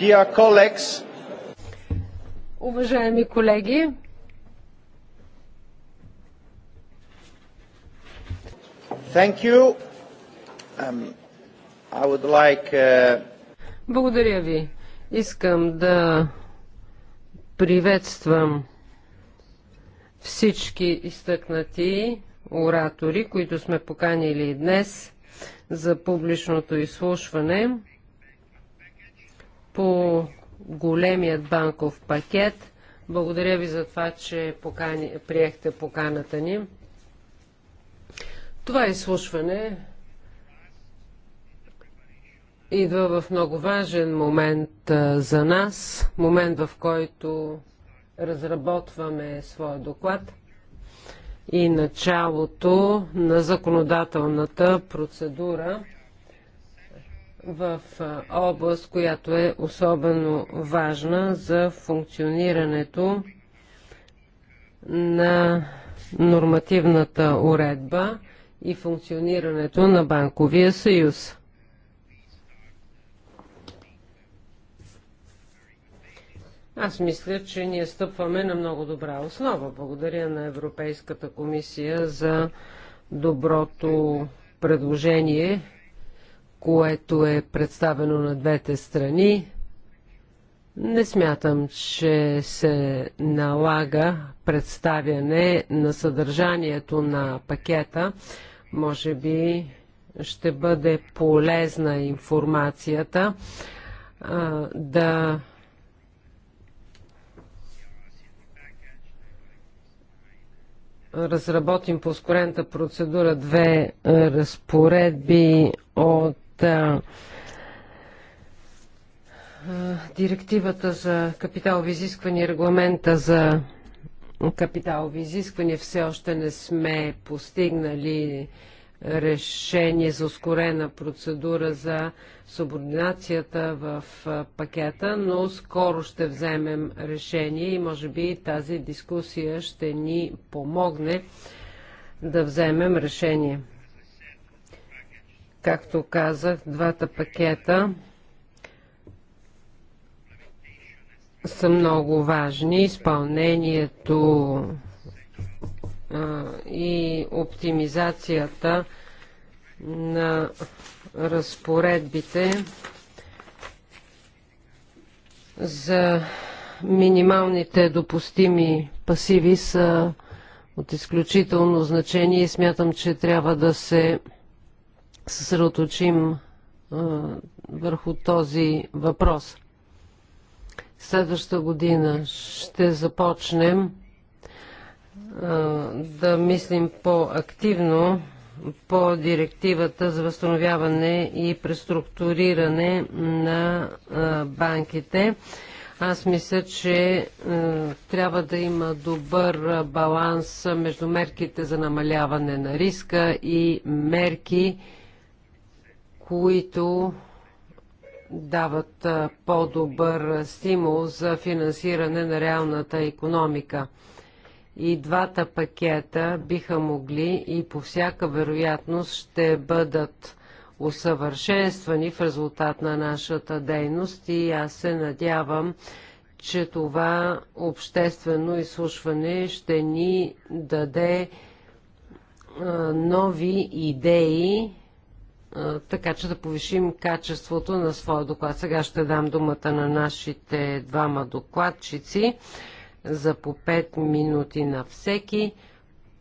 Dear colleagues, Уважаеми колеги, Thank you. Um, I would like, uh... Благодаря ви. Искам да приветствам всички изтъкнати оратори, които сме поканили днес за публичното изслушване по големият банков пакет. Благодаря ви за това, че покани, приехте поканата ни. Това изслушване идва в много важен момент за нас, момент в който разработваме своя доклад и началото на законодателната процедура в област, която е особено важна за функционирането на нормативната уредба и функционирането на Банковия съюз. Аз мисля, че ние стъпваме на много добра основа. Благодаря на Европейската комисия за доброто предложение което е представено на двете страни. Не смятам, че се налага представяне на съдържанието на пакета. Може би ще бъде полезна информацията а, да разработим по ускорената процедура две разпоредби от директивата за капиталови изисквания, регламента за капиталови изисквания, все още не сме постигнали решение за ускорена процедура за субординацията в пакета, но скоро ще вземем решение и може би тази дискусия ще ни помогне да вземем решение. Както казах, двата пакета са много важни. Изпълнението и оптимизацията на разпоредбите за минималните допустими пасиви са от изключително значение и смятам, че трябва да се съсредоточим върху този въпрос. Следващата година ще започнем да мислим по-активно по директивата за възстановяване и преструктуриране на банките. Аз мисля, че трябва да има добър баланс между мерките за намаляване на риска и мерки, които дават по-добър стимул за финансиране на реалната економика. И двата пакета биха могли и по всяка вероятност ще бъдат усъвършенствани в резултат на нашата дейност и аз се надявам, че това обществено изслушване ще ни даде нови идеи така че да повишим качеството на своя доклад. Сега ще дам думата на нашите двама докладчици за по 5 минути на всеки.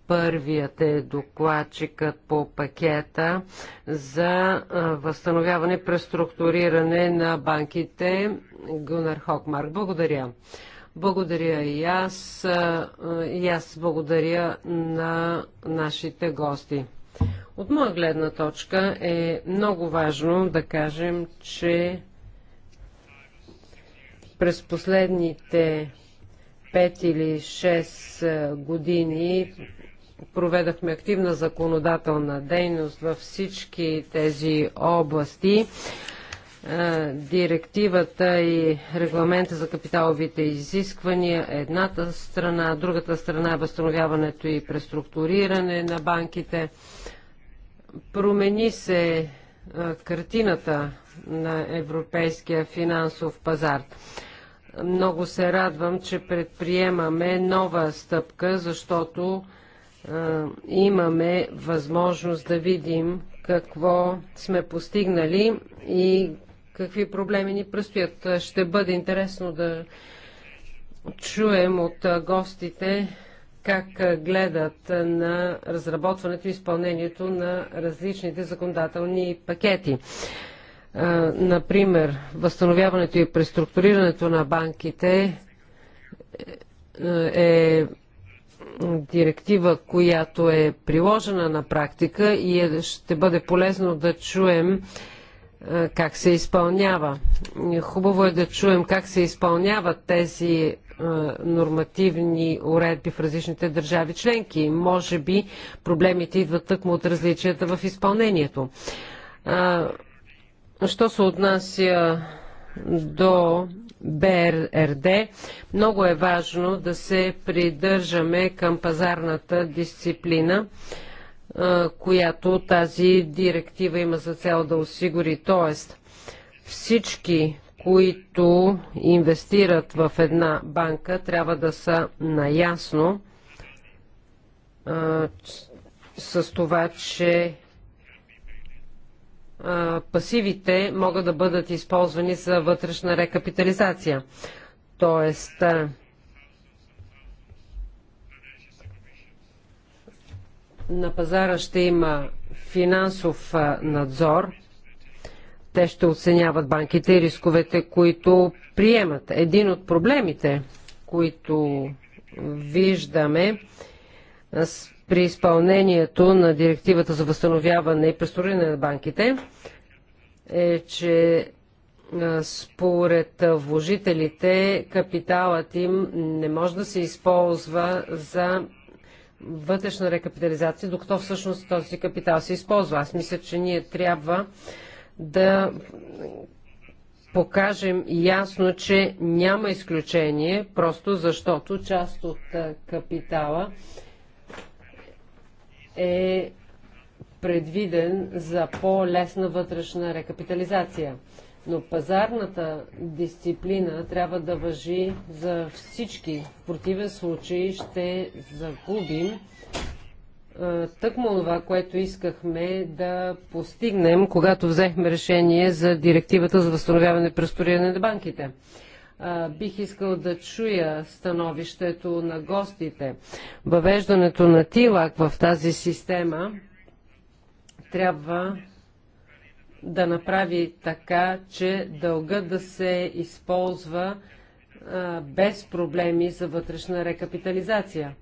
Първият е докладчикът по пакета за възстановяване, преструктуриране на банките Гунар Хокмарк. Благодаря. Благодаря и аз. И аз благодаря на нашите гости. От моя гледна точка е много важно да кажем, че през последните 5 или 6 години проведахме активна законодателна дейност във всички тези области. Директивата и регламента за капиталовите изисквания е едната страна, другата страна е възстановяването и преструктуриране на банките. Промени се картината на европейския финансов пазар. Много се радвам, че предприемаме нова стъпка, защото имаме възможност да видим какво сме постигнали и какви проблеми ни предстоят. Ще бъде интересно да чуем от гостите как гледат на разработването и изпълнението на различните законодателни пакети. Например, възстановяването и преструктурирането на банките е, е директива, която е приложена на практика и е, ще бъде полезно да чуем как се изпълнява. Хубаво е да чуем как се изпълняват тези нормативни уредби в различните държави членки. Може би проблемите идват тъкмо от различията в изпълнението. Що се отнася до БРРД, много е важно да се придържаме към пазарната дисциплина, която тази директива има за цел да осигури. Тоест, всички които инвестират в една банка, трябва да са наясно а, с това, че а, пасивите могат да бъдат използвани за вътрешна рекапитализация. Тоест, а, на пазара ще има финансов надзор – те ще оценяват банките и рисковете, които приемат. Един от проблемите, които виждаме при изпълнението на директивата за възстановяване и преструктуриране на банките, е, че според вложителите капиталът им не може да се използва за вътрешна рекапитализация, докато всъщност този капитал се използва. Аз мисля, че ние трябва да покажем ясно, че няма изключение, просто защото част от капитала е предвиден за по-лесна вътрешна рекапитализация. Но пазарната дисциплина трябва да въжи за всички. В противен случай ще загубим е, тъкмо това, което искахме да постигнем, когато взехме решение за директивата за възстановяване и преструктуриране на банките. Е, бих искал да чуя становището на гостите. Въвеждането на ТИЛАК в тази система трябва да направи така, че дълга да се използва е, без проблеми за вътрешна рекапитализация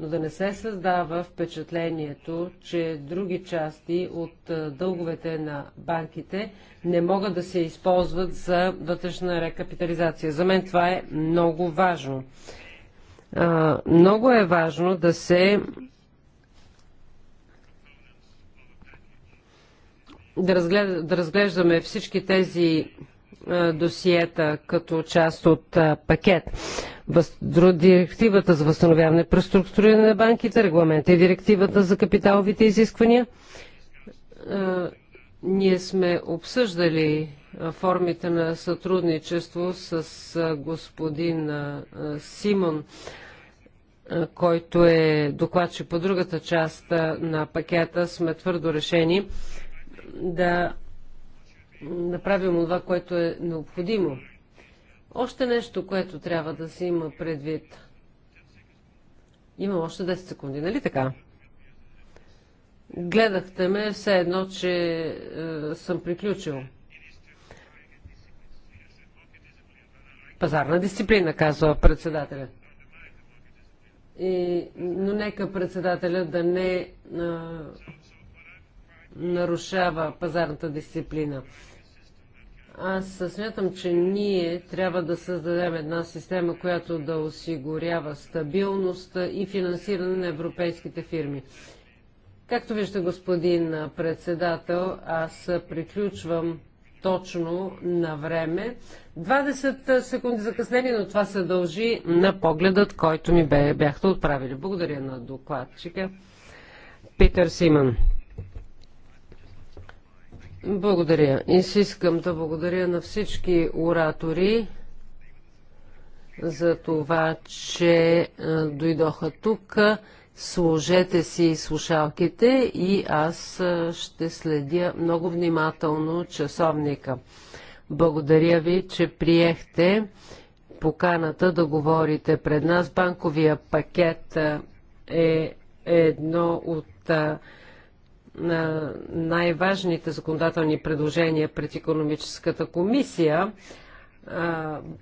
но да не се създава впечатлението, че други части от дълговете на банките не могат да се използват за вътрешна рекапитализация. За мен това е много важно. А, много е важно да се да, разглед, да разглеждаме всички тези а, досиета като част от а, пакет директивата за възстановяване и преструктуриране на банките, регламента и директивата за капиталовите изисквания. Ние сме обсъждали формите на сътрудничество с господин Симон, който е докладчик по другата част на пакета. Сме твърдо решени да направим това, което е необходимо още нещо, което трябва да се има предвид. Има още 10 секунди, нали така? Гледахте ме все едно, че е, съм приключил. Пазарна дисциплина, казва председателя. И, но нека председателя да не е, нарушава пазарната дисциплина. Аз смятам, че ние трябва да създадем една система, която да осигурява стабилност и финансиране на европейските фирми. Както вижда господин председател, аз приключвам точно на време. 20 секунди закъснение, но това се дължи на погледът, който ми бяхте отправили. Благодаря на докладчика. Питър Симън. Благодаря. И си искам да благодаря на всички оратори за това, че дойдоха тук. Сложете си слушалките и аз ще следя много внимателно часовника. Благодаря ви, че приехте поканата да говорите пред нас. Банковия пакет е едно от на най-важните законодателни предложения пред економическата комисия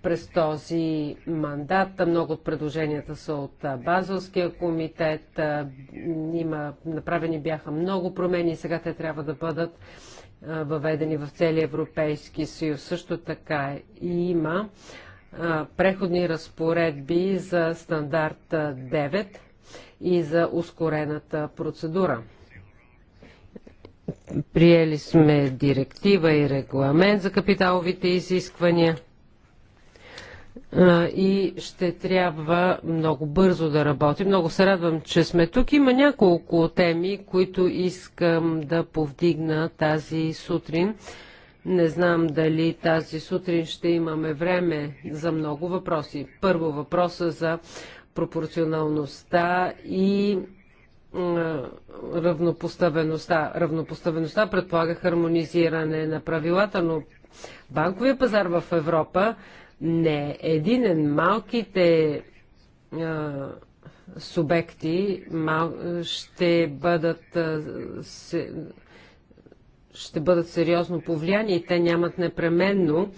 през този мандат. Много от предложенията са от Базовския комитет. има, направени бяха много промени и сега те трябва да бъдат въведени в целия Европейски съюз. Също така и има преходни разпоредби за стандарт 9 и за ускорената процедура. Приели сме директива и регламент за капиталовите изисквания и ще трябва много бързо да работим. Много се радвам, че сме тук. Има няколко теми, които искам да повдигна тази сутрин. Не знам дали тази сутрин ще имаме време за много въпроси. Първо въпроса за пропорционалността и равнопоставеността. Равнопоставеността предполага хармонизиране на правилата, но банковия пазар в Европа не е единен. Малките субекти мал, ще бъдат се, ще бъдат сериозно повлияни и те нямат непременно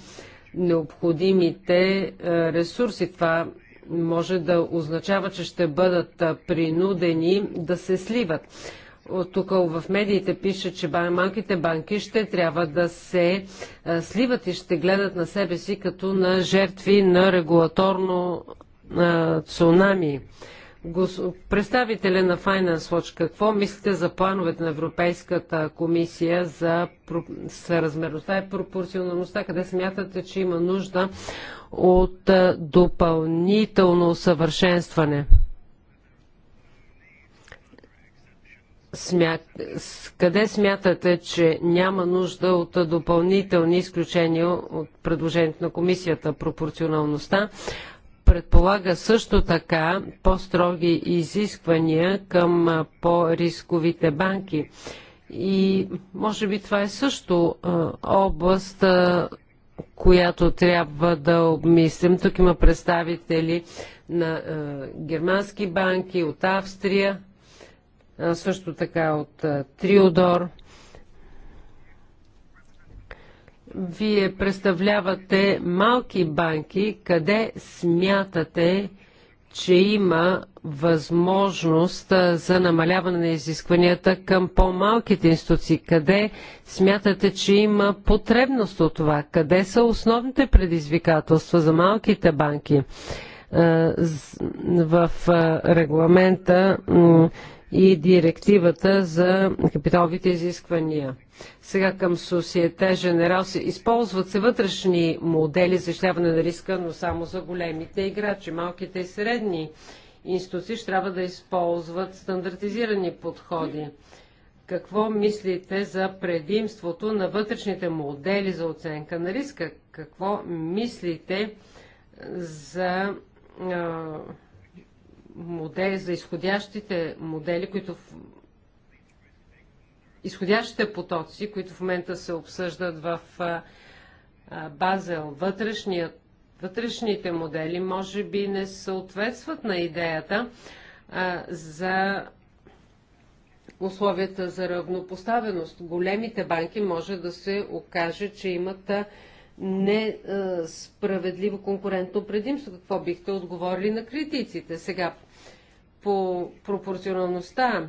необходимите ресурси. Това може да означава, че ще бъдат принудени да се сливат. тук в медиите пише, че малките банки ще трябва да се сливат и ще гледат на себе си като на жертви на регулаторно цунами. Представителя на Finance Watch, какво мислите за плановете на Европейската комисия за съразмерността и пропорционалността? Къде смятате, че има нужда от допълнително усъвършенстване? Смя... Къде смятате, че няма нужда от допълнителни изключения от предложението на комисията пропорционалността? предполага също така по-строги изисквания към по-рисковите банки. И може би това е също област, която трябва да обмислим. Тук има представители на германски банки, от Австрия, също така от Триодор. Вие представлявате малки банки, къде смятате, че има възможност за намаляване на изискванията към по-малките институции? Къде смятате, че има потребност от това? Къде са основните предизвикателства за малките банки? В регламента и директивата за капиталовите изисквания. Сега към Societe Женерал се използват се вътрешни модели за изчисляване на риска, но само за големите играчи, малките и средни институции ще трябва да използват стандартизирани подходи. Какво мислите за предимството на вътрешните модели за оценка на риска? Какво мислите за модели, за изходящите модели, които в... изходящите потоци, които в момента се обсъждат в Базел, вътрешният, вътрешните модели, може би не съответстват на идеята а, за условията за равнопоставеност. Големите банки може да се окаже, че имат несправедливо е, конкурентно предимство. Какво бихте отговорили на критиците сега по пропорционалността?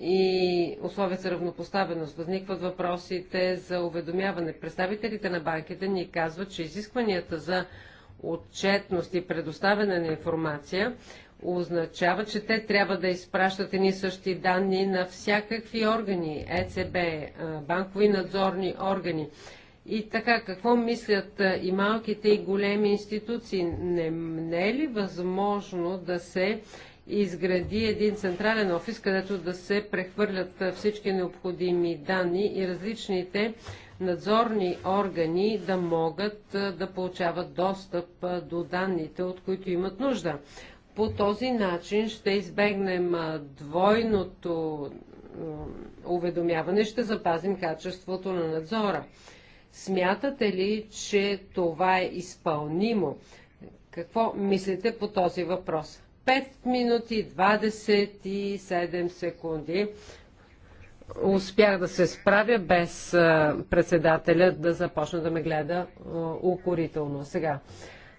и условия за равнопоставеност. Възникват въпросите за уведомяване. Представителите на банките ни казват, че изискванията за отчетност и предоставяне на информация означава, че те трябва да изпращат едни същи данни на всякакви органи, ЕЦБ, банкови надзорни органи. И така, какво мислят и малките и големи институции? Не, не е ли възможно да се изгради един централен офис, където да се прехвърлят всички необходими данни и различните надзорни органи да могат да получават достъп до данните, от които имат нужда. По този начин ще избегнем двойното уведомяване, ще запазим качеството на надзора. Смятате ли, че това е изпълнимо? Какво мислите по този въпрос? 5 минути 27 секунди успях да се справя без председателя да започна да ме гледа укорително. Сега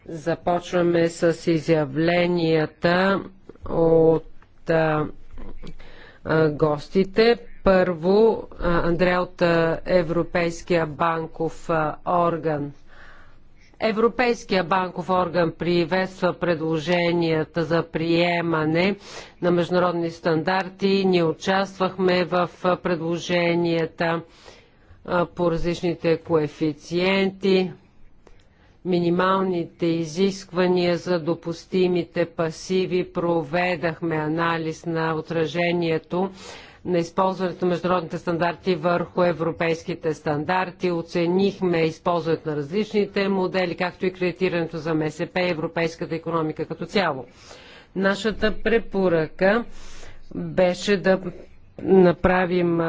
започваме с изявленията от гостите. Първо, Андре от Европейския банков орган. Европейския банков орган приветства предложенията за приемане на международни стандарти. Ние участвахме в предложенията по различните коефициенти, минималните изисквания за допустимите пасиви. Проведахме анализ на отражението на използването на международните стандарти върху европейските стандарти. Оценихме използването на различните модели, както и кредитирането за МСП и европейската економика като цяло. Нашата препоръка беше да направим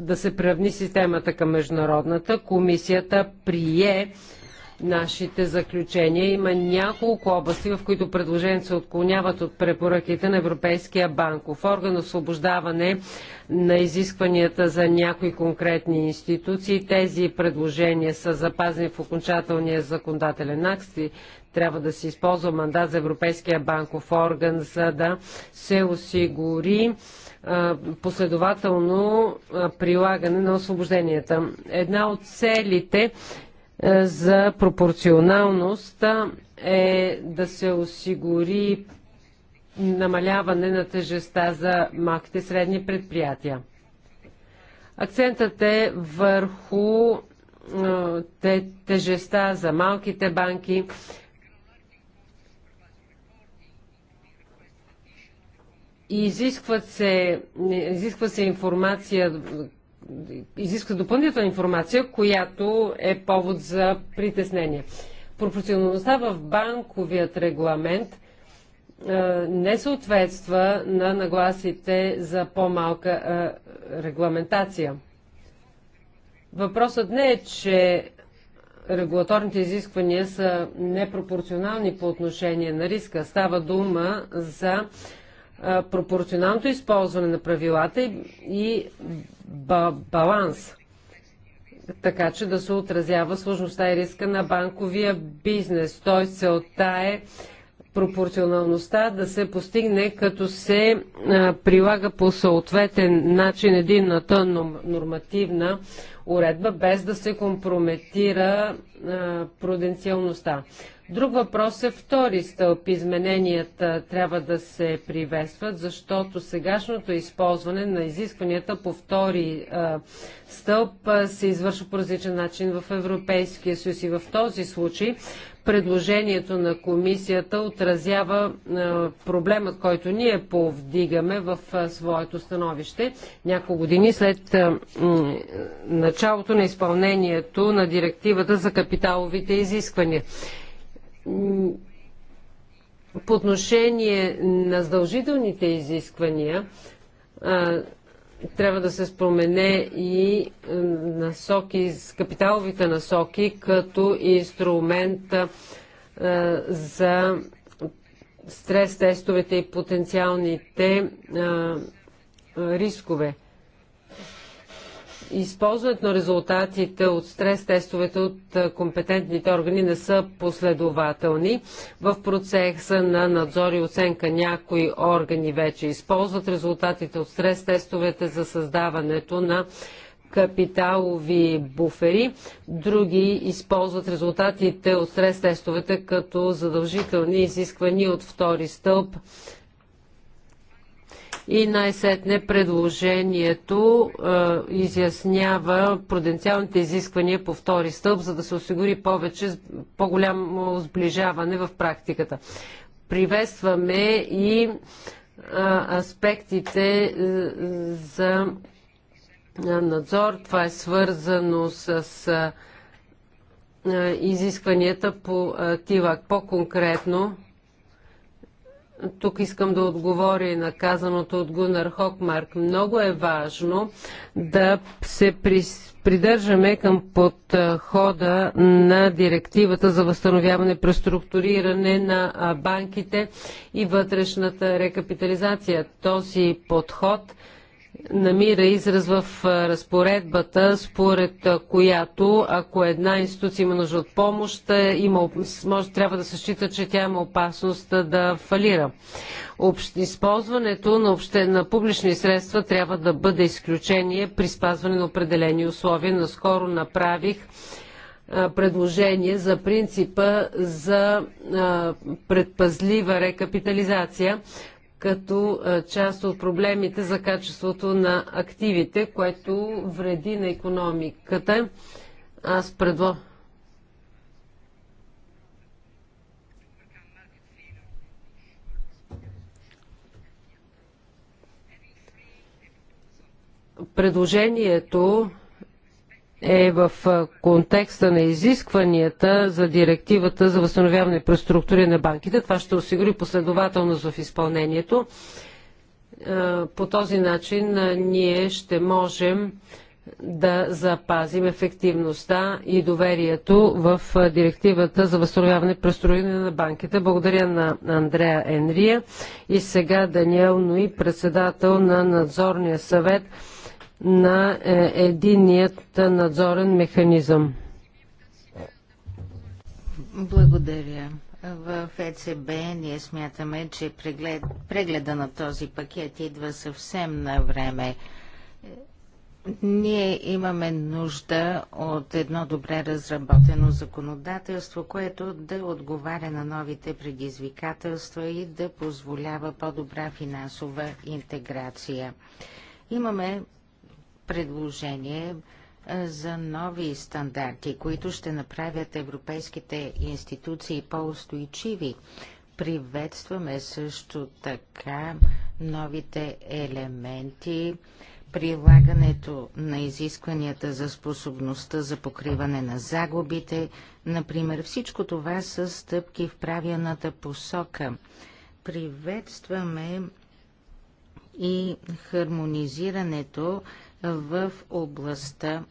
да се приравни системата към международната. Комисията прие нашите заключения. Има няколко области, в които предложенията се отклоняват от препоръките на Европейския банков орган, освобождаване на изискванията за някои конкретни институции. Тези предложения са запазени в окончателния законодателен акт и трябва да се използва мандат за Европейския банков орган, за да се осигури последователно прилагане на освобожденията. Една от целите е, за пропорционалност е да се осигури намаляване на тежеста за малките средни предприятия. Акцентът е върху тежеста за малките банки. Изискват се, изисква се информация изисква допълнителна информация, която е повод за притеснение. Пропорционалността в банковият регламент не съответства на нагласите за по-малка регламентация. Въпросът не е, че регулаторните изисквания са непропорционални по отношение на риска. Става дума за пропорционалното използване на правилата и баланс, така че да се отразява сложността и риска на банковия бизнес. Т.е. целта е пропорционалността да се постигне, като се а, прилага по съответен начин единната нормативна уредба, без да се компрометира а, пруденциалността. Друг въпрос е втори стълб. Измененията трябва да се приветстват, защото сегашното използване на изискванията по втори а, стълб а, се извършва по различен начин в Европейския съюз. И в този случай предложението на комисията отразява а, проблемът, който ние повдигаме в а, своето становище. Няколко години след а, началото на изпълнението на директивата за капиталовите изисквания по отношение на задължителните изисквания трябва да се спомене и насоки, капиталовите насоки като инструмент за стрес тестовете и потенциалните рискове използването на резултатите от стрес тестовете от компетентните органи не са последователни. В процеса на надзор и оценка някои органи вече използват резултатите от стрес тестовете за създаването на капиталови буфери. Други използват резултатите от стрес тестовете като задължителни изисквания от втори стълб и най-сетне предложението изяснява пруденциалните изисквания по втори стълб, за да се осигури повече, по-голямо сближаване в практиката. Приветстваме и аспектите за надзор. Това е свързано с. изискванията по ТИЛАК. По-конкретно, тук искам да отговоря и на казаното от Гунар Хокмарк. Много е важно да се придържаме към подхода на директивата за възстановяване, и преструктуриране на банките и вътрешната рекапитализация. Този подход – намира израз в разпоредбата, според която ако една институция има нужда от помощ, е, има, може, трябва да се счита, че тя има опасност да фалира. Общ, използването на, обще, на публични средства трябва да бъде изключение при спазване на определени условия. Наскоро направих предложение за принципа за предпазлива рекапитализация, като част от проблемите за качеството на активите, което вреди на економиката. Аз предло... Предложението е в контекста на изискванията за директивата за възстановяване и преструктури на банките. Това ще осигури последователност в изпълнението. По този начин ние ще можем да запазим ефективността и доверието в директивата за възстановяване и преструктуриране на банките. Благодаря на Андрея Енрия и сега Даниел Нуи, председател на надзорния съвет на е, единият надзорен механизъм. Благодаря. В ЕЦБ ние смятаме, че преглед, прегледа на този пакет идва съвсем на време. Ние имаме нужда от едно добре разработено законодателство, което да отговаря на новите предизвикателства и да позволява по-добра финансова интеграция. Имаме предложение за нови стандарти, които ще направят европейските институции по-устойчиви. Приветстваме също така новите елементи, прилагането на изискванията за способността за покриване на загубите, например, всичко това са стъпки в правилната посока. Приветстваме и хармонизирането в областта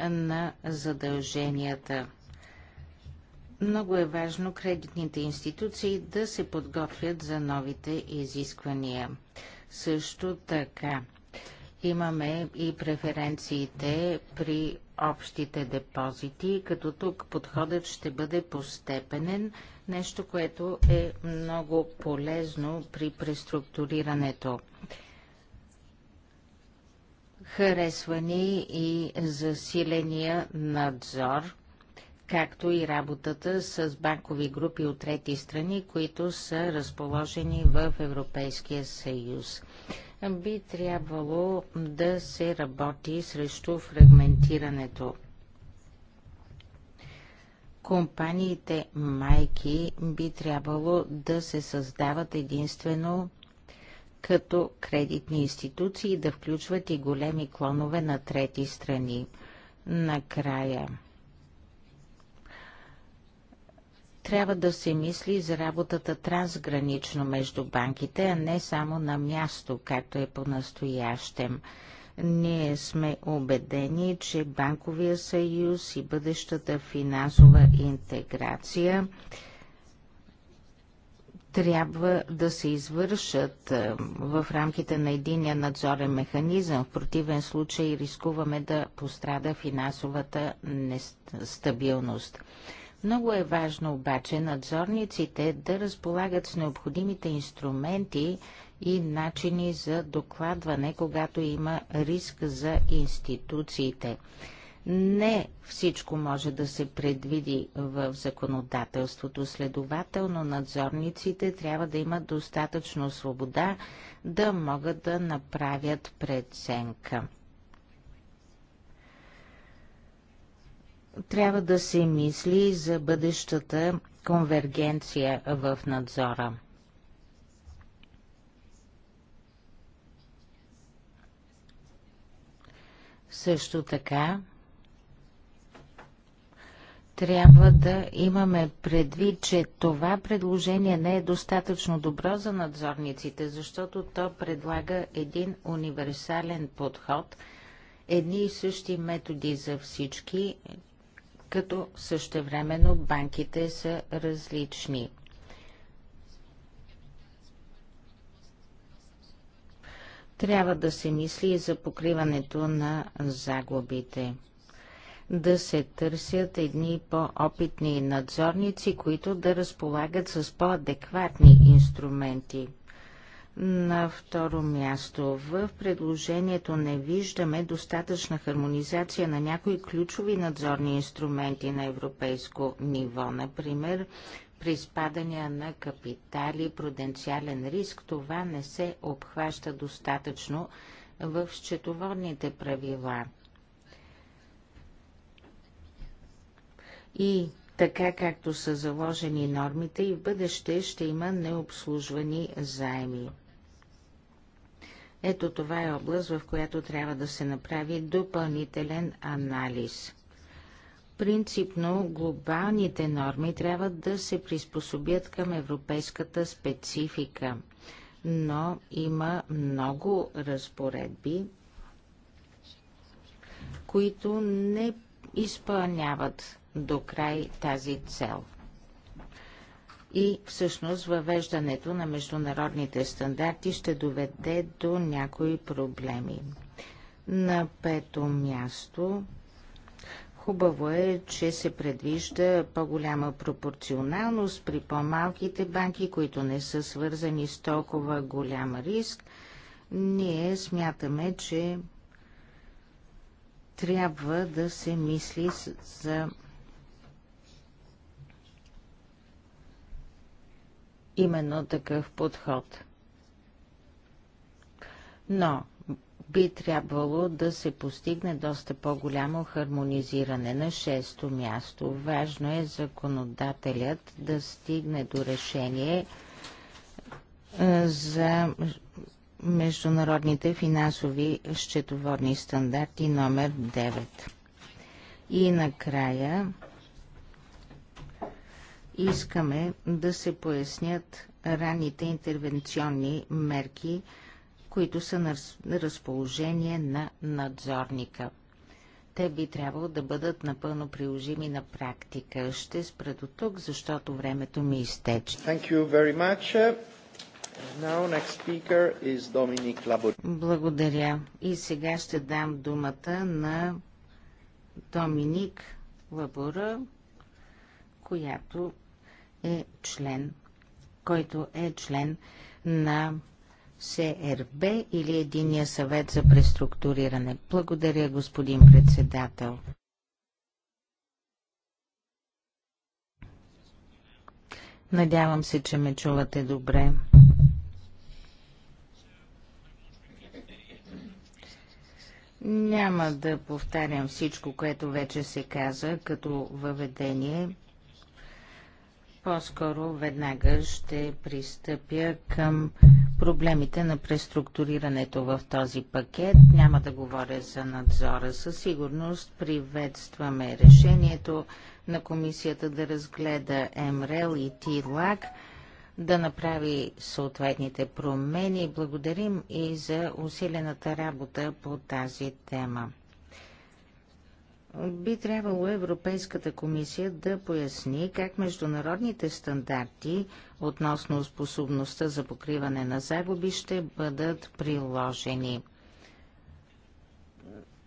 на задълженията. Много е важно кредитните институции да се подготвят за новите изисквания. Също така имаме и преференциите при общите депозити, като тук подходът ще бъде постепенен, нещо, което е много полезно при преструктурирането. Харесвани и засиления надзор, както и работата с банкови групи от трети страни, които са разположени в Европейския съюз. Би трябвало да се работи срещу фрагментирането компаниите майки би трябвало да се създават единствено като кредитни институции да включват и големи клонове на трети страни. Накрая трябва да се мисли за работата трансгранично между банките, а не само на място, както е по-настоящем. Ние сме убедени, че Банковия съюз и бъдещата финансова интеграция – трябва да се извършат е, в рамките на единия надзорен механизъм. В противен случай рискуваме да пострада финансовата нестабилност. Много е важно обаче надзорниците да разполагат с необходимите инструменти и начини за докладване, когато има риск за институциите. Не всичко може да се предвиди в законодателството. Следователно, надзорниците трябва да имат достатъчно свобода да могат да направят преценка. Трябва да се мисли за бъдещата конвергенция в надзора. Също така трябва да имаме предвид, че това предложение не е достатъчно добро за надзорниците, защото то предлага един универсален подход, едни и същи методи за всички, като същевременно банките са различни. Трябва да се мисли и за покриването на загубите да се търсят едни по-опитни надзорници, които да разполагат с по-адекватни инструменти. На второ място, в предложението не виждаме достатъчна хармонизация на някои ключови надзорни инструменти на европейско ниво, например при спадания на капитали, пруденциален риск, това не се обхваща достатъчно в счетоводните правила. и така както са заложени нормите и в бъдеще ще има необслужвани заеми. Ето това е област, в която трябва да се направи допълнителен анализ. Принципно глобалните норми трябва да се приспособят към европейската специфика, но има много разпоредби, които не изпълняват до край тази цел. И всъщност въвеждането на международните стандарти ще доведе до някои проблеми. На пето място Хубаво е, че се предвижда по-голяма пропорционалност при по-малките банки, които не са свързани с толкова голям риск. Ние смятаме, че трябва да се мисли за именно такъв подход. Но би трябвало да се постигне доста по-голямо хармонизиране. На шесто място важно е законодателят да стигне до решение е, за международните финансови счетоводни стандарти номер 9. И накрая искаме да се пояснят ранните интервенционни мерки, които са на разположение на надзорника. Те би трябвало да бъдат напълно приложими на практика. Ще спра до тук, защото времето ми изтече. Благодаря. И сега ще дам думата на Доминик Лабора, която е член, който е член на СРБ е или Единия съвет за преструктуриране. Благодаря, господин председател. Надявам се, че ме чувате добре. Няма да повтарям всичко, което вече се каза като въведение. По-скоро веднага ще пристъпя към проблемите на преструктурирането в този пакет. Няма да говоря за надзора. Със сигурност приветстваме решението на комисията да разгледа МРЕЛ и ТИЛАК, да направи съответните промени. Благодарим и за усилената работа по тази тема. Би трябвало Европейската комисия да поясни как международните стандарти относно способността за покриване на загуби ще бъдат приложени.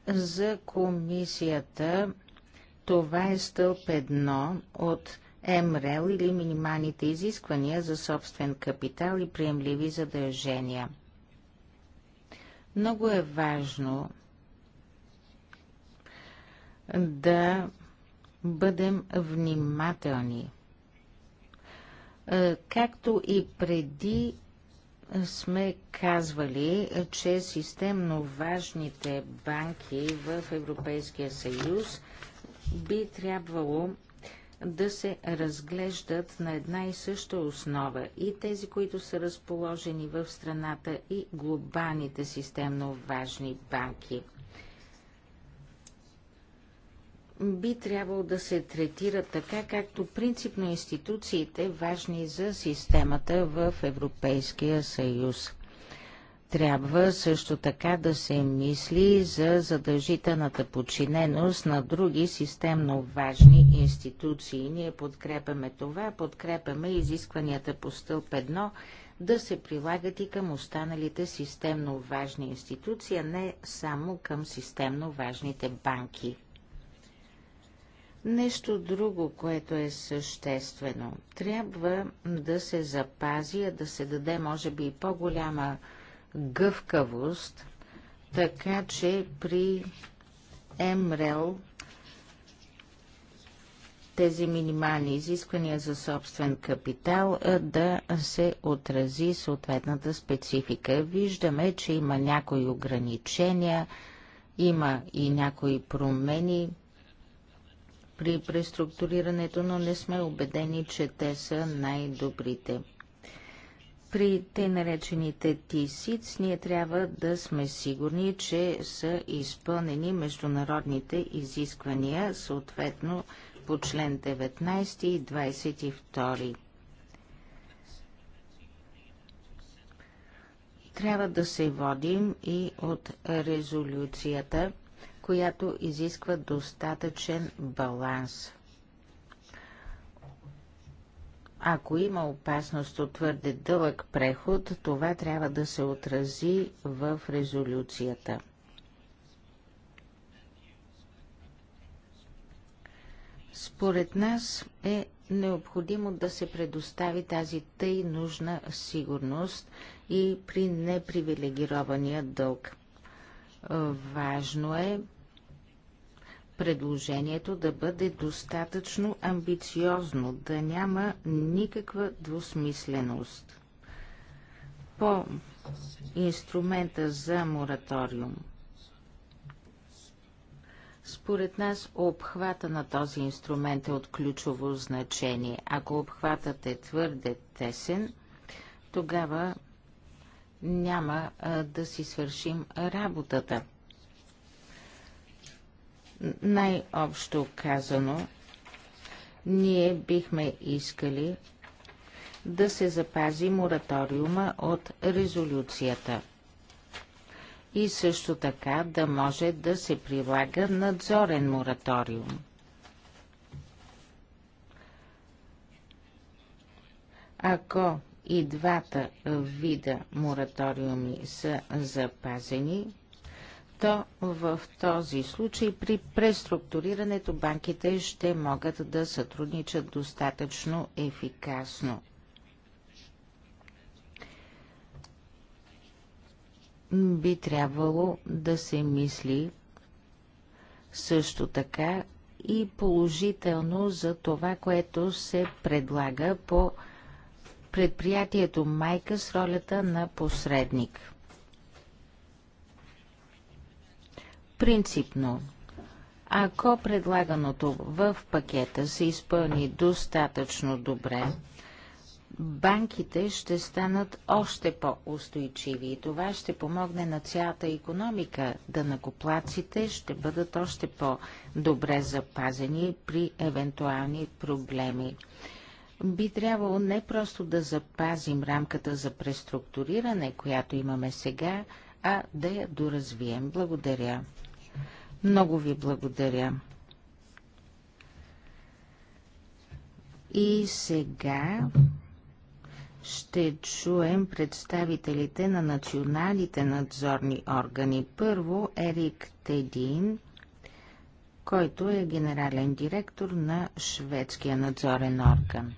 За комисията това е стълб едно от МРЕЛ или минималните изисквания за собствен капитал и приемливи задължения. Много е важно да бъдем внимателни. Е, както и преди сме казвали, че системно важните банки в Европейския съюз би трябвало да се разглеждат на една и съща основа и тези, които са разположени в страната и глобалните системно важни банки – би трябвало да се третират така, както принципно институциите, важни за системата в Европейския съюз. Трябва също така да се мисли за задължителната подчиненост на други системно важни институции. Ние подкрепяме това, подкрепяме изискванията по стълб 1 да се прилагат и към останалите системно важни институции, а не само към системно важните банки. Нещо друго, което е съществено. Трябва да се запази, а да се даде, може би, по-голяма гъвкавост, така че при МРЕЛ тези минимални изисквания за собствен капитал да се отрази съответната специфика. Виждаме, че има някои ограничения, има и някои промени при преструктурирането, но не сме убедени, че те са най-добрите. При те наречените ТИСИЦ ние трябва да сме сигурни, че са изпълнени международните изисквания, съответно по член 19 и 22. Трябва да се водим и от резолюцията която изисква достатъчен баланс. Ако има опасност от твърде дълъг преход, това трябва да се отрази в резолюцията. Според нас е необходимо да се предостави тази тъй нужна сигурност и при непривилегирования дълг. Важно е предложението да бъде достатъчно амбициозно, да няма никаква двусмисленост. По инструмента за мораториум. Според нас обхвата на този инструмент е от ключово значение. Ако обхватът е твърде тесен, тогава няма а, да си свършим работата. Най-общо казано, ние бихме искали да се запази мораториума от резолюцията и също така да може да се прилага надзорен мораториум. Ако и двата вида мораториуми са запазени, то в този случай при преструктурирането банките ще могат да сътрудничат достатъчно ефикасно. Би трябвало да се мисли също така и положително за това, което се предлага по предприятието майка с ролята на посредник – Принципно, ако предлаганото в пакета се изпълни достатъчно добре, банките ще станат още по-устойчиви и това ще помогне на цялата економика. да накоплаците ще бъдат още по-добре запазени при евентуални проблеми. Би трябвало не просто да запазим рамката за преструктуриране, която имаме сега, а да я доразвием. Благодаря. Много ви благодаря. И сега ще чуем представителите на националните надзорни органи. Първо Ерик Тедин, който е генерален директор на шведския надзорен орган.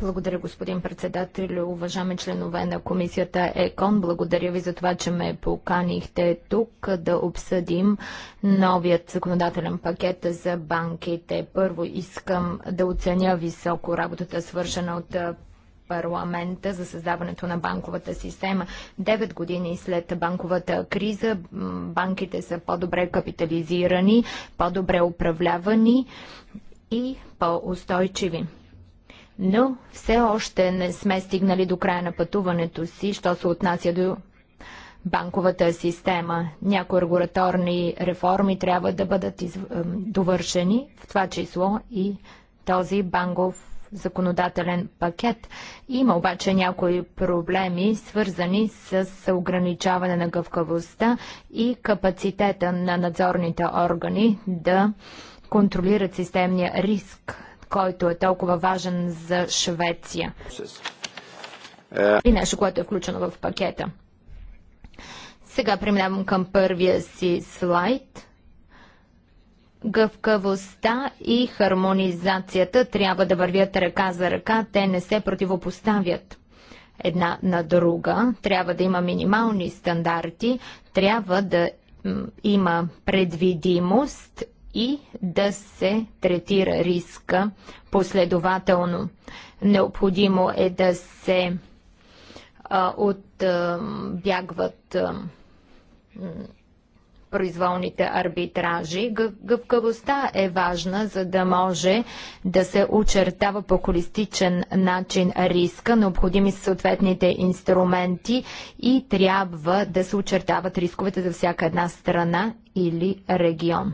Благодаря, господин председател. Уважаеми членове на комисията ЕКОН, благодаря ви за това, че ме поканихте тук да обсъдим новият законодателен пакет за банките. Първо искам да оценя високо работата, свършена от парламента за създаването на банковата система. Девет години след банковата криза банките са по-добре капитализирани, по-добре управлявани и по-устойчиви но все още не сме стигнали до края на пътуването си, що се отнася до банковата система. Някои регуляторни реформи трябва да бъдат из... Е, довършени, в това число и този банков законодателен пакет. Има обаче някои проблеми, свързани с ограничаване на гъвкавостта и капацитета на надзорните органи да контролират системния риск който е толкова важен за Швеция. И нещо, което е включено в пакета. Сега преминавам към първия си слайд. Гъвкавостта и хармонизацията трябва да вървят ръка за ръка. Те не се противопоставят една на друга. Трябва да има минимални стандарти, трябва да има предвидимост и да се третира риска последователно. Необходимо е да се отбягват произволните арбитражи. Гъвкавостта е важна, за да може да се очертава по холистичен начин риска. Необходими са съответните инструменти и трябва да се очертават рисковете за всяка една страна или регион.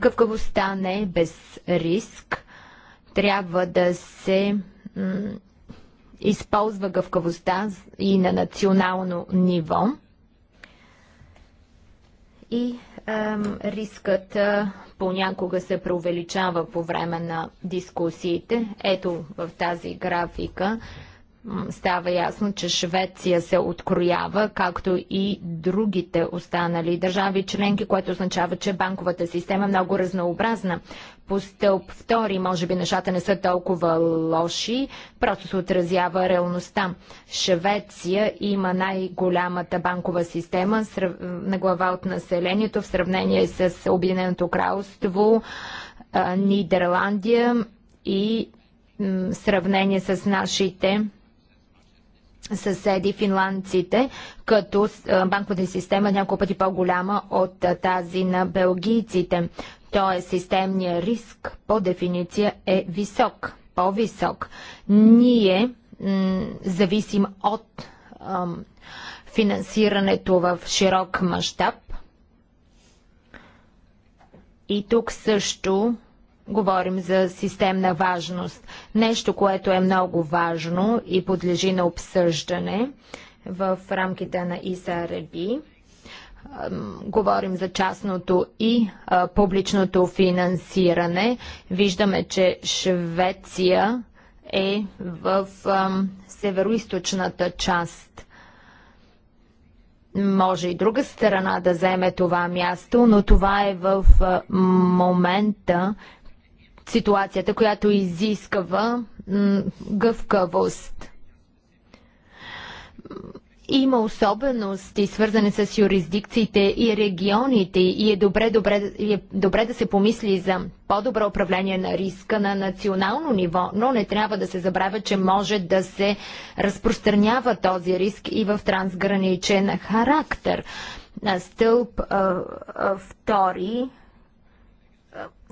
Гъвкавостта не е без риск. Трябва да се използва гъвкавостта и на национално ниво. И ем, рискът понякога се преувеличава по време на дискусиите. Ето в тази графика става ясно, че Швеция се откроява, както и другите останали държави членки, което означава, че банковата система е много разнообразна. По стълб втори, може би нещата не са толкова лоши, просто се отразява реалността. Швеция има най-голямата банкова система на глава от населението в сравнение с Обединеното кралство, Нидерландия и сравнение с нашите съседи финландците, като банковата система е няколко пъти по-голяма от тази на белгийците. Тоест системният риск по дефиниция е висок, по-висок. Ние зависим от финансирането в широк мащаб. И тук също Говорим за системна важност. Нещо, което е много важно и подлежи на обсъждане в рамките на ИСРБ. Говорим за частното и а, публичното финансиране. Виждаме, че Швеция е в северо-источната част. Може и друга страна да вземе това място, но това е в а, момента ситуацията, която изисква гъвкавост. Има особености, свързани с юрисдикциите и регионите и е добре, добре, е добре да се помисли за по-добро управление на риска на национално ниво, но не трябва да се забравя, че може да се разпространява този риск и в трансграничен характер. Стълб а, а, втори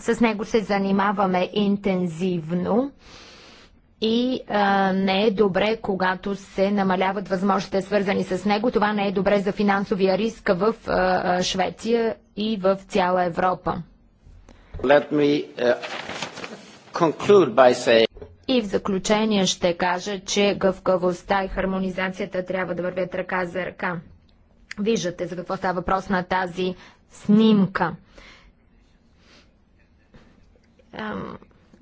с него се занимаваме интензивно и а, не е добре, когато се намаляват възможностите свързани с него. Това не е добре за финансовия риск в а, Швеция и в цяла Европа. Let me, uh, by say... И в заключение ще кажа, че гъвкавостта и хармонизацията трябва да вървят ръка за ръка. Виждате за какво става въпрос на тази снимка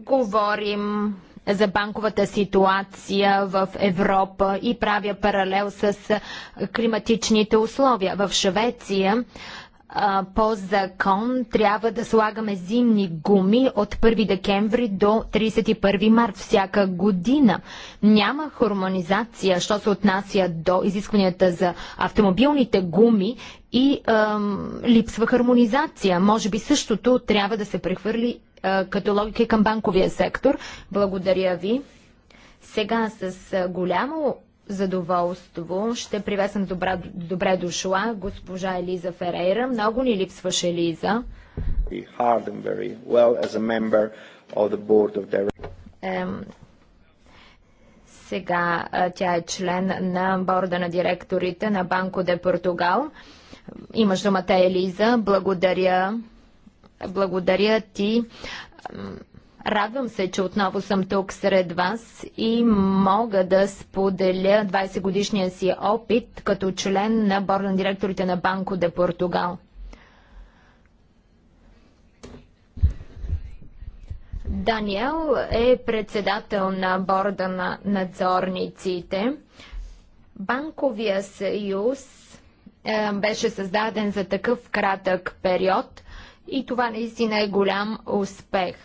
говорим за банковата ситуация в Европа и правя паралел с климатичните условия. В Швеция по закон трябва да слагаме зимни гуми от 1 декември до 31 март всяка година. Няма хармонизация, що се отнася до изискванията за автомобилните гуми и ем, липсва хармонизация. Може би същото трябва да се прехвърли е, като логика към банковия сектор. Благодаря ви. Сега с голямо задоволство ще привесам добра, добре дошла госпожа Елиза Ферейра. Много ни липсваше Елиза. Well сега тя е член на борда на директорите на Банко де Португал. Имаш думата, Елиза. Благодаря. Благодаря ти Радвам се, че отново съм тук сред вас и мога да споделя 20 годишния си опит като член на борда на директорите на Банко де Португал. Даниел е председател на борда на надзорниците. Банковия съюз е, беше създаден за такъв кратък период и това наистина е голям успех –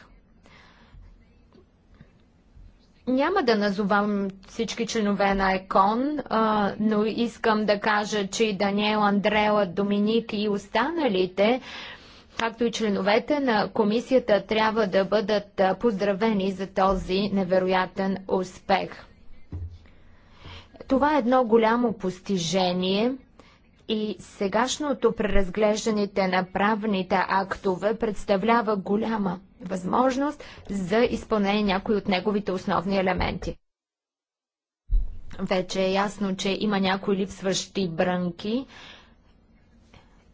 няма да назовам всички членове на ЕКОН, а, но искам да кажа, че и Даниел Андрела, Доминик и останалите, както и членовете на комисията, трябва да бъдат поздравени за този невероятен успех. Това е едно голямо постижение – и сегашното преразглеждането на правните актове представлява голяма възможност за изпълнение някои от неговите основни елементи. Вече е ясно, че има някои липсващи брънки,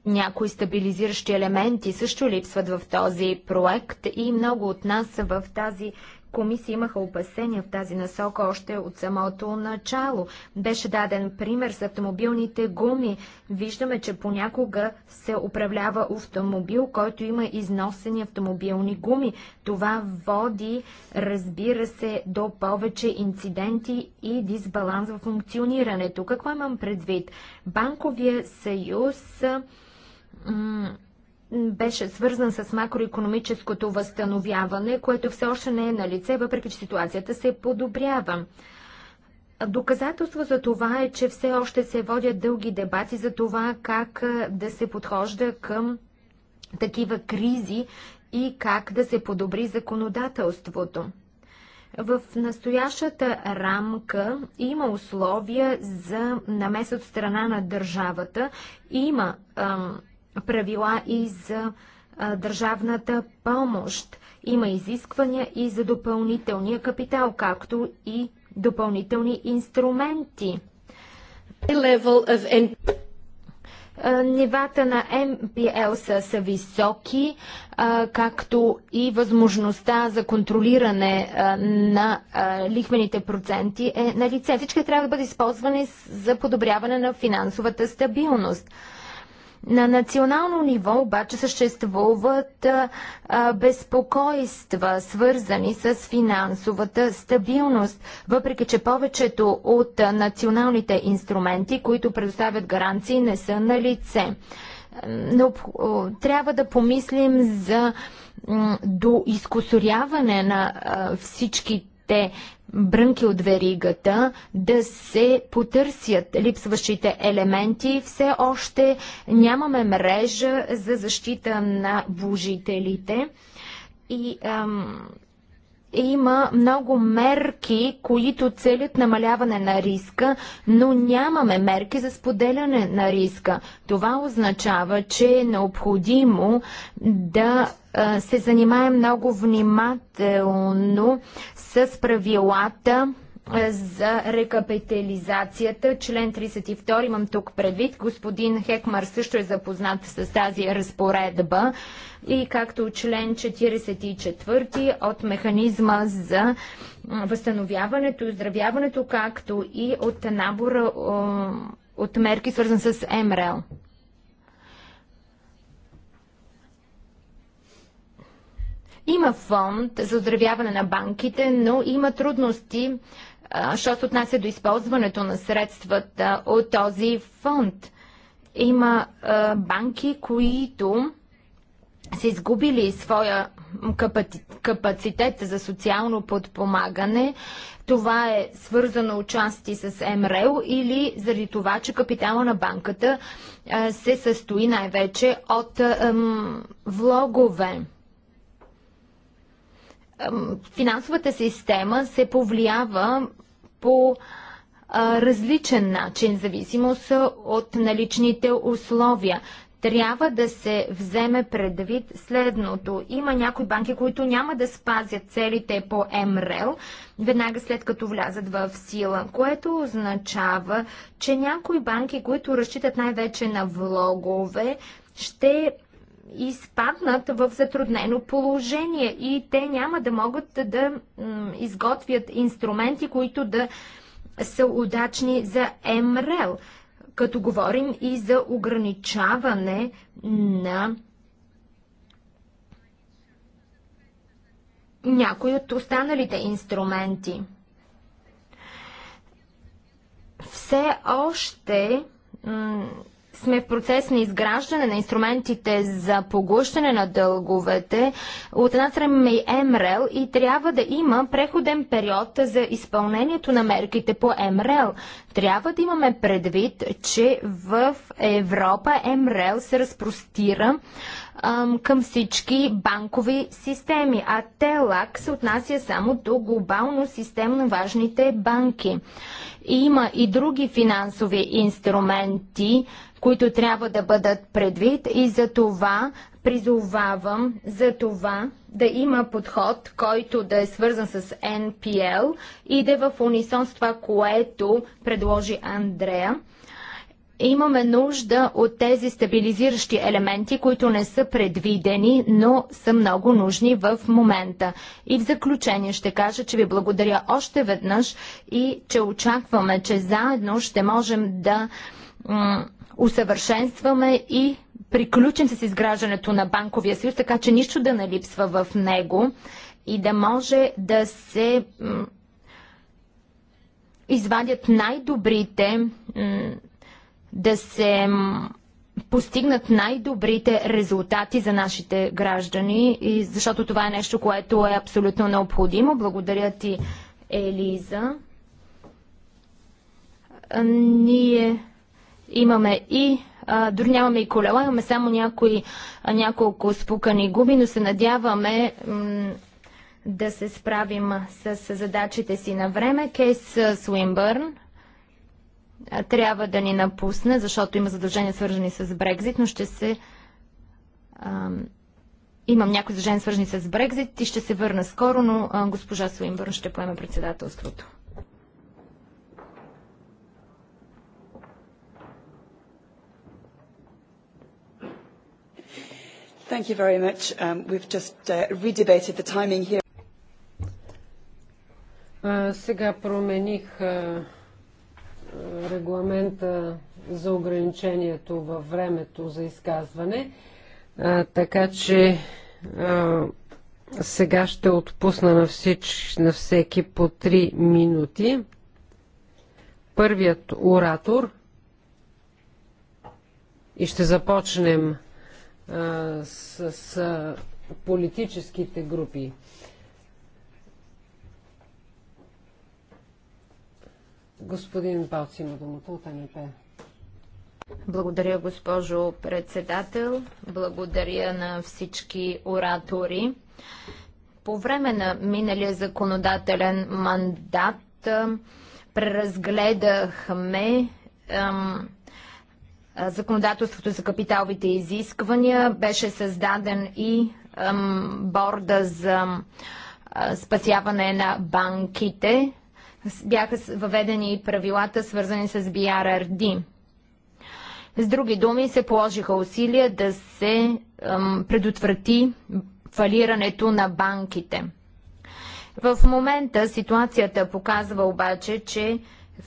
някои стабилизиращи елементи също липсват в този проект и много от нас в тази комисии имаха опасения в тази насока още от самото начало. Беше даден пример с автомобилните гуми. Виждаме, че понякога се управлява автомобил, който има износени автомобилни гуми. Това води, разбира се, до повече инциденти и дисбаланс в функционирането. Какво имам предвид? Банковия съюз беше свързан с макроекономическото възстановяване, което все още не е на лице, въпреки че ситуацията се подобрява. Доказателство за това е, че все още се водят дълги дебати за това как да се подхожда към такива кризи и как да се подобри законодателството. В настоящата рамка има условия за намес от страна на държавата. Има ам, правила и за държавната помощ. Има изисквания и за допълнителния капитал, както и допълнителни инструменти. Нивата на МПЛ са, са високи, а, както и възможността за контролиране а, на а, лихвените проценти е на лице. Всички трябва да бъдат използвани за подобряване на финансовата стабилност. На национално ниво обаче съществуват безпокойства, свързани с финансовата стабилност, въпреки че повечето от националните инструменти, които предоставят гаранции, не са на лице. Но трябва да помислим за до на всичките брънки от веригата, да се потърсят липсващите елементи. Все още нямаме мрежа за защита на вложителите. И ам, има много мерки, които целят намаляване на риска, но нямаме мерки за споделяне на риска. Това означава, че е необходимо да се занимаем много внимателно с правилата, за рекапитализацията. Член 32 имам тук предвид. Господин Хекмар също е запознат с тази разпоредба и както член 44 от механизма за възстановяването и оздравяването, както и от набора от мерки, свързан с МРЛ. Има фонд за оздравяване на банките, но има трудности що се отнася до използването на средствата от този фонд. Има банки, които са изгубили своя капацитет за социално подпомагане. Това е свързано отчасти с МРЕО или заради това, че капитала на банката се състои най-вече от влогове финансовата система се повлиява по а, различен начин, зависимост от наличните условия. Трябва да се вземе предвид следното. Има някои банки, които няма да спазят целите по МРЕЛ, веднага след като влязат в сила, което означава, че някои банки, които разчитат най-вече на влогове, ще изпаднат в затруднено положение и те няма да могат да изготвят инструменти, които да са удачни за МРЛ, като говорим и за ограничаване на някои от останалите инструменти. Все още сме в процес на изграждане на инструментите за поглъщане на дълговете. От една страна и МРЛ и трябва да има преходен период за изпълнението на мерките по МРЛ. Трябва да имаме предвид, че в Европа МРЛ се разпростира към всички банкови системи, а ТЕЛАК се отнася само до глобално системно важните банки. Има и други финансови инструменти, които трябва да бъдат предвид и за това призовавам за това да има подход, който да е свързан с NPL и да е в унисон с това, което предложи Андрея. Имаме нужда от тези стабилизиращи елементи, които не са предвидени, но са много нужни в момента. И в заключение ще кажа, че ви благодаря още веднъж и че очакваме, че заедно ще можем да усъвършенстваме и приключим с изграждането на банковия съюз, така че нищо да не липсва в него и да може да се извадят най-добрите, да се постигнат най-добрите резултати за нашите граждани, и защото това е нещо, което е абсолютно необходимо. Благодаря ти, Елиза. Ние Имаме и дори нямаме и колела, имаме само някои, няколко спукани губи, но се надяваме да се справим с, с задачите си на време. Кейс Суинбърн трябва да ни напусне, защото има задължения свързани с Брекзит, но ще се... А, имам някои задължения свързани с Брекзит и ще се върна скоро, но а, госпожа Суинбърн ще поеме председателството. Thank you very much. Um, we've just uh, redebated the timing here. сега промених регламента за ограничението във времето за изказване, така че сега ще отпусна на, всич, на всеки по 3 минути. Първият оратор и ще започнем а, с, с политическите групи. Господин Балци има думата от НП. Благодаря, госпожо председател. Благодаря на всички оратори. По време на миналия законодателен мандат преразгледахме законодателството за капиталовите изисквания. Беше създаден и борда за спасяване на банките. Бяха въведени и правилата, свързани с BRRD. С други думи, се положиха усилия да се предотврати фалирането на банките. В момента ситуацията показва обаче, че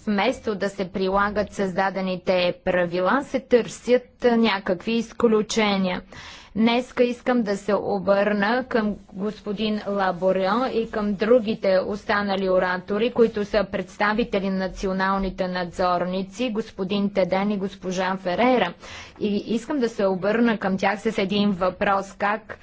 вместо да се прилагат създадените правила, се търсят някакви изключения. Днеска искам да се обърна към господин Лаборео и към другите останали оратори, които са представители на националните надзорници, господин Теден и госпожа Ферера. И искам да се обърна към тях с един въпрос. Как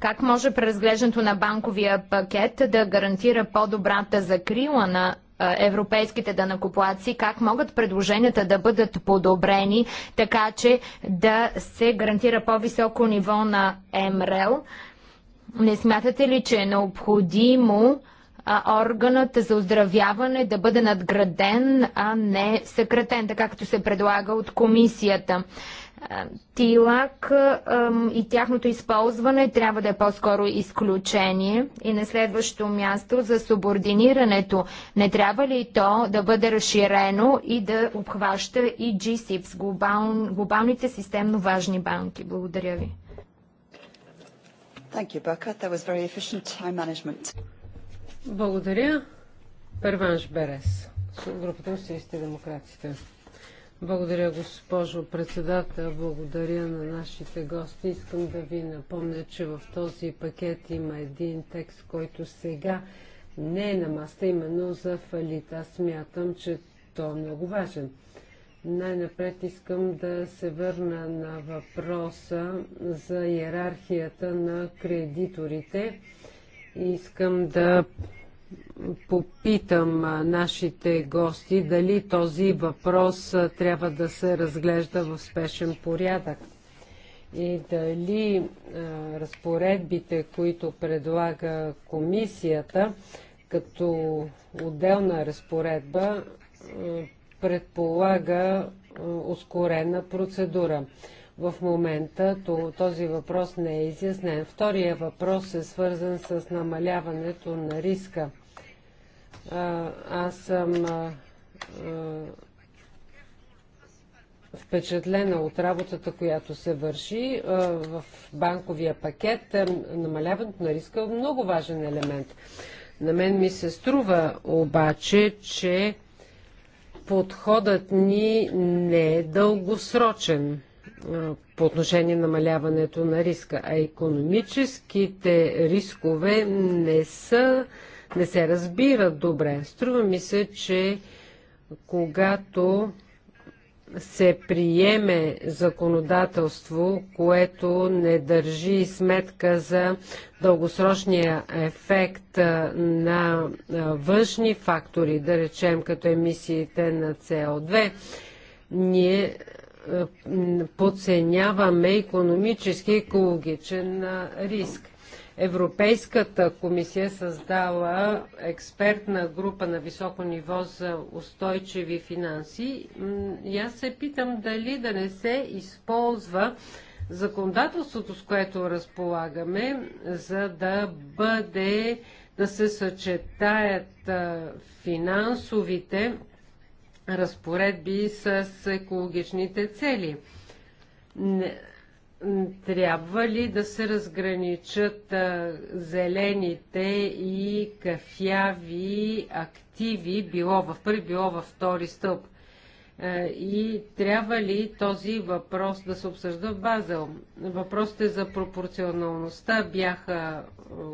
как може преразглеждането на банковия пакет да гарантира по-добрата закрила на европейските данакоплаци, как могат предложенията да бъдат подобрени, така че да се гарантира по-високо ниво на МРЛ. Не смятате ли, че е необходимо а, органът за оздравяване да бъде надграден, а не съкратен, така като се предлага от комисията? Тилак и тяхното използване трябва да е по-скоро изключение. И на следващо място за субординирането. Не трябва ли то да бъде разширено и да обхваща и GSIPs, глобал, глобалните системно важни банки? Благодаря ви. Благодаря. Първанш Берес, групата на демократите. Благодаря, госпожо председател. Благодаря на нашите гости. Искам да ви напомня, че в този пакет има един текст, който сега не е на маста, именно за фалит. Аз смятам, че то е много важен. Най-напред искам да се върна на въпроса за иерархията на кредиторите. Искам да попитам нашите гости дали този въпрос трябва да се разглежда в спешен порядък и дали а, разпоредбите, които предлага комисията като отделна разпоредба, предполага ускорена процедура. В момента този въпрос не е изяснен. Втория въпрос е свързан с намаляването на риска. Аз съм впечатлена от работата, която се върши в банковия пакет. Намаляването на риска е много важен елемент. На мен ми се струва обаче, че подходът ни не е дългосрочен по отношение на намаляването на риска, а економическите рискове не са не се разбира добре. Струва ми се, че когато се приеме законодателство, което не държи сметка за дългосрочния ефект на външни фактори, да речем като емисиите на со 2 ние подценяваме економически и екологичен риск. Европейската комисия създала експертна група на високо ниво за устойчиви финанси. И аз се питам дали да не се използва законодателството, с което разполагаме, за да бъде да се съчетаят финансовите разпоредби с екологичните цели. Не, трябва ли да се разграничат а, зелените и кафяви активи, било в първи, било във втори стълб? А, и трябва ли този въпрос да се обсъжда в Базел? Въпросите за пропорционалността бяха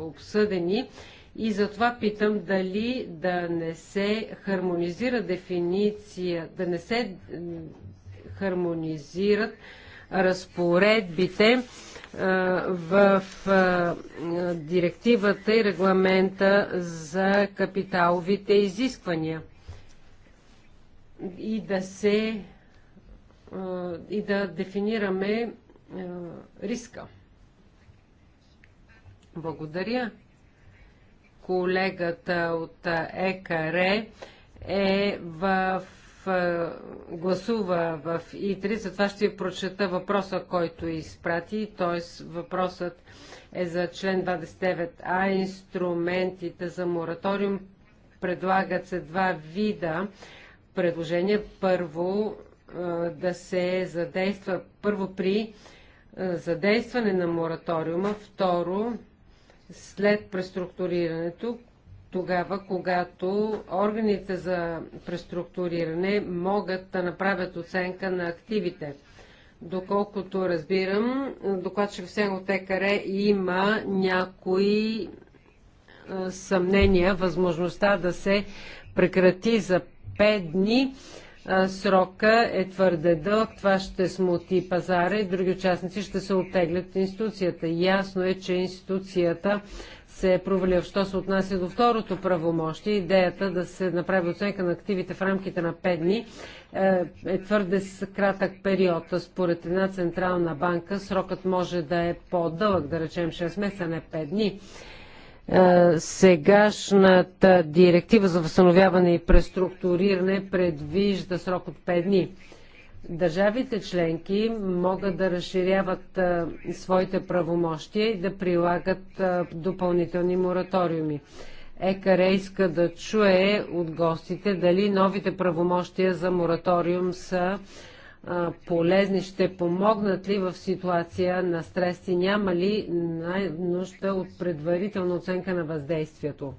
обсъдени и затова питам дали да не се хармонизира дефиниция, да не се хармонизират разпоредбите в директивата и регламента за капиталовите изисквания и да се и да дефинираме риска. Благодаря. Колегата от ЕКР е в е, гласува в ИТРИ, затова ще прочета въпроса, който изпрати, т.е. въпросът е за член 29а, инструментите за мораториум. Предлагат се два вида предложения. Първо е, да се задейства, първо при е, задействане на мораториума, второ след преструктурирането, тогава, когато органите за преструктуриране могат да направят оценка на активите. Доколкото разбирам, докладчик в от има някои съмнения, възможността да се прекрати за 5 дни срока е твърде дълъг, това ще смути пазара и други участници ще се оттеглят институцията. Ясно е, че институцията се е провалил. Що се отнася до второто правомощие, идеята да се направи оценка на активите в рамките на 5 дни е, е твърде кратък период. Според една централна банка срокът може да е по-дълъг, да речем 6 месеца, не 5 дни. Е, сегашната директива за възстановяване и преструктуриране предвижда срок от 5 дни. Държавите членки могат да разширяват а, своите правомощия и да прилагат а, допълнителни мораториуми. ЕКР иска да чуе от гостите дали новите правомощия за мораториум са а, полезни, ще помогнат ли в ситуация на стрес и няма ли най нужда от предварителна оценка на въздействието.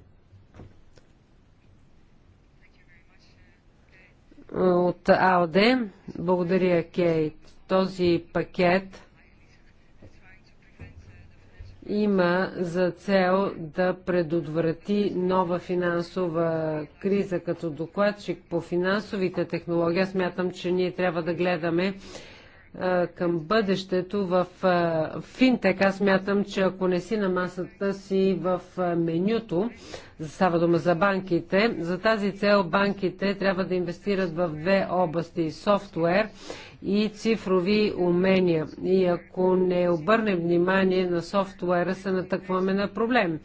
от АОД. Благодаря, Кейт. Този пакет има за цел да предотврати нова финансова криза като докладчик по финансовите технологии. Смятам, че ние трябва да гледаме към бъдещето в финтек. Аз мятам, че ако не си на масата си в менюто, за става дума за банките, за тази цел банките трябва да инвестират в две области – софтуер и цифрови умения. И ако не обърнем внимание на софтуера, се натъкваме на проблем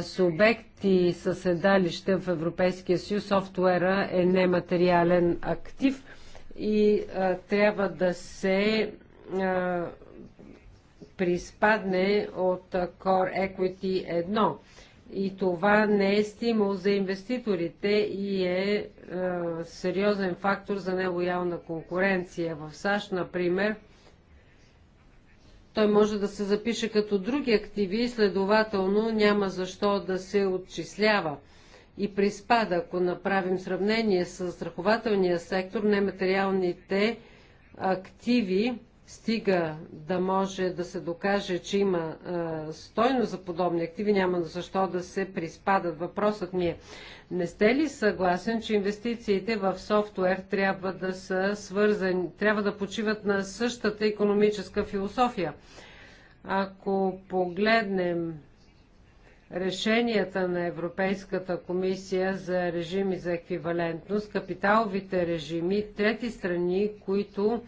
субекти със седалище в Европейския съюз, софтуера е нематериален актив – и а, трябва да се а, приспадне от Core Equity 1. И това не е стимул за инвеститорите и е, а, сериозен фактор за нелоялна конкуренция. В САЩ, например, той може да се запише като други активи, следователно няма защо да се отчислява и спада, Ако направим сравнение с страхователния сектор, нематериалните активи, стига да може да се докаже, че има а, стойност за подобни активи, няма защо да се приспадат. Въпросът ми е, не сте ли съгласен, че инвестициите в софтуер трябва да са свързани, трябва да почиват на същата економическа философия? Ако погледнем решенията на Европейската комисия за режими за еквивалентност, капиталовите режими, трети страни, които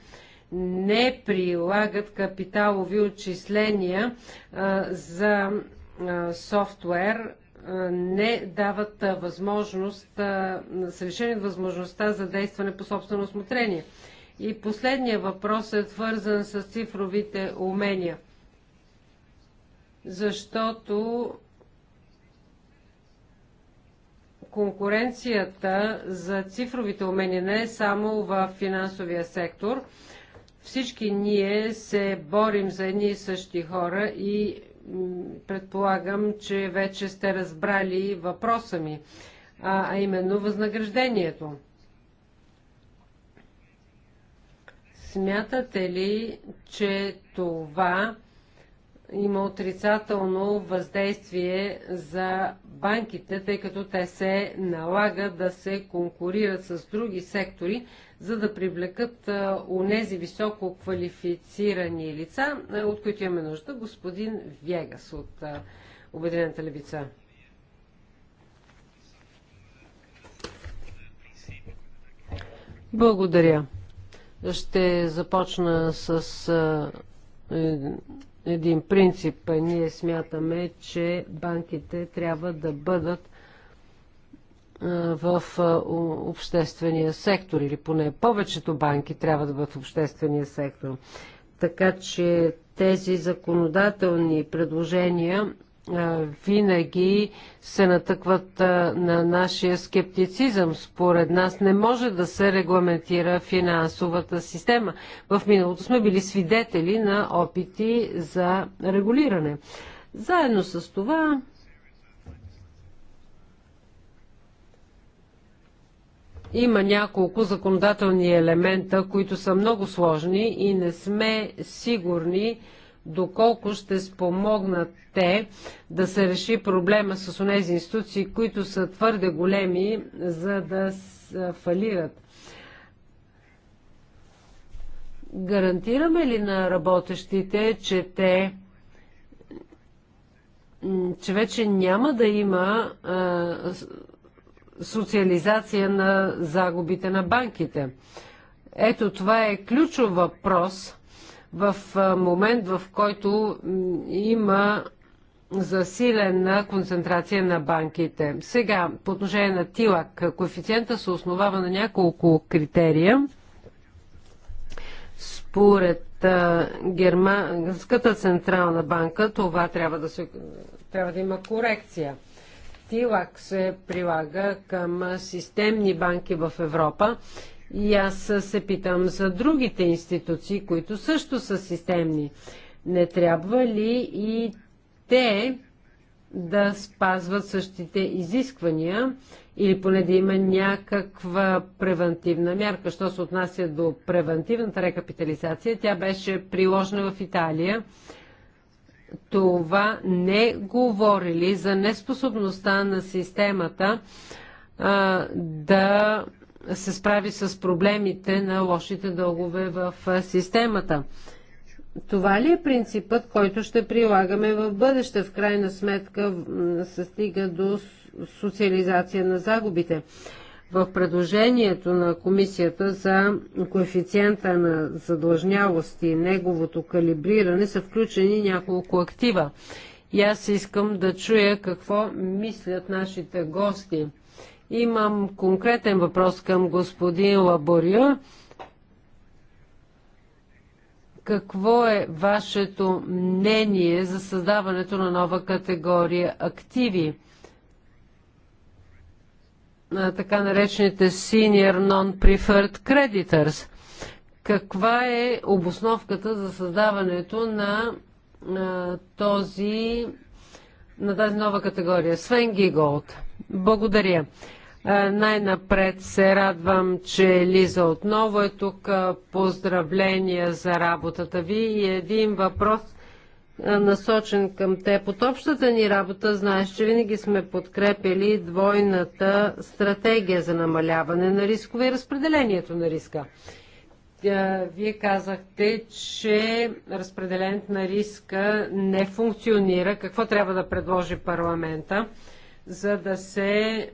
не прилагат капиталови отчисления а, за а, софтуер, а, не дават а, възможност, а, с решение възможността за действане по собствено осмотрение. И последния въпрос е свързан с цифровите умения, защото конкуренцията за цифровите умения не е само в финансовия сектор. Всички ние се борим за едни и същи хора и предполагам, че вече сте разбрали въпроса ми, а, именно възнаграждението. Смятате ли, че това има отрицателно въздействие за банките, тъй като те се налага да се конкурират с други сектори, за да привлекат унези високо квалифицирани лица, от които имаме нужда господин Вегас от Обединената левица. Благодаря. Ще започна с един принцип. Ние смятаме, че банките трябва да бъдат в обществения сектор или поне повечето банки трябва да бъдат в обществения сектор. Така че тези законодателни предложения винаги се натъкват на нашия скептицизъм. Според нас не може да се регламентира финансовата система. В миналото сме били свидетели на опити за регулиране. Заедно с това има няколко законодателни елемента, които са много сложни и не сме сигурни, доколко ще спомогнат те да се реши проблема с тези институции, които са твърде големи, за да фалират. Гарантираме ли на работещите, че те че вече няма да има а, социализация на загубите на банките? Ето това е ключов въпрос – в момент, в който има засилена концентрация на банките. Сега, по отношение на ТИЛАК, коефициента се основава на няколко критерия. Според Германската централна банка това трябва да, се, трябва да има корекция. ТИЛАК се прилага към системни банки в Европа и аз се питам за другите институции, които също са системни. Не трябва ли и те да спазват същите изисквания или поне да има някаква превентивна мярка. Що се отнася до превентивната рекапитализация, тя беше приложена в Италия. Това не говори ли за неспособността на системата а, да се справи с проблемите на лошите дългове в системата. Това ли е принципът, който ще прилагаме в бъдеще? В крайна сметка се стига до социализация на загубите. В предложението на комисията за коефициента на задлъжнялост и неговото калибриране са включени няколко актива. И аз искам да чуя какво мислят нашите гости Имам конкретен въпрос към господин Лаборио. Какво е вашето мнение за създаването на нова категория активи? На така наречените Senior Non-Preferred Creditors. Каква е обосновката за създаването на, на този на тази нова категория? Свен Гиголд. Благодаря. Е, най-напред се радвам, че Лиза отново е тук. Е, поздравления за работата ви и един въпрос е, насочен към те. от общата ни работа знаеш, че винаги сме подкрепили двойната стратегия за намаляване на рискове и разпределението на риска. Вие казахте, че разпределението на риска не функционира. Какво трябва да предложи парламента, за да се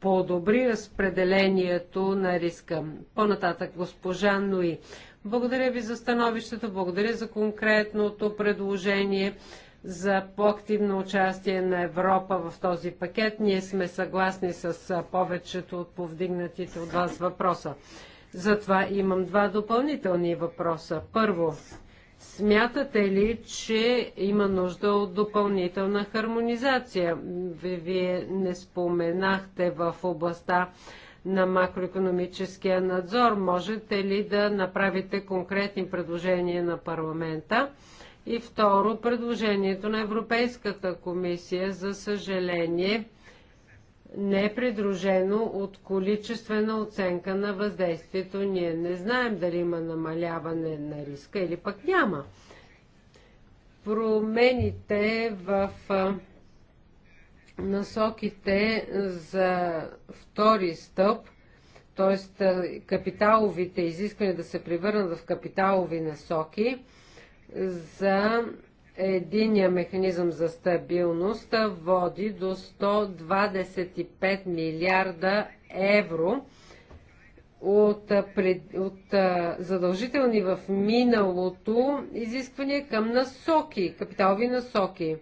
подобри разпределението на риска. По-нататък госпожа Нуи. Благодаря ви за становището, благодаря за конкретното предложение за по-активно участие на Европа в този пакет. Ние сме съгласни с повечето от повдигнатите от вас въпроса. Затова имам два допълнителни въпроса. Първо, Смятате ли, че има нужда от допълнителна хармонизация? Вие не споменахте в областта на макроекономическия надзор. Можете ли да направите конкретни предложения на парламента? И второ, предложението на Европейската комисия, за съжаление, не е придружено от количествена оценка на въздействието. Ние не знаем дали има намаляване на риска или пък няма. Промените в насоките за втори стъп, т.е. капиталовите изисквания да се превърнат в капиталови насоки за единия механизъм за стабилност води до 125 милиарда евро от, пред, от задължителни в миналото изисквания към насоки, капиталови насоки.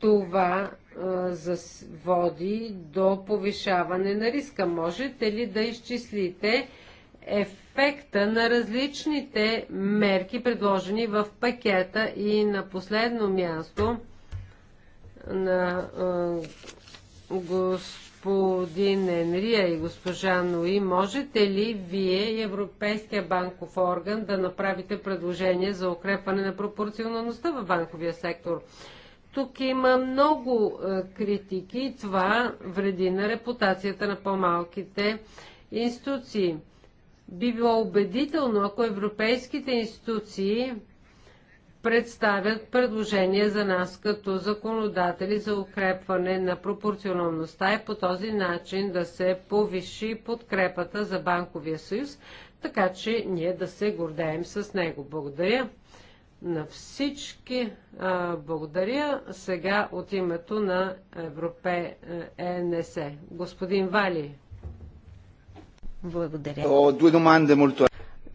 Това а, зас, води до повишаване на риска. Можете ли да изчислите еф, ефекта на различните мерки, предложени в пакета и на последно място на господин Енрия и госпожа Нои, можете ли вие и Европейския банков орган да направите предложение за укрепване на пропорционалността в банковия сектор? Тук има много критики и това вреди на репутацията на по-малките институции. Би било убедително, ако европейските институции представят предложение за нас като законодатели за укрепване на пропорционалността и по този начин да се повиши подкрепата за Банковия съюз, така че ние да се гордеем с него. Благодаря на всички. благодаря сега от името на Европе НСЕ. Господин Вали. Благодаря.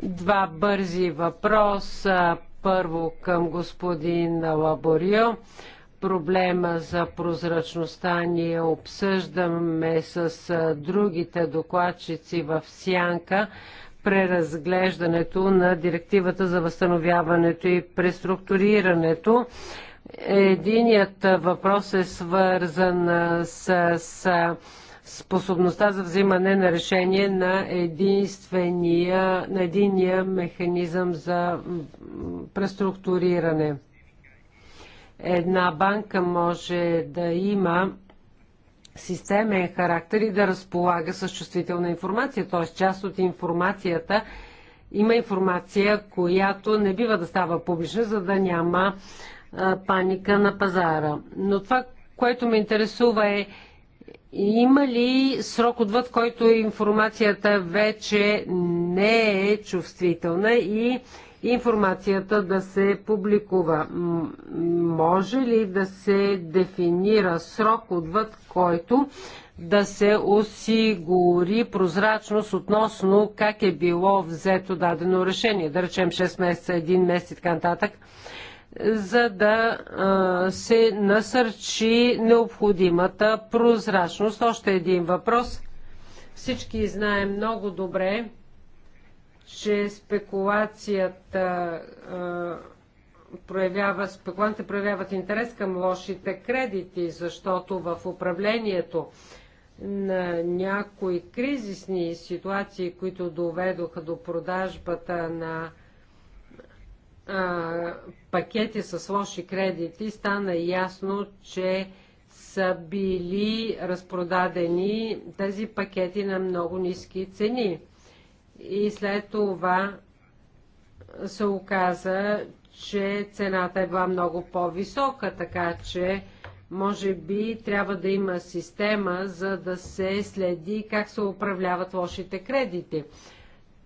Два бързи въпроса. Първо към господин Лаборио. Проблема за прозрачността ние обсъждаме с другите докладчици в Сянка преразглеждането на директивата за възстановяването и преструктурирането. Единият въпрос е свързан с, с способността за взимане на решение на единствения, на единия механизъм за преструктуриране. Една банка може да има системен характер и да разполага с чувствителна информация, т.е. част от информацията има информация, която не бива да става публична, за да няма паника на пазара. Но това, което ме интересува е има ли срок отвъд, който информацията вече не е чувствителна и информацията да се публикува? Може ли да се дефинира срок отвъд, който да се осигури прозрачност относно как е било взето дадено решение, да речем 6 месеца, 1 месец и така нататък? за да се насърчи необходимата прозрачност. Още един въпрос. Всички знаем много добре, че спекулацията проявява, спекулантите проявяват интерес към лошите кредити, защото в управлението на някои кризисни ситуации, които доведоха до продажбата на а, пакети с лоши кредити, стана ясно, че са били разпродадени тези пакети на много ниски цени. И след това се оказа, че цената е била много по-висока, така че може би трябва да има система, за да се следи как се управляват лошите кредити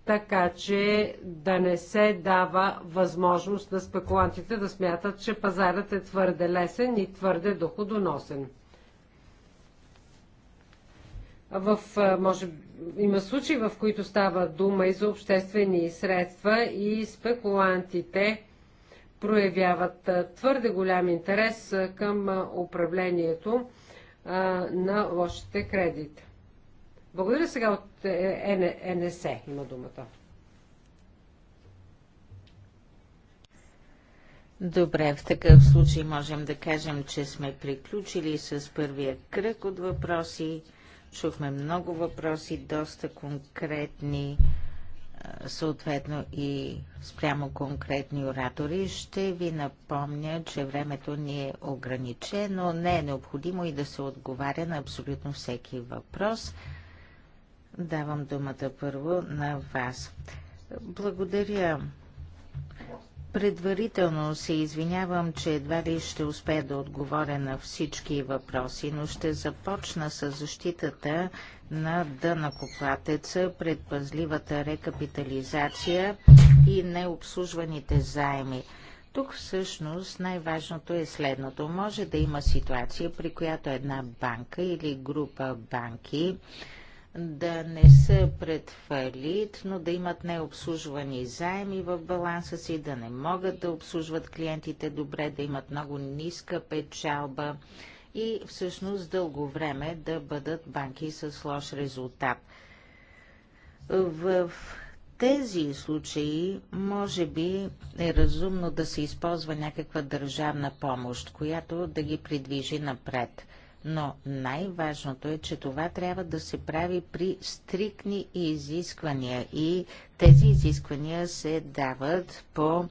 така че да не се дава възможност на спекулантите да смятат, че пазарът е твърде лесен и твърде доходоносен. В, може, има случаи, в които става дума и за обществени средства и спекулантите проявяват твърде голям интерес към управлението на лошите кредити. Благодаря сега от е, е, НС е, има думата. Добре, в такъв случай можем да кажем, че сме приключили с първия кръг от въпроси. Чухме много въпроси, доста конкретни, съответно и спрямо конкретни оратори. Ще ви напомня, че времето ни е ограничено, не е необходимо и да се отговаря на абсолютно всеки въпрос. Давам думата първо на вас. Благодаря. Предварително се извинявам, че едва ли ще успея да отговоря на всички въпроси, но ще започна с защитата на дънакоплатеца, предпазливата рекапитализация и необслужваните заеми. Тук всъщност най-важното е следното. Може да има ситуация, при която една банка или група банки да не са пред фалит, но да имат необслужвани заеми в баланса си, да не могат да обслужват клиентите добре, да имат много ниска печалба и всъщност дълго време да бъдат банки с лош резултат. В тези случаи може би е разумно да се използва някаква държавна помощ, която да ги придвижи напред но най-важното е, че това трябва да се прави при стрикни изисквания и тези изисквания се дават по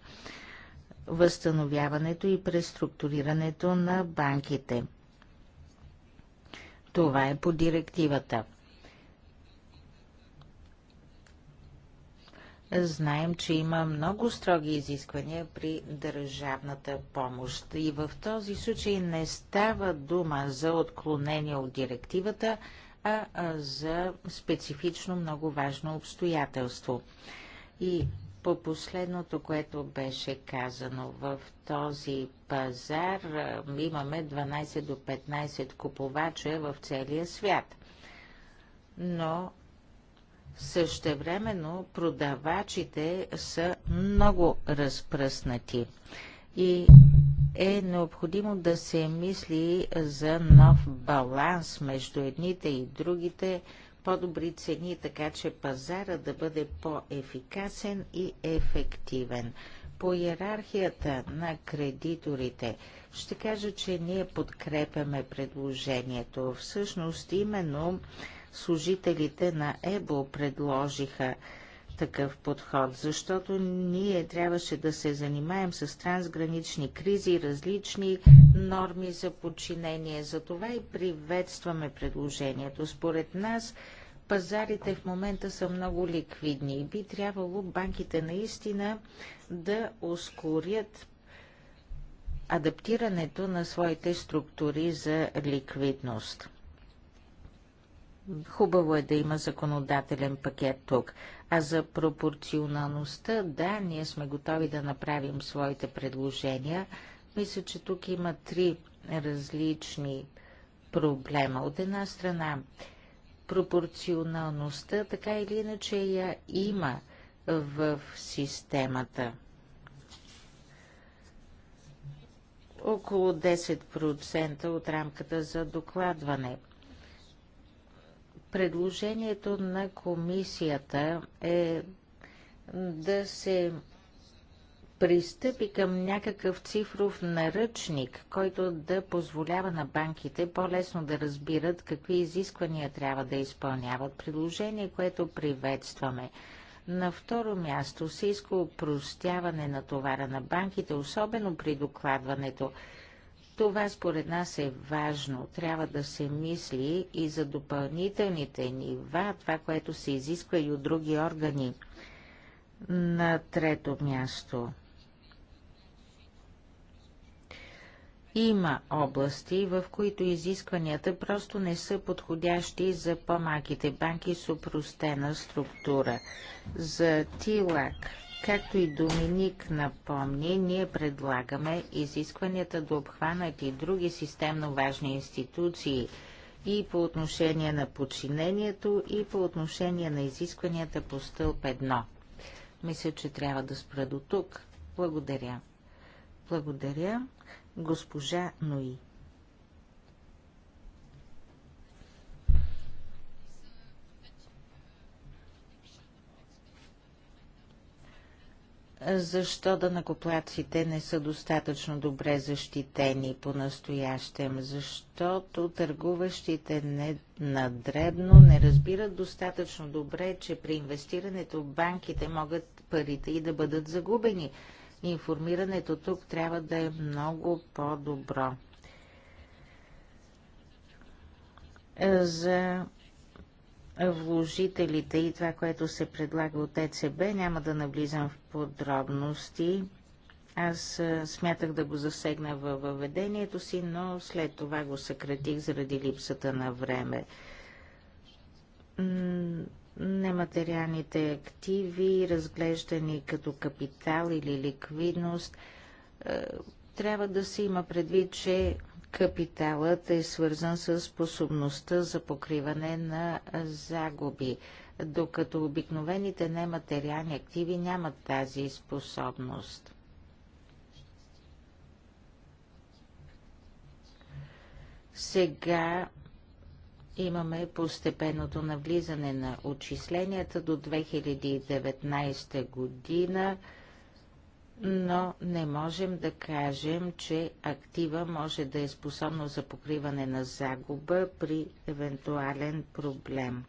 възстановяването и преструктурирането на банките. Това е по директивата. Знаем, че има много строги изисквания при държавната помощ и в този случай не става дума за отклонение от директивата, а за специфично много важно обстоятелство. И по последното, което беше казано, в този пазар имаме 12 до 15 купувача в целия свят. Но Същевременно продавачите са много разпръснати и е необходимо да се мисли за нов баланс между едните и другите, по-добри цени, така че пазара да бъде по-ефикасен и ефективен. По иерархията на кредиторите ще кажа, че ние подкрепяме предложението. Всъщност, именно Служителите на ЕБО предложиха такъв подход, защото ние трябваше да се занимаем с трансгранични кризи, различни норми за подчинение. Затова и приветстваме предложението. Според нас пазарите в момента са много ликвидни и би трябвало банките наистина да ускорят адаптирането на своите структури за ликвидност. Хубаво е да има законодателен пакет тук. А за пропорционалността, да, ние сме готови да направим своите предложения. Мисля, че тук има три различни проблема. От една страна, пропорционалността, така или иначе я има в системата. Около 10% от рамката за докладване – Предложението на комисията е да се пристъпи към някакъв цифров наръчник, който да позволява на банките по-лесно да разбират какви изисквания трябва да изпълняват. Предложение, което приветстваме. На второ място се иска упростяване на товара на банките, особено при докладването. Това според нас е важно. Трябва да се мисли и за допълнителните нива, това, което се изисква и от други органи. На трето място. Има области, в които изискванията просто не са подходящи за по-малките банки с упростена структура. За ТИЛАК Както и Доминик напомни, ние предлагаме изискванията да обхванат и други системно важни институции и по отношение на подчинението, и по отношение на изискванията по стълб 1. Мисля, че трябва да спра до тук. Благодаря. Благодаря, госпожа Нуи. Защо да накоплаците не са достатъчно добре защитени по-настоящем? Защото търгуващите не, на дребно не разбират достатъчно добре, че при инвестирането банките могат парите и да бъдат загубени. Информирането тук трябва да е много по-добро. За вложителите и това, което се предлага от ЕЦБ. Няма да навлизам в подробности. Аз смятах да го засегна във въведението си, но след това го съкратих заради липсата на време. Нематериалните активи, разглеждани като капитал или ликвидност, трябва да се има предвид, че Капиталът е свързан с способността за покриване на загуби, докато обикновените нематериални активи нямат тази способност. Сега имаме постепенното навлизане на отчисленията до 2019 година – но не можем да кажем, че актива може да е способно за покриване на загуба при евентуален проблем.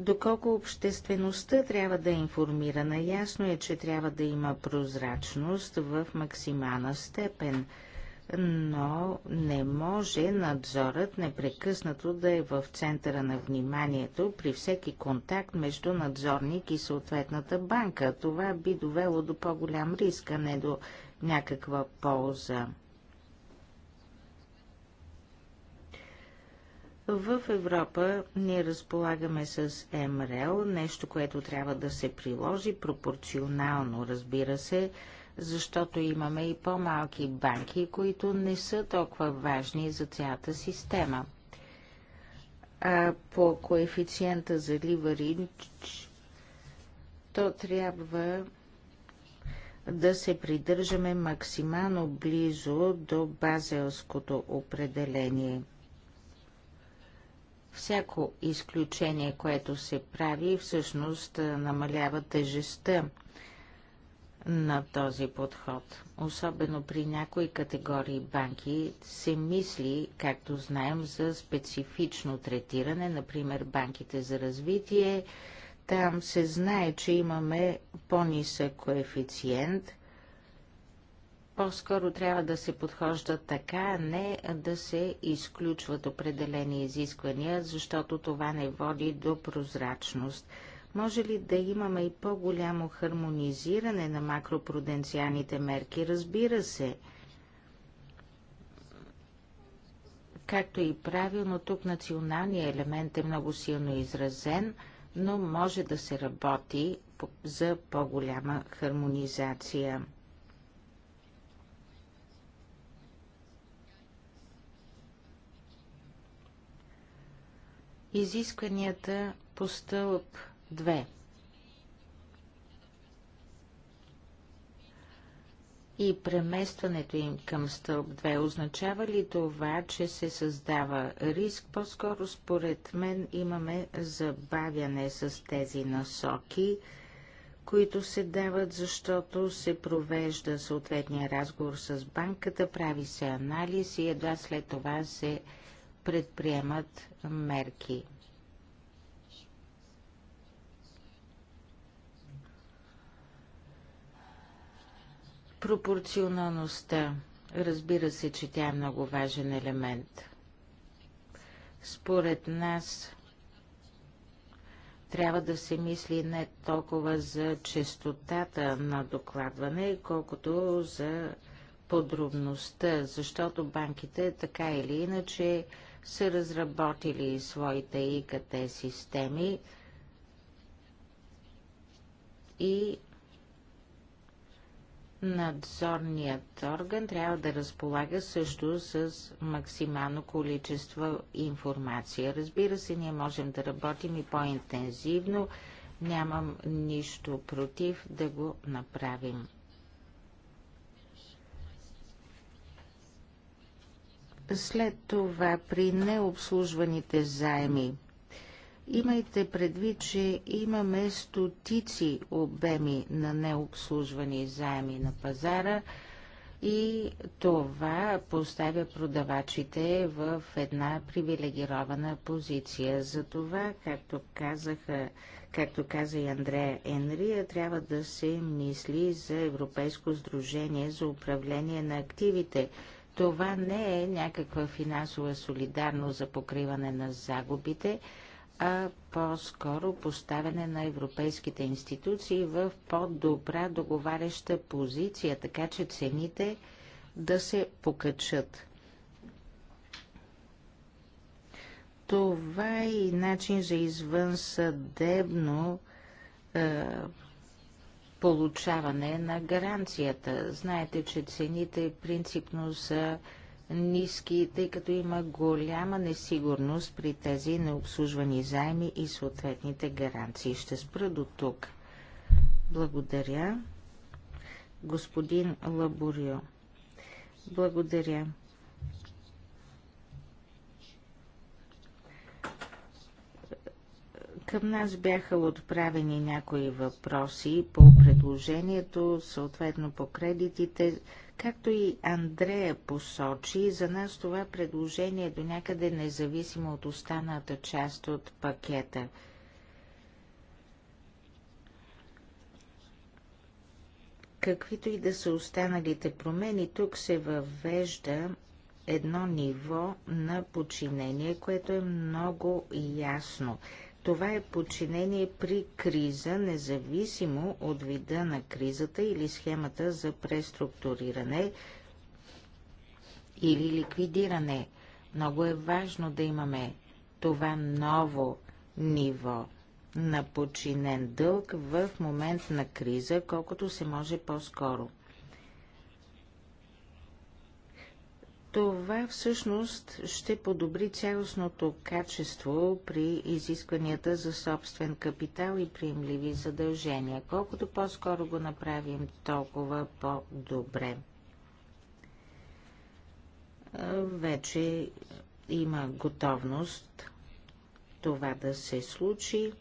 Доколко обществеността трябва да е информирана, ясно е, че трябва да има прозрачност в максимална степен – но не може надзорът непрекъснато да е в центъра на вниманието при всеки контакт между надзорник и съответната банка. Това би довело до по-голям риск, а не до някаква полза. В Европа ние разполагаме с МРЛ, нещо, което трябва да се приложи пропорционално, разбира се, защото имаме и по-малки банки, които не са толкова важни за цялата система. А по коефициента за ливаринч то трябва да се придържаме максимално близо до базелското определение. Всяко изключение, което се прави, всъщност намалява тежестта на този подход. Особено при някои категории банки се мисли, както знаем, за специфично третиране, например банките за развитие. Там се знае, че имаме по-нисък коефициент. По-скоро трябва да се подхожда така, а не да се изключват определени изисквания, защото това не води до прозрачност – може ли да имаме и по-голямо хармонизиране на макропруденциалните мерки? Разбира се. Както и правилно, тук националният елемент е много силно изразен, но може да се работи за по-голяма хармонизация. Изискванията по стълб 2. И преместването им към стълб 2 означава ли това, че се създава риск? По-скоро според мен имаме забавяне с тези насоки, които се дават, защото се провежда съответния разговор с банката, прави се анализ и едва след това се предприемат мерки. Пропорционалността. Разбира се, че тя е много важен елемент. Според нас трябва да се мисли не толкова за честотата на докладване, колкото за подробността, защото банките така или иначе са разработили своите ИКТ системи и Надзорният орган трябва да разполага също с максимално количество информация. Разбира се, ние можем да работим и по-интензивно. Нямам нищо против да го направим. След това при необслужваните заеми – Имайте предвид, че имаме стотици обеми на необслужвани заеми на пазара и това поставя продавачите в една привилегирована позиция. За това, както, казаха, както каза и Андрея Енрия, трябва да се мисли за Европейско сдружение за управление на активите. Това не е някаква финансова солидарност за покриване на загубите, а по-скоро поставяне на европейските институции в по-добра договаряща позиция, така че цените да се покачат. Това е и начин за извънсъдебно е, получаване на гаранцията. Знаете, че цените принципно са е, ниски, тъй като има голяма несигурност при тези необслужвани заеми и съответните гаранции. Ще спра до тук. Благодаря. Господин Лаборио. Благодаря. Към нас бяха отправени някои въпроси по предложението, съответно по кредитите, Както и Андрея посочи, за нас това предложение е до някъде независимо от останата част от пакета. Каквито и да са останалите промени, тук се въвежда едно ниво на подчинение, което е много ясно. Това е подчинение при криза, независимо от вида на кризата или схемата за преструктуриране или ликвидиране. Много е важно да имаме това ново ниво на подчинен дълг в момент на криза, колкото се може по-скоро. Това всъщност ще подобри цялостното качество при изискванията за собствен капитал и приемливи задължения. Колкото по-скоро го направим, толкова по-добре. Вече има готовност това да се случи.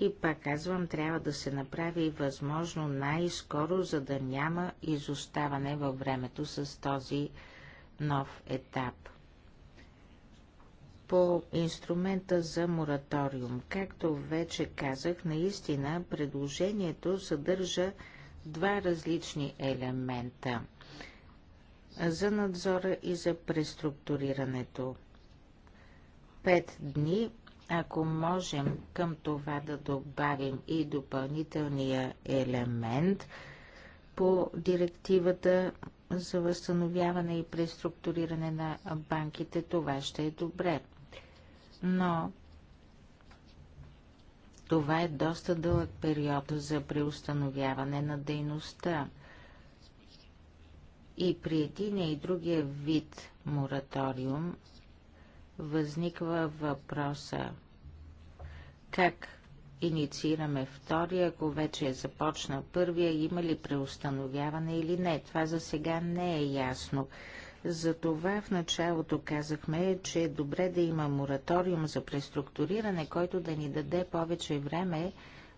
И пак казвам, трябва да се направи възможно най-скоро, за да няма изоставане във времето с този нов етап. По инструмента за мораториум, както вече казах, наистина предложението съдържа два различни елемента за надзора и за преструктурирането. Пет дни ако можем към това да добавим и допълнителния елемент по директивата за възстановяване и преструктуриране на банките, това ще е добре. Но това е доста дълъг период за преустановяване на дейността. И при единия и другия вид мораториум възниква въпроса как инициираме втория, ако вече е започнал първия, има ли преустановяване или не. Това за сега не е ясно. Затова в началото казахме, че е добре да има мораториум за преструктуриране, който да ни даде повече време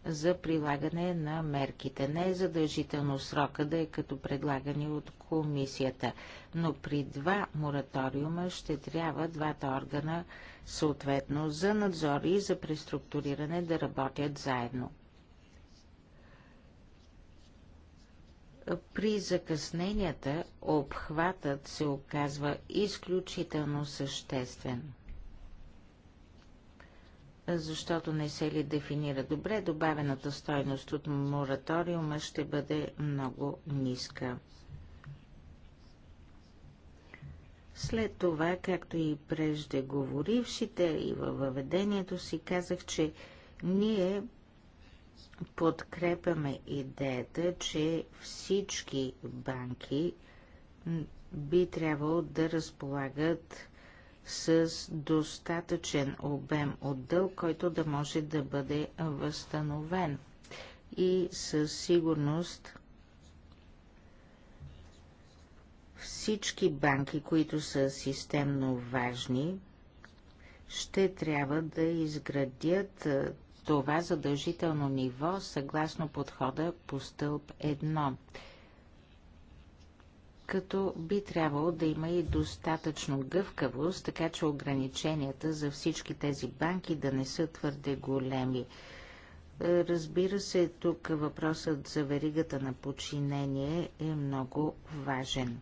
за прилагане на мерките. Не е задължително срока да е като предлагани от комисията, но при два мораториума ще трябва двата органа съответно за надзор и за преструктуриране да работят заедно. При закъсненията обхватът се оказва изключително съществен защото не се ли дефинира добре, добавената стойност от мораториума ще бъде много ниска. След това, както и преждеговорившите и във въведението си казах, че ние подкрепяме идеята, че всички банки би трябвало да разполагат с достатъчен обем от дълг, който да може да бъде възстановен. И със сигурност всички банки, които са системно важни, ще трябва да изградят това задължително ниво съгласно подхода по стълб 1 като би трябвало да има и достатъчно гъвкавост, така че ограниченията за всички тези банки да не са твърде големи. Е, разбира се, тук въпросът за веригата на подчинение е много важен.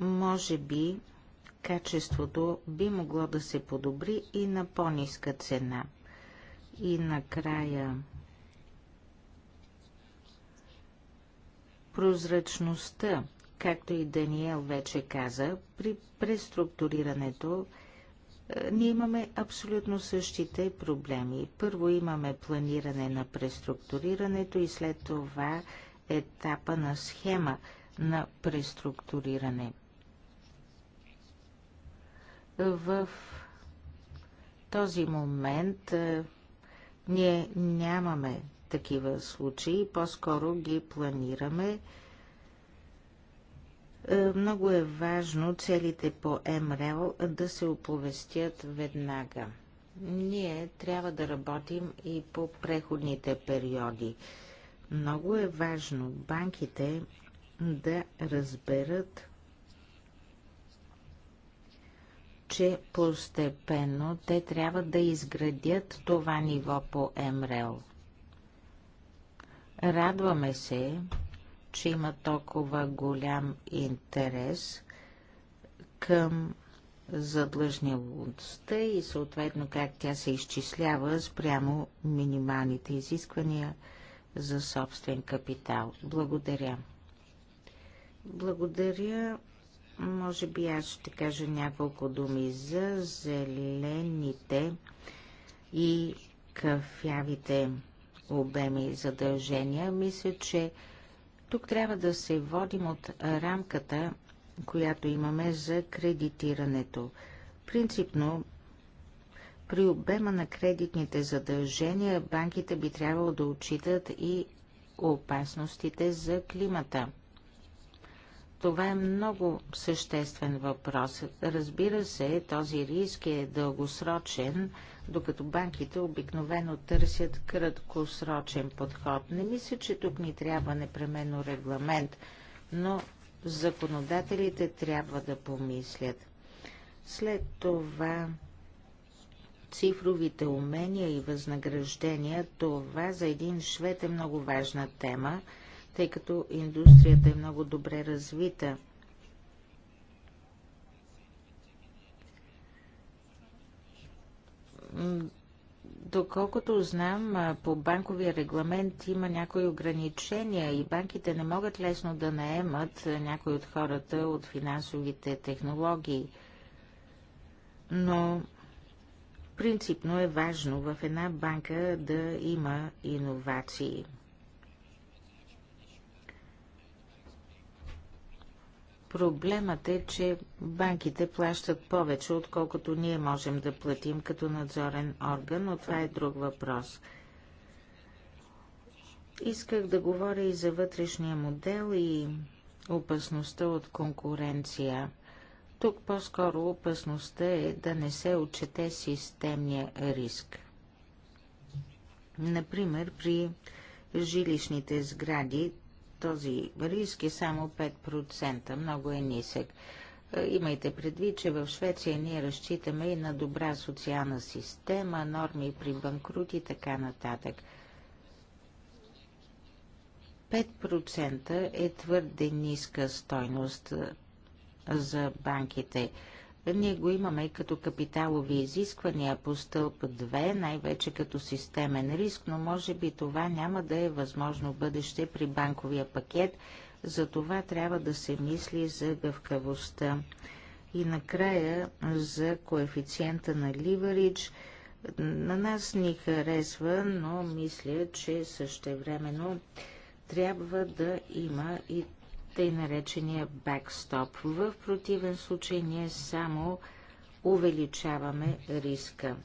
Може би качеството би могло да се подобри и на по-ниска цена. И накрая Прозрачността, както и Даниел вече каза, при преструктурирането е, ние имаме абсолютно същите проблеми. Първо имаме планиране на преструктурирането и след това етапа на схема на преструктуриране. В този момент е, ние нямаме такива случаи, по-скоро ги планираме. Е, много е важно целите по МРЛ да се оповестят веднага. Ние трябва да работим и по преходните периоди. Много е важно банките да разберат, че постепенно те трябва да изградят това ниво по МРЛ. Радваме се, че има толкова голям интерес към задлъжнилостта и съответно как тя се изчислява спрямо минималните изисквания за собствен капитал. Благодаря. Благодаря. Може би аз ще кажа няколко думи за зелените и кафявите обеми задължения. Мисля, че тук трябва да се водим от рамката, която имаме за кредитирането. Принципно, при обема на кредитните задължения, банките би трябвало да отчитат и опасностите за климата. Това е много съществен въпрос. Разбира се, този риск е дългосрочен, докато банките обикновено търсят краткосрочен подход. Не мисля, че тук ни трябва непременно регламент, но законодателите трябва да помислят. След това цифровите умения и възнаграждения, това за един швед е много важна тема, тъй като индустрията е много добре развита. Доколкото знам, по банковия регламент има някои ограничения и банките не могат лесно да наемат някои от хората от финансовите технологии. Но принципно е важно в една банка да има иновации. Проблемът е, че банките плащат повече, отколкото ние можем да платим като надзорен орган, но това е друг въпрос. Исках да говоря и за вътрешния модел и опасността от конкуренция. Тук по-скоро опасността е да не се отчете системния риск. Например, при жилищните сгради този риск е само 5%. Много е нисък. Е, имайте предвид, че в Швеция ние разчитаме и на добра социална система, норми при банкрут и така нататък. 5% е твърде ниска стойност е, за банките. Ние го имаме и като капиталови изисквания по стълб 2, най-вече като системен риск, но може би това няма да е възможно бъдеще при банковия пакет, за това трябва да се мисли за гъвкавостта. И накрая за коефициента на ливарич. На нас ни харесва, но мисля, че същевременно трябва да има и тъй наречения бекстоп. В противен случай ние само увеличаваме риска.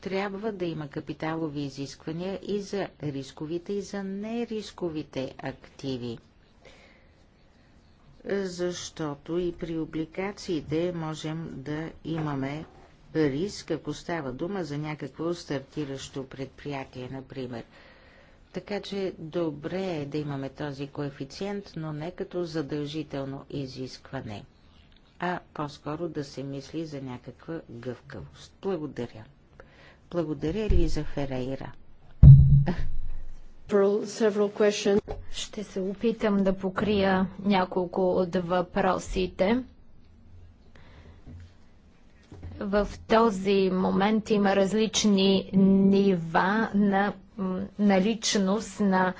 Трябва да има капиталови изисквания и за рисковите, и за нерисковите активи. Защото и при обликациите можем да имаме риск, ако става дума за някакво стартиращо предприятие, например – така че добре е да имаме този коефициент, но не като задължително изискване, а по-скоро да се мисли за някаква гъвкавост. Благодаря. Благодаря, Лиза Ферейра. Ще се опитам да покрия няколко от въпросите. В този момент има различни нива на наличност на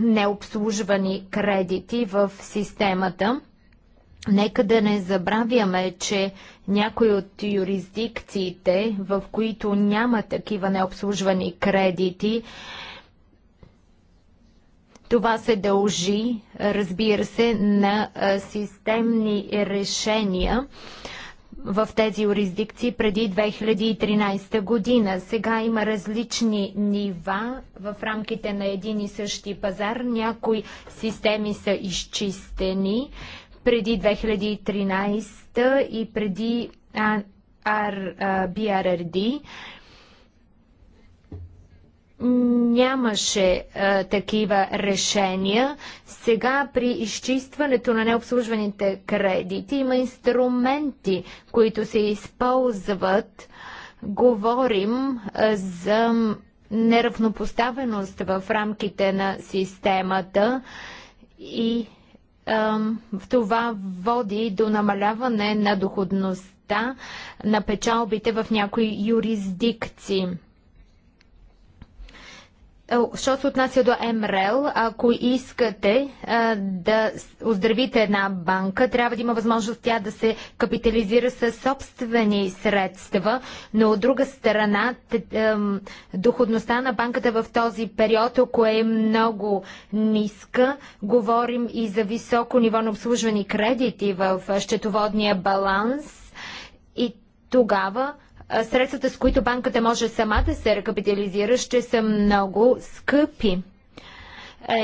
необслужвани кредити в системата. Нека да не забравяме, че някои от юрисдикциите, в които няма такива необслужвани кредити, това се дължи, разбира се, на системни решения в тези юрисдикции преди 2013 година. Сега има различни нива в рамките на един и същи пазар. Някои системи са изчистени преди 2013 и преди BRRD нямаше а, такива решения. Сега при изчистването на необслужваните кредити има инструменти, които се използват. Говорим а, за неравнопоставеност в рамките на системата и а, това води до намаляване на доходността на печалбите в някои юрисдикции. Що се отнася до МРЛ, ако искате а, да оздравите една банка, трябва да има възможност тя да се капитализира със собствени средства, но от друга страна доходността на банката в този период, ако е много ниска, говорим и за високо ниво на обслужвани кредити в счетоводния баланс и тогава средствата, с които банката може сама да се рекапитализира, ще са много скъпи.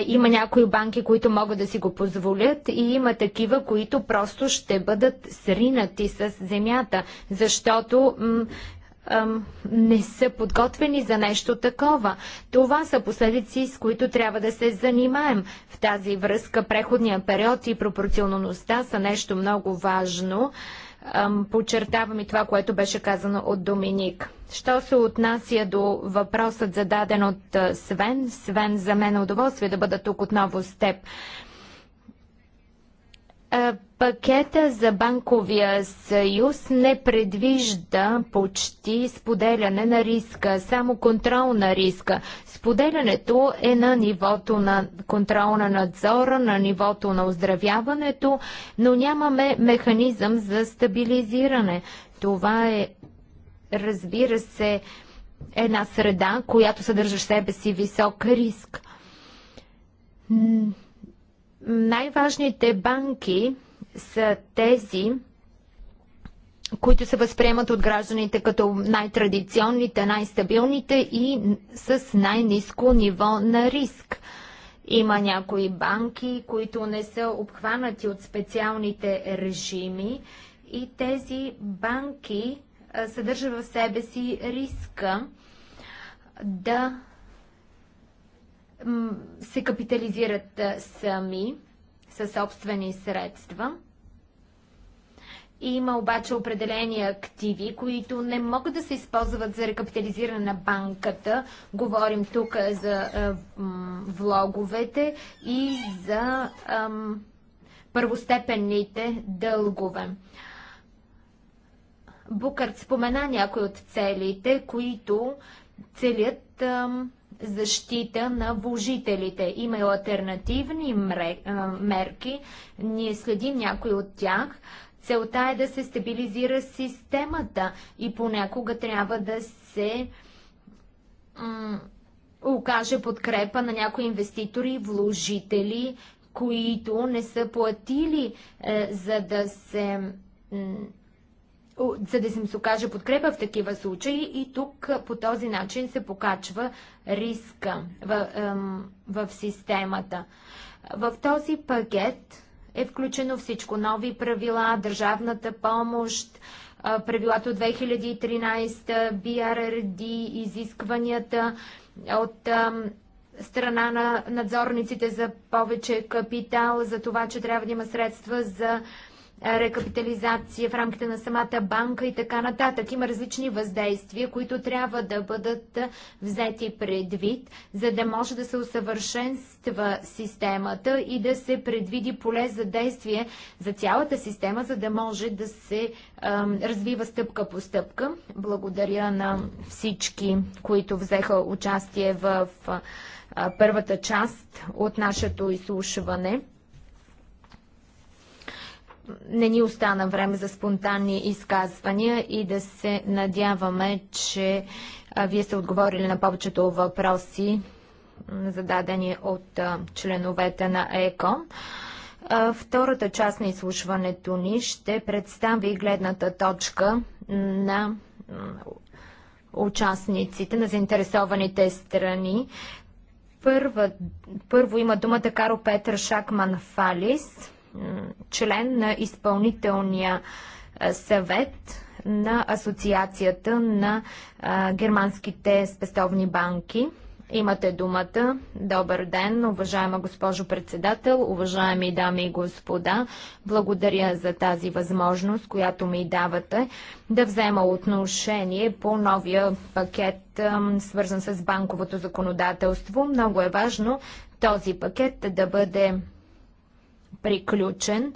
Има някои банки, които могат да си го позволят и има такива, които просто ще бъдат сринати с земята, защото не са подготвени за нещо такова. Това са последици, с които трябва да се занимаем. В тази връзка преходния период и пропорционалността са нещо много важно подчертавам и това, което беше казано от Доминик. Що се отнася до въпросът зададен от Свен? Свен, за мен е удоволствие да бъда тук отново с теб. Пакета за банковия съюз не предвижда почти споделяне на риска, само контрол на риска. Споделянето е на нивото на контрол на надзора, на нивото на оздравяването, но нямаме механизъм за стабилизиране. Това е, разбира се, една среда, която съдържа в себе си висок риск. Най-важните банки са тези, които се възприемат от гражданите като най-традиционните, най-стабилните и с най-низко ниво на риск. Има някои банки, които не са обхванати от специалните режими и тези банки съдържат в себе си риска да се капитализират сами със собствени средства. Има обаче определени активи, които не могат да се използват за рекапитализиране на банката. Говорим тук за е, влоговете и за е, първостепенните дългове. Букърт спомена някои от целите, които целят е, защита на вложителите. Има и альтернативни мерки. Ние следим някои от тях. Целта е да се стабилизира системата и понякога трябва да се окаже подкрепа на някои инвеститори, вложители, които не са платили, е, за да се за да им се окаже подкрепа в такива случаи и тук по този начин се покачва риска в, в системата. В този пакет е включено всичко. Нови правила, държавната помощ, правилата от 2013, BRRD, изискванията от страна на надзорниците за повече капитал, за това, че трябва да има средства за рекапитализация в рамките на самата банка и така нататък. Има различни въздействия, които трябва да бъдат взети предвид, за да може да се усъвършенства системата и да се предвиди поле за действие за цялата система, за да може да се развива стъпка по стъпка. Благодаря на всички, които взеха участие в а, първата част от нашето изслушване не ни остана време за спонтанни изказвания и да се надяваме, че вие сте отговорили на повечето въпроси, зададени от членовете на ЕКО. втората част на изслушването ни ще представи гледната точка на участниците, на заинтересованите страни. първо има думата Каро Петър Шакман Фалис член на изпълнителния съвет на Асоциацията на германските спестовни банки. Имате думата. Добър ден, уважаема госпожо председател, уважаеми дами и господа. Благодаря за тази възможност, която ми давате да взема отношение по новия пакет, свързан с банковото законодателство. Много е важно този пакет да бъде приключен.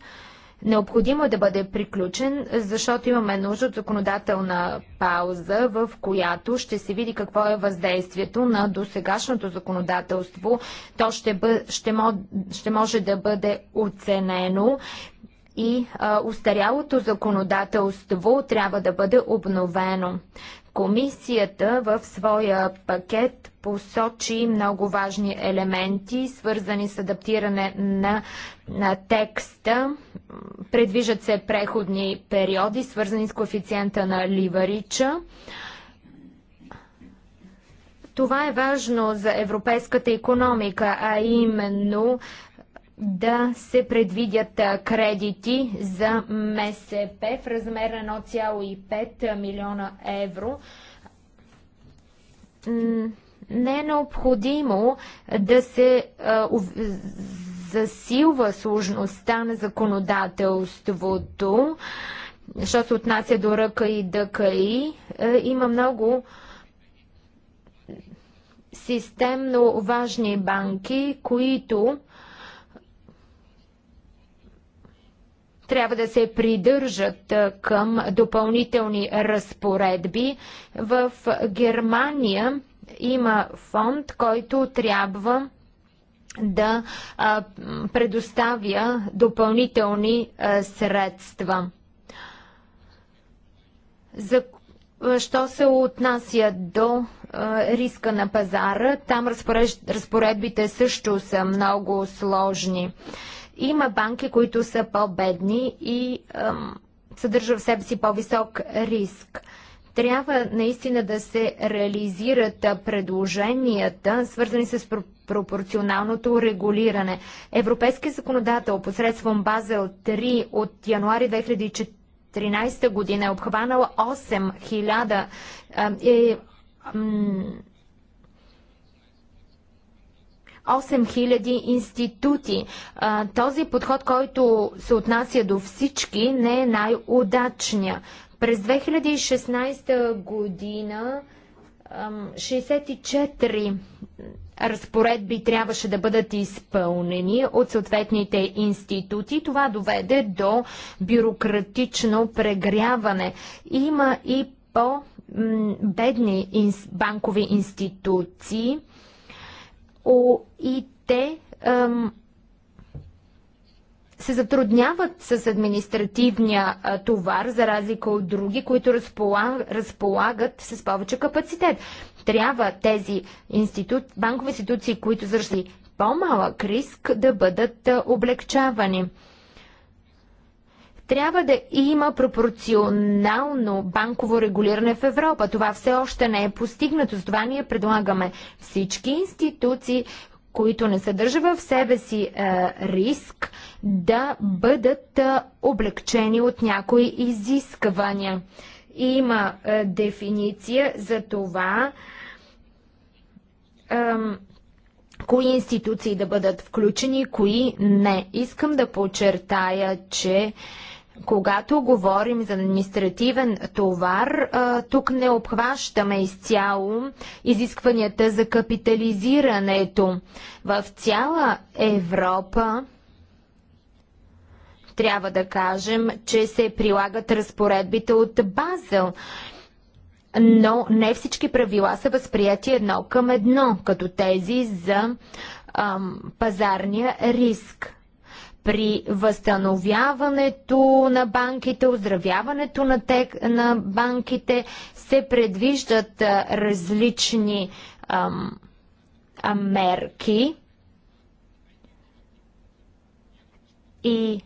Необходимо е да бъде приключен, защото имаме нужда от законодателна пауза, в която ще се види какво е въздействието на досегашното законодателство. То ще, бъ... ще, мож... ще може да бъде оценено и а, устарялото законодателство трябва да бъде обновено. Комисията в своя пакет посочи много важни елементи, свързани с адаптиране на, на текста. Предвижат се преходни периоди, свързани с коефициента на Ливарича. Това е важно за европейската економика, а именно да се предвидят кредити за МСП в размер на 1,5 милиона евро не е необходимо да се засилва сложността на законодателството, що се отнася до ръка и дъка и има много системно важни банки, които трябва да се придържат към допълнителни разпоредби. В Германия има фонд, който трябва да а, предоставя допълнителни а, средства. За, що се отнася до а, риска на пазара, там разпореж, разпоредбите също са много сложни. Има банки, които са по-бедни и а, съдържа в себе си по-висок риск. Трябва наистина да се реализират предложенията, свързани с пропорционалното регулиране. Европейският законодател посредством Базел 3 от януари 2013 година е обхванал 8000 е, 8000 институти. Този подход, който се отнася до всички, не е най-удачния. През 2016 година 64 разпоредби трябваше да бъдат изпълнени от съответните институти. Това доведе до бюрократично прегряване. Има и по-бедни банкови институции и те се затрудняват с административния товар, за разлика от други, които разполагат, с повече капацитет. Трябва тези институт, банкови институции, които зашли по-малък риск, да бъдат облегчавани. Трябва да има пропорционално банково регулиране в Европа. Това все още не е постигнато. С това ние предлагаме всички институции, които не съдържа в себе си а, е, риск, да бъдат а, е, облегчени от някои изисквания. Има а, е, дефиниция за това кои институции да бъдат включени, кои не. Искам да подчертая, че а, когато говорим за административен товар, тук не обхващаме изцяло изискванията за капитализирането. В цяла Европа трябва да кажем, че се прилагат разпоредбите от Базел. Но не всички правила са възприяти едно към едно, като тези за ам, пазарния риск при възстановяването на банките, оздравяването на, тек, на банките се предвиждат различни ам, мерки и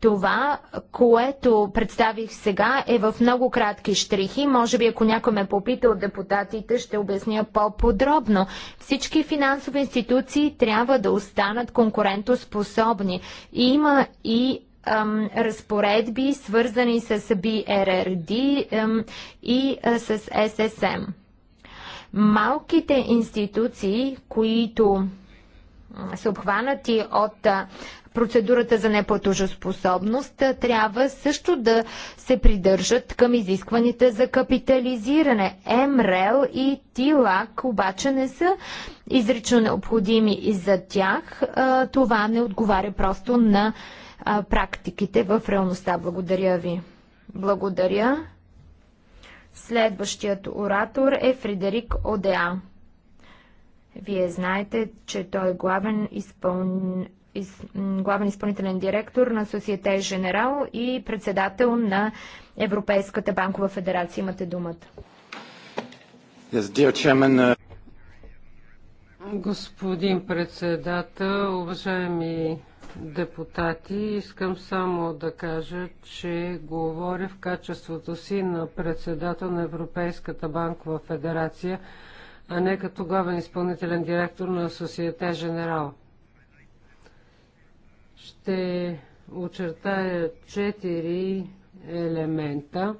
това, което представих сега е в много кратки штрихи. Може би ако някой ме е попита от депутатите, ще обясня по-подробно. Всички финансови институции трябва да останат конкурентоспособни. Има и ам, разпоредби, свързани с BRRD ам, и а, с SSM. Малките институции, които са обхванати от процедурата за неплатежоспособност трябва също да се придържат към изискваните за капитализиране. МРЕЛ и ТИЛАК обаче не са изрично необходими и за тях. Това не отговаря просто на практиките в реалността. Благодаря ви. Благодаря. Следващият оратор е Фредерик Одеа. Вие знаете, че той е главен изпълн из, главен изпълнителен директор на Societe Женерал и председател на Европейската банкова федерация. Имате думата. Yes, dear chairman, uh... Господин председател, уважаеми депутати, искам само да кажа, че говоря в качеството си на председател на Европейската банкова федерация, а не като главен изпълнителен директор на Societe Женерал ще очертая четири елемента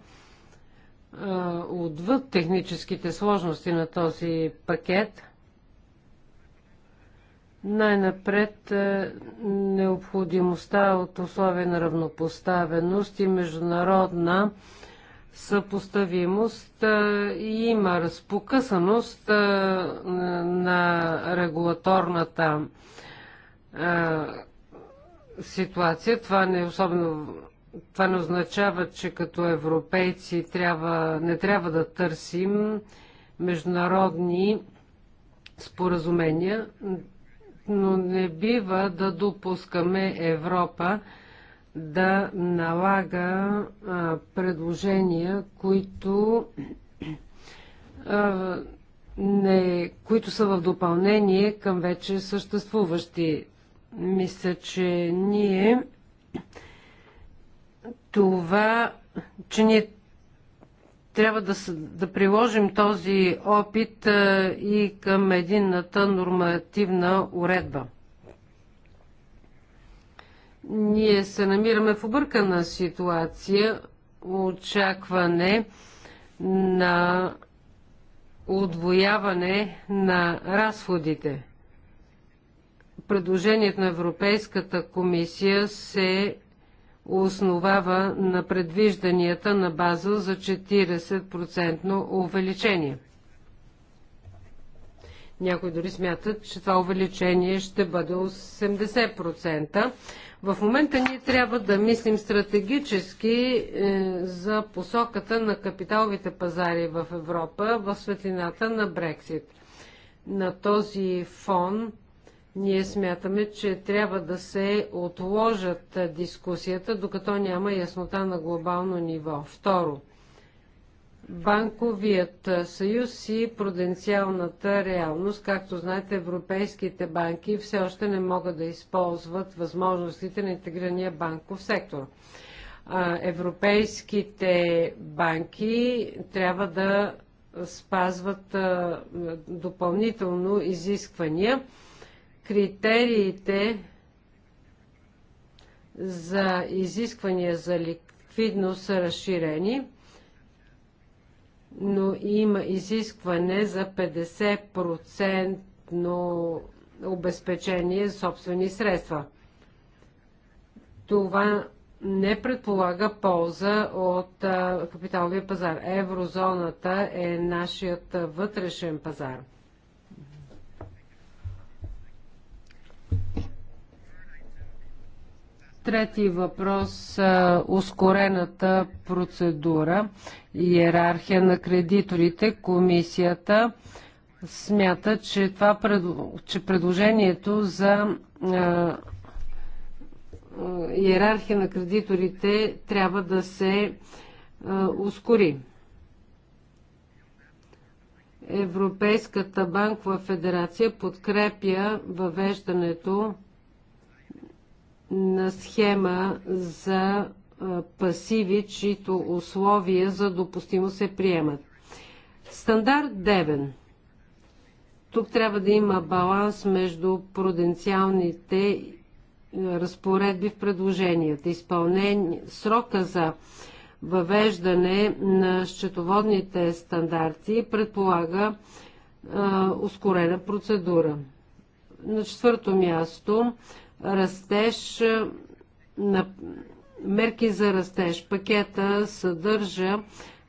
отвъд техническите сложности на този пакет. Най-напред необходимостта от условия на равнопоставеност и международна съпоставимост и има разпокъсаност на регулаторната ситуация. Това не, е особено, това не означава, че като европейци трябва, не трябва да търсим международни споразумения, но не бива да допускаме Европа да налага а, предложения, които, а, не, които са в допълнение към вече съществуващи мисля, че ние това, че ние трябва да, да приложим този опит а, и към единната нормативна уредба. Ние се намираме в объркана ситуация, очакване на отвояване на разходите предложението на Европейската комисия се основава на предвижданията на база за 40% увеличение. Някои дори смятат, че това увеличение ще бъде 80%. В момента ние трябва да мислим стратегически е, за посоката на капиталовите пазари в Европа в светлината на Брексит. На този фон ние смятаме, че трябва да се отложат дискусията, докато няма яснота на глобално ниво. Второ, Банковият съюз и пруденциалната реалност. Както знаете, европейските банки все още не могат да използват възможностите на интегрирания банков сектор. Европейските банки трябва да спазват допълнително изисквания критериите за изисквания за ликвидност са разширени, но има изискване за 50% обезпечение за собствени средства. Това не предполага полза от капиталовия пазар. Еврозоната е нашият вътрешен пазар. Трети въпрос – ускорената процедура и иерархия на кредиторите. Комисията смята, че, това, че предложението за иерархия на кредиторите трябва да се ускори. Европейската банкова федерация подкрепя въвеждането на схема за пасиви, чието условия за допустимо се приемат. Стандарт 9. Тук трябва да има баланс между пруденциалните разпоредби в предложенията. Изпълнение, Срока за въвеждане на счетоводните стандарти предполага а, ускорена процедура. На четвърто място растеж е, на мерки за растеж. Пакета съдържа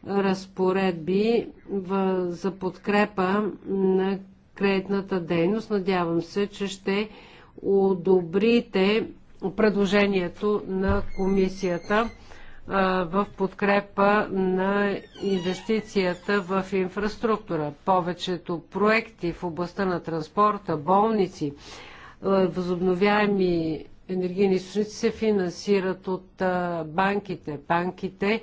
разпоредби в, за подкрепа на кредитната дейност. Надявам се, че ще одобрите предложението на комисията е, в подкрепа на инвестицията в инфраструктура. Повечето проекти в областта на транспорта, болници, е, възобновяеми енергийни източници се финансират от банките. Банките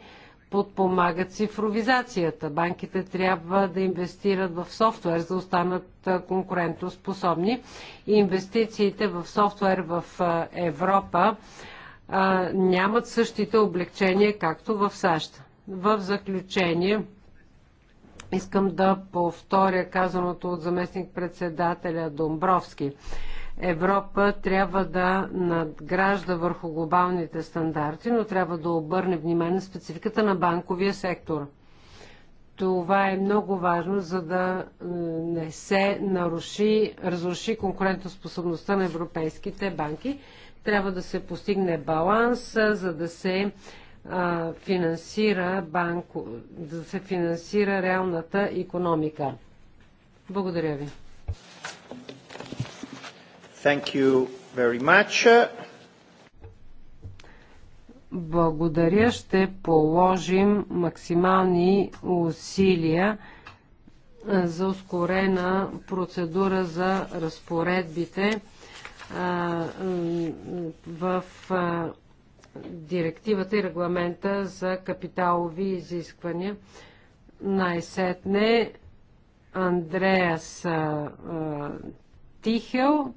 подпомагат цифровизацията. Банките трябва да инвестират в софтуер, за да останат конкурентоспособни. и Инвестициите в софтуер в Европа а, нямат същите облегчения, както в САЩ. В заключение, искам да повторя казаното от заместник-председателя Домбровски. Европа трябва да надгражда върху глобалните стандарти, но трябва да обърне внимание на спецификата на банковия сектор. Това е много важно, за да е, не се наруши, разруши конкурентоспособността на европейските банки. Трябва да се постигне баланс, за да се е, финансира банко, да се финансира реалната економика. Благодаря ви. Thank you very much. Благодаря. Ще положим максимални усилия за ускорена процедура за разпоредбите в директивата и регламента за капиталови изисквания. Най-сетне Андреас Тихел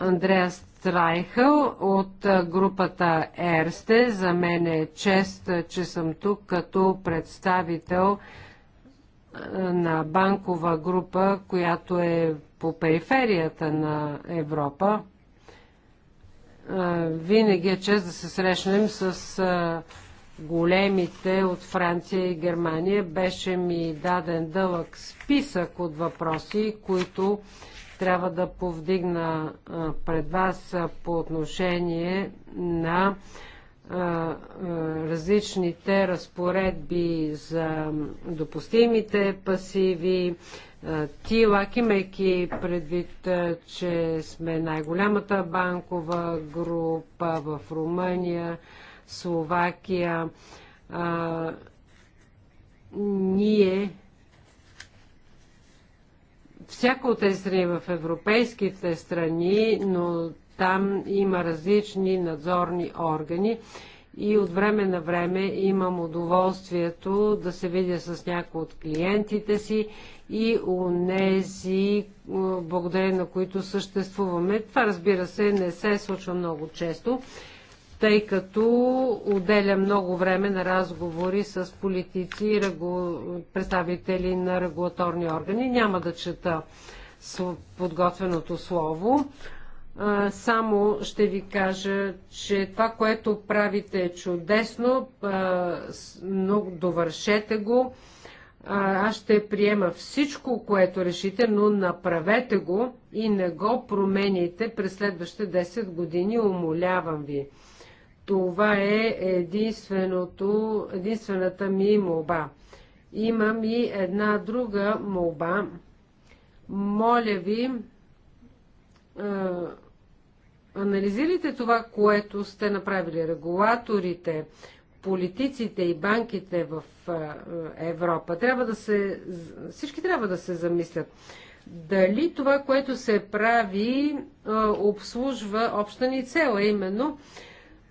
Андреас Страйхъл от групата Ерсте. За мен е чест, че съм тук като представител на банкова група, която е по периферията на Европа. Винаги е чест да се срещнем с големите от Франция и Германия. Беше ми даден дълъг списък от въпроси, които трябва да повдигна пред вас по отношение на различните разпоредби за допустимите пасиви, ТИЛАК, имайки предвид, че сме най-голямата банкова група в Румъния, Словакия, ние всяка от тези страни в европейските страни, но там има различни надзорни органи и от време на време имам удоволствието да се видя с някои от клиентите си и у нези, благодарение на които съществуваме. Това разбира се не се случва много често, тъй като отделя много време на разговори с политици и представители на регулаторни органи. Няма да чета подготвеното слово. Само ще ви кажа, че това, което правите е чудесно, но довършете го. Аз ще приема всичко, което решите, но направете го и не го промените през следващите 10 години, умолявам ви. Това е единственото, единствената ми молба. Имам и една друга молба. Моля ви, анализирайте това, което сте направили. Регулаторите, политиците и банките в Европа трябва да се, всички трябва да се замислят. Дали това, което се прави, обслужва обща ни цела. именно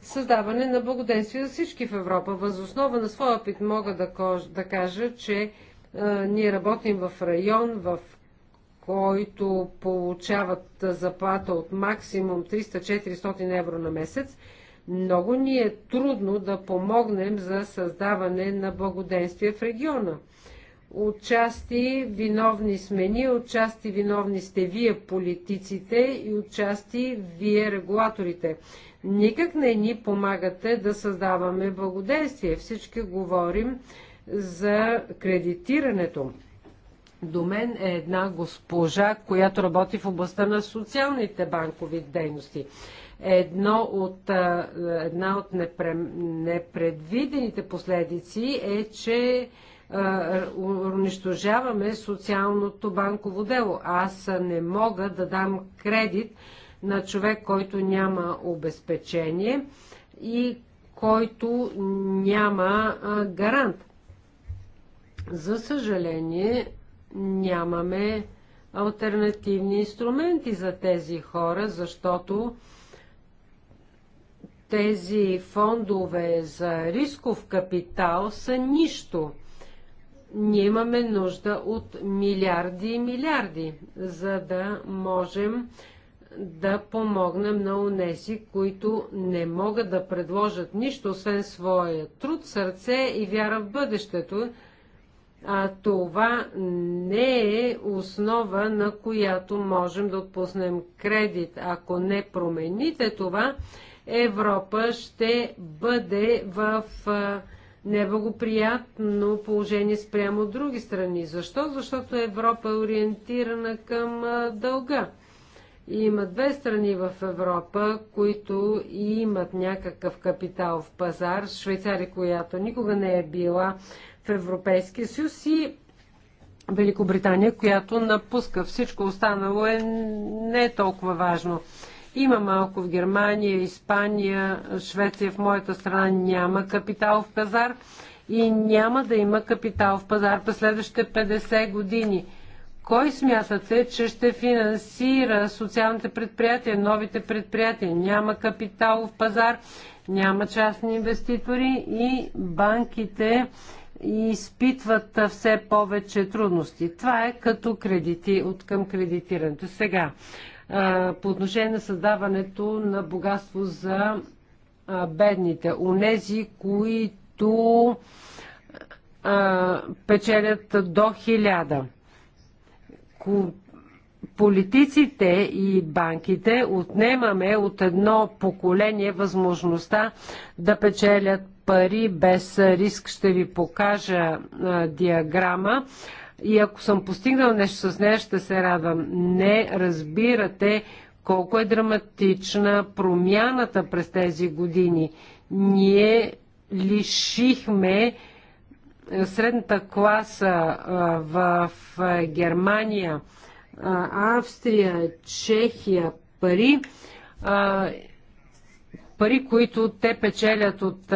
създаване на благоденствие за всички в Европа. Възоснова на своя опит мога да, кож, да кажа, че а, е, ние работим в район, в който получават заплата от максимум 300-400 евро на месец. Много ни е трудно да помогнем за създаване на благоденствие в региона. Отчасти виновни сме ние, отчасти виновни сте вие политиците и отчасти вие регулаторите. Никак не ни помагате да създаваме благодействие. Всички говорим за кредитирането. До мен е една госпожа, която работи в областта на социалните банкови дейности. Едно от, една от непредвидените последици е, че унищожаваме социалното банково дело. Аз не мога да дам кредит на човек, който няма обезпечение и който няма гарант. За съжаление, нямаме альтернативни инструменти за тези хора, защото тези фондове за рисков капитал са нищо ние имаме нужда от милиарди и милиарди, за да можем да помогнем на унеси, които не могат да предложат нищо, освен своя труд, сърце и вяра в бъдещето. А това не е основа, на която можем да отпуснем кредит. Ако не промените това, Европа ще бъде в неблагоприятно положение спрямо от други страни. Защо? Защото Европа е ориентирана към дълга. И има две страни в Европа, които имат някакъв капитал в пазар. Швейцария, която никога не е била в Европейския съюз и Великобритания, която напуска. Всичко останало е не е толкова важно. Има малко в Германия, Испания, Швеция, в моята страна няма капитал в пазар и няма да има капитал в пазар през следващите 50 години. Кой смятате, че ще финансира социалните предприятия, новите предприятия? Няма капитал в пазар, няма частни инвеститори и банките изпитват все повече трудности. Това е като кредити от към кредитирането. Сега, по отношение на създаването на богатство за бедните. Унези, които печелят до хиляда. Политиците и банките отнемаме от едно поколение възможността да печелят пари без риск. Ще ви покажа диаграма и ако съм постигнал нещо с нея, ще се радвам. Не разбирате колко е драматична промяната през тези години. Ние лишихме е, средната класа е, в е, Германия, Австрия, Чехия, пари, пари, които те печелят от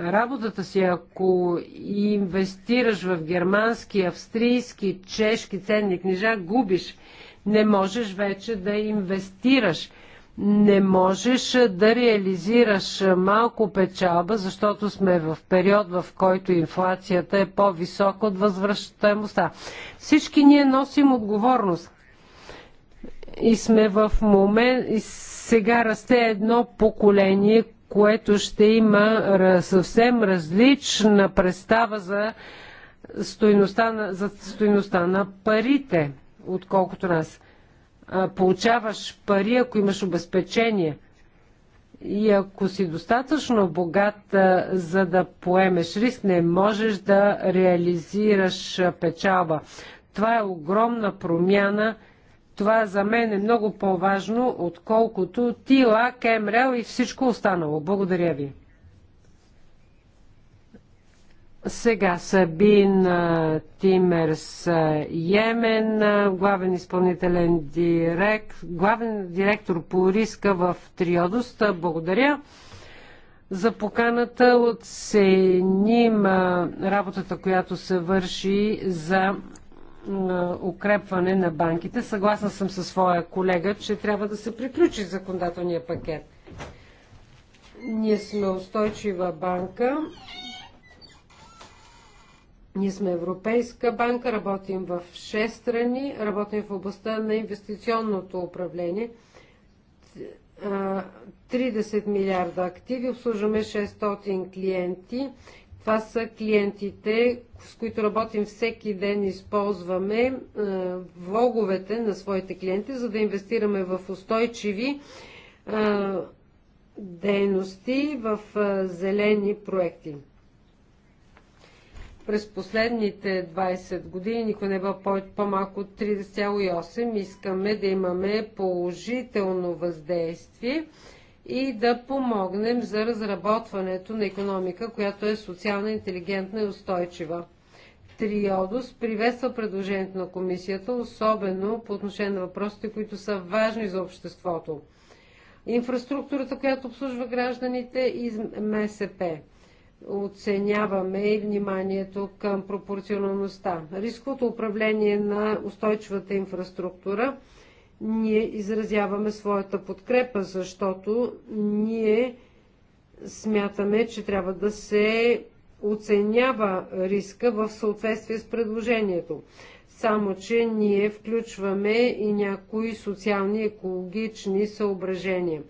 работата си, ако инвестираш в германски, австрийски, чешки ценни книжа, губиш. Не можеш вече да инвестираш. Не можеш да реализираш малко печалба, защото сме в период, в който инфлацията е по-висока от възвръщаемостта. Всички ние носим отговорност. И сме в момент, и сега расте едно поколение, което ще има съвсем различна представа за стоеността на, за стойността на парите, отколкото нас. Получаваш пари, ако имаш обезпечение. И ако си достатъчно богат, за да поемеш риск, не можеш да реализираш печалба. Това е огромна промяна – това за мен е много по-важно, отколкото Тила, Кемрел и всичко останало. Благодаря ви. Сега Сабин Тимерс Йемен, главен изпълнителен директ, главен директор по риска в Триодост. Благодаря за поканата. Оценим работата, която се върши за на укрепване на банките. Съгласна съм със своя колега, че трябва да се приключи законодателния пакет. Ние сме устойчива банка. Ние сме Европейска банка, работим в 6 страни, работим в областта на инвестиционното управление. 30 милиарда активи, обслужваме 600 клиенти, това са клиентите, с които работим всеки ден, използваме е, влоговете на своите клиенти, за да инвестираме в устойчиви е, дейности, в е, зелени проекти. През последните 20 години никой не бе по-малко от 30,8. Искаме да имаме положително въздействие и да помогнем за разработването на економика, която е социална, интелигентна и устойчива. Триодос приветства предложението на комисията, особено по отношение на въпросите, които са важни за обществото. Инфраструктурата, която обслужва гражданите и МСП. Оценяваме и вниманието към пропорционалността. Рисковото управление на устойчивата инфраструктура – ние изразяваме своята подкрепа, защото ние смятаме, че трябва да се оценява риска в съответствие с предложението. Само, че ние включваме и някои социални екологични съображения.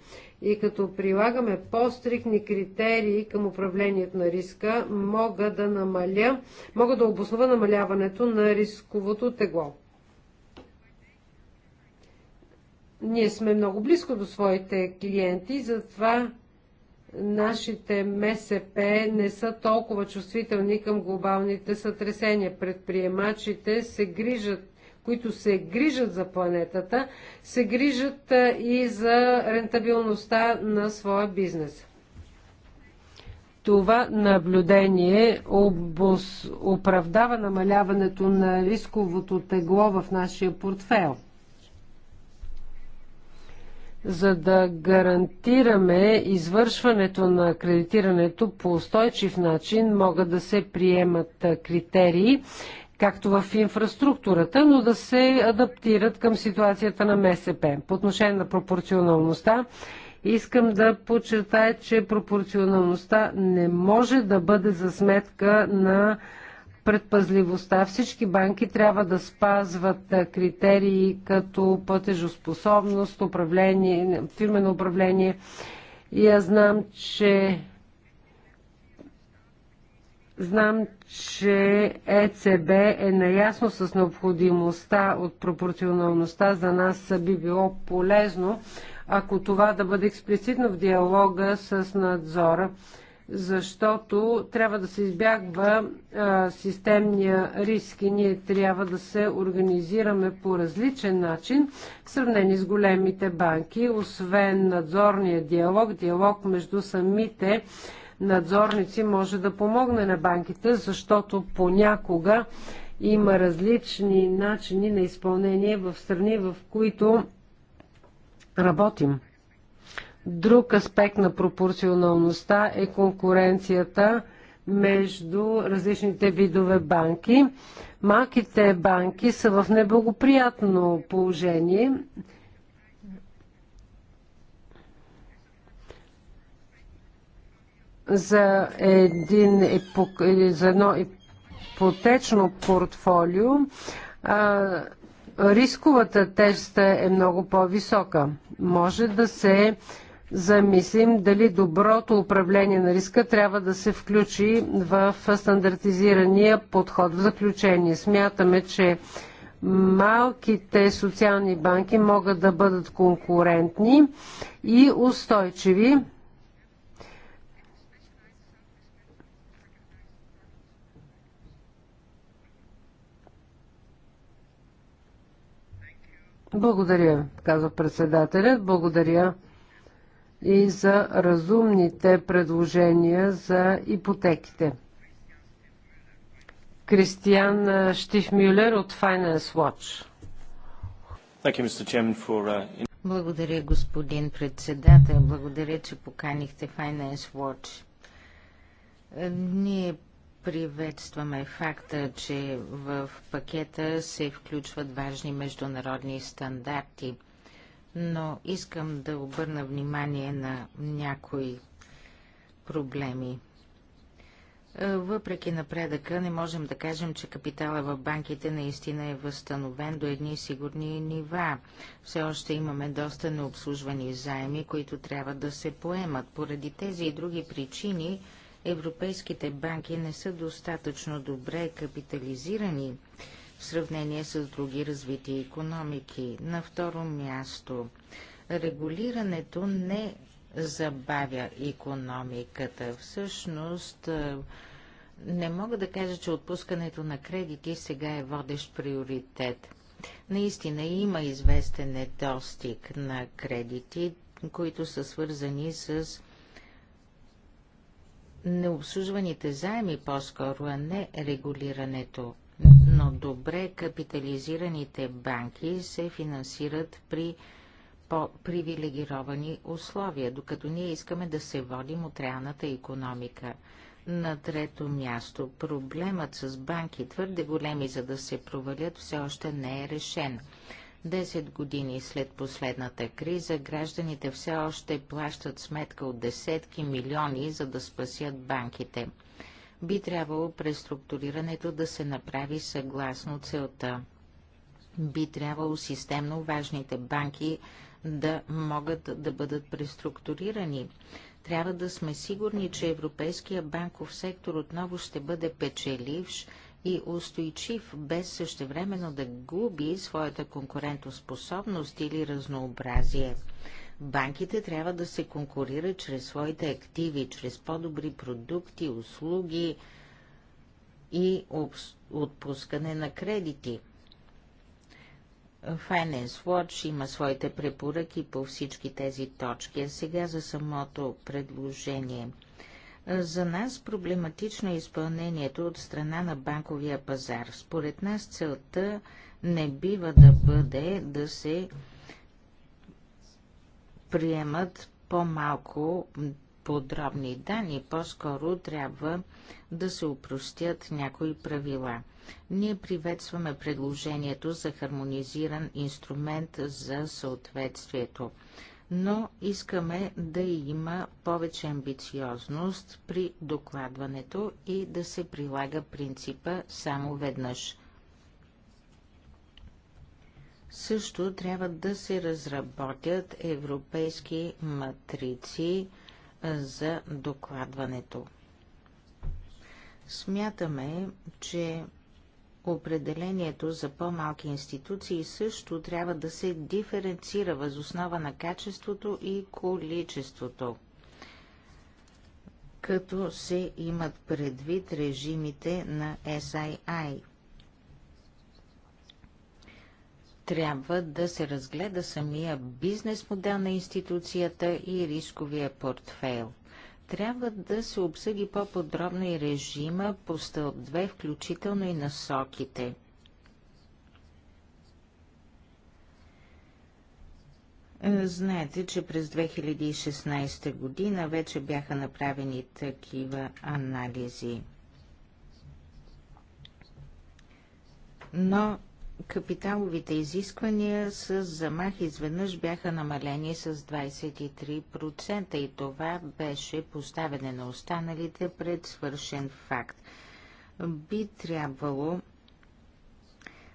И като прилагаме по-стрикни критерии към управлението на риска, мога да намаля, мога да обоснова намаляването на рисковото тегло. Ние сме много близко до своите клиенти, затова нашите МСП не са толкова чувствителни към глобалните сътресения. Предприемачите се грижат, които се грижат за планетата, се грижат и за рентабилността на своя бизнес. Това наблюдение обос... оправдава намаляването на рисковото тегло в нашия портфел – за да гарантираме извършването на кредитирането по устойчив начин, могат да се приемат критерии, както в инфраструктурата, но да се адаптират към ситуацията на МСП. По отношение на пропорционалността, искам да подчертая, че пропорционалността не може да бъде за сметка на предпазливостта. Всички банки трябва да спазват критерии като платежоспособност, управление, фирмено управление. И аз знам, че Знам, че ЕЦБ е наясно с необходимостта от пропорционалността. За нас би било полезно, ако това да бъде експлицитно в диалога с надзора защото трябва да се избягва а, системния риск и ние трябва да се организираме по различен начин в сравнение с големите банки, освен надзорния диалог, диалог между самите надзорници може да помогне на банките, защото понякога има различни начини на изпълнение в страни, в които работим. Друг аспект на пропорционалността е конкуренцията между различните видове банки. Малките банки са в неблагоприятно положение. За, един, епок... за едно ипотечно портфолио а, рисковата тежест е много по-висока. Може да се замислим дали доброто управление на риска трябва да се включи в стандартизирания подход. В заключение смятаме, че малките социални банки могат да бъдат конкурентни и устойчиви. Благодаря, казва председателят. Благодаря и за разумните предложения за ипотеките. Кристиан Штифмюлер от Finance Watch. Uh, Благодаря, господин председател. Благодаря, че поканихте Finance Watch. Ние приветстваме факта, че в пакета се включват важни международни стандарти но искам да обърна внимание на някои проблеми. Е, въпреки напредъка, не можем да кажем, че капитала в банките наистина е възстановен до едни сигурни нива. Все още имаме доста необслужвани заеми, които трябва да се поемат. Поради тези и други причини, европейските банки не са достатъчно добре капитализирани в сравнение с други развити економики. На второ място, регулирането не забавя економиката. Всъщност, е, не мога да кажа, че отпускането на кредити сега е водещ приоритет. Наистина има известен недостиг на кредити, които са свързани с необслужваните заеми по-скоро, а не регулирането но добре капитализираните банки се финансират при по-привилегировани условия, докато ние искаме да се водим от реалната економика. На трето място, проблемът с банки, твърде големи за да се провалят, все още не е решен. Десет години след последната криза, гражданите все още плащат сметка от десетки милиони, за да спасят банките – би трябвало преструктурирането да се направи съгласно целта. Би трябвало системно важните банки да могат да бъдат преструктурирани. Трябва да сме сигурни, че европейския банков сектор отново ще бъде печеливш и устойчив, без същевременно да губи своята конкурентоспособност или разнообразие. Банките трябва да се конкурират чрез своите активи, чрез по-добри продукти, услуги и отпускане на кредити. Finance Watch има своите препоръки по всички тези точки. А сега за самото предложение. За нас проблематично е изпълнението от страна на банковия пазар. Според нас целта не бива да бъде да се приемат по-малко подробни данни, по-скоро трябва да се упростят някои правила. Ние приветстваме предложението за хармонизиран инструмент за съответствието, но искаме да има повече амбициозност при докладването и да се прилага принципа само веднъж. Също трябва да се разработят европейски матрици за докладването. Смятаме, че определението за по-малки институции също трябва да се диференцира възоснова на качеството и количеството, като се имат предвид режимите на SII – трябва да се разгледа самия бизнес модел на институцията и рисковия портфейл. Трябва да се обсъди по-подробно и режима по стълб 2, включително и насоките. Е, знаете, че през 2016 година вече бяха направени такива анализи. Но капиталовите изисквания с замах изведнъж бяха намалени с 23% и това беше поставяне на останалите пред свършен факт. Би трябвало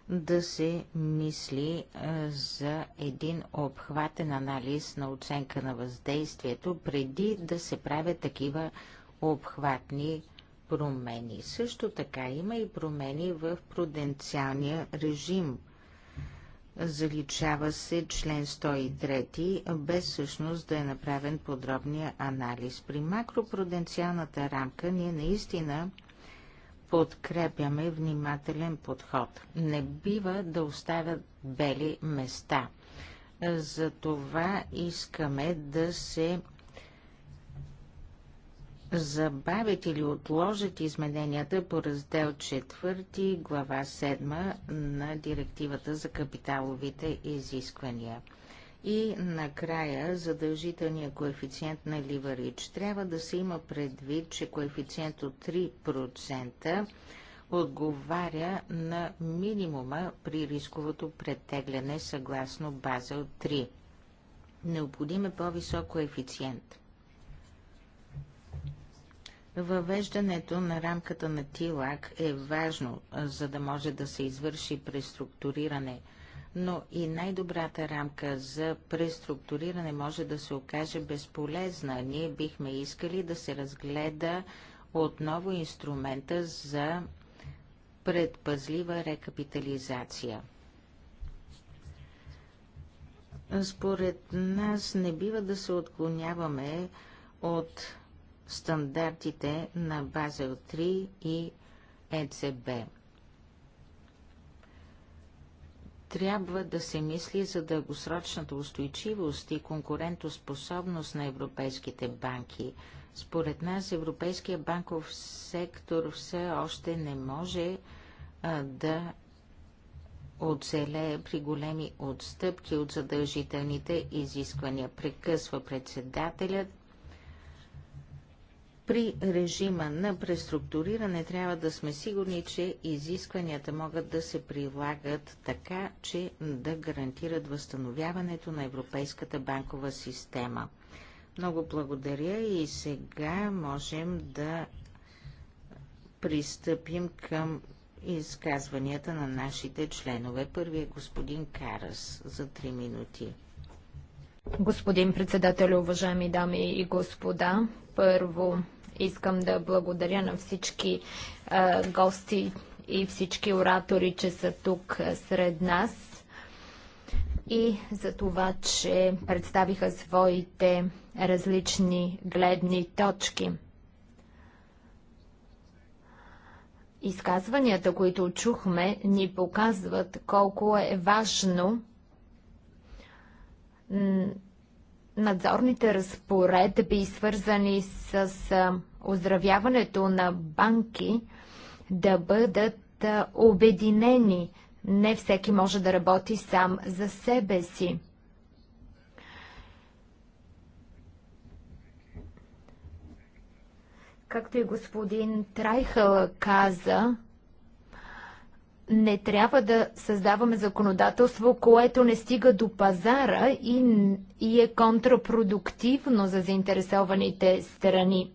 да се мисли за един обхватен анализ на оценка на въздействието, преди да се правят такива обхватни промени. Също така има и промени в пруденциалния режим. Заличава се член 103, без всъщност да е направен подробния анализ. При макропруденциалната рамка ние наистина подкрепяме внимателен подход. Не бива да оставят бели места. Затова искаме да се забавят или отложат измененията по раздел 4, глава 7 на директивата за капиталовите изисквания. И накрая задължителният коефициент на ливарич. Трябва да се има предвид, че коефициент от 3% отговаря на минимума при рисковото претегляне съгласно от 3. Необходим е по-висок коефициент. Въвеждането на рамката на ТИЛАК е важно, за да може да се извърши преструктуриране, но и най-добрата рамка за преструктуриране може да се окаже безполезна. Ние бихме искали да се разгледа отново инструмента за предпазлива рекапитализация. Според нас не бива да се отклоняваме от стандартите на Базел 3 и ЕЦБ. Трябва да се мисли за дългосрочната устойчивост и конкурентоспособност на европейските банки. Според нас европейския банков сектор все още не може а, да оцелее при големи отстъпки от задължителните изисквания. Прекъсва председателят при режима на преструктуриране трябва да сме сигурни, че изискванията могат да се прилагат така, че да гарантират възстановяването на европейската банкова система. Много благодаря и сега можем да пристъпим към изказванията на нашите членове. Първият е господин Карас за 3 минути. Господин председател, уважаеми дами и господа, първо искам да благодаря на всички а, гости и всички оратори, че са тук а, сред нас и за това, че представиха своите различни гледни точки. Изказванията, които чухме, ни показват колко е важно надзорните разпоредби, свързани с оздравяването на банки, да бъдат обединени. Не всеки може да работи сам за себе си. Както и господин Трайхъл каза, не трябва да създаваме законодателство, което не стига до пазара и, и е контрапродуктивно за заинтересованите страни.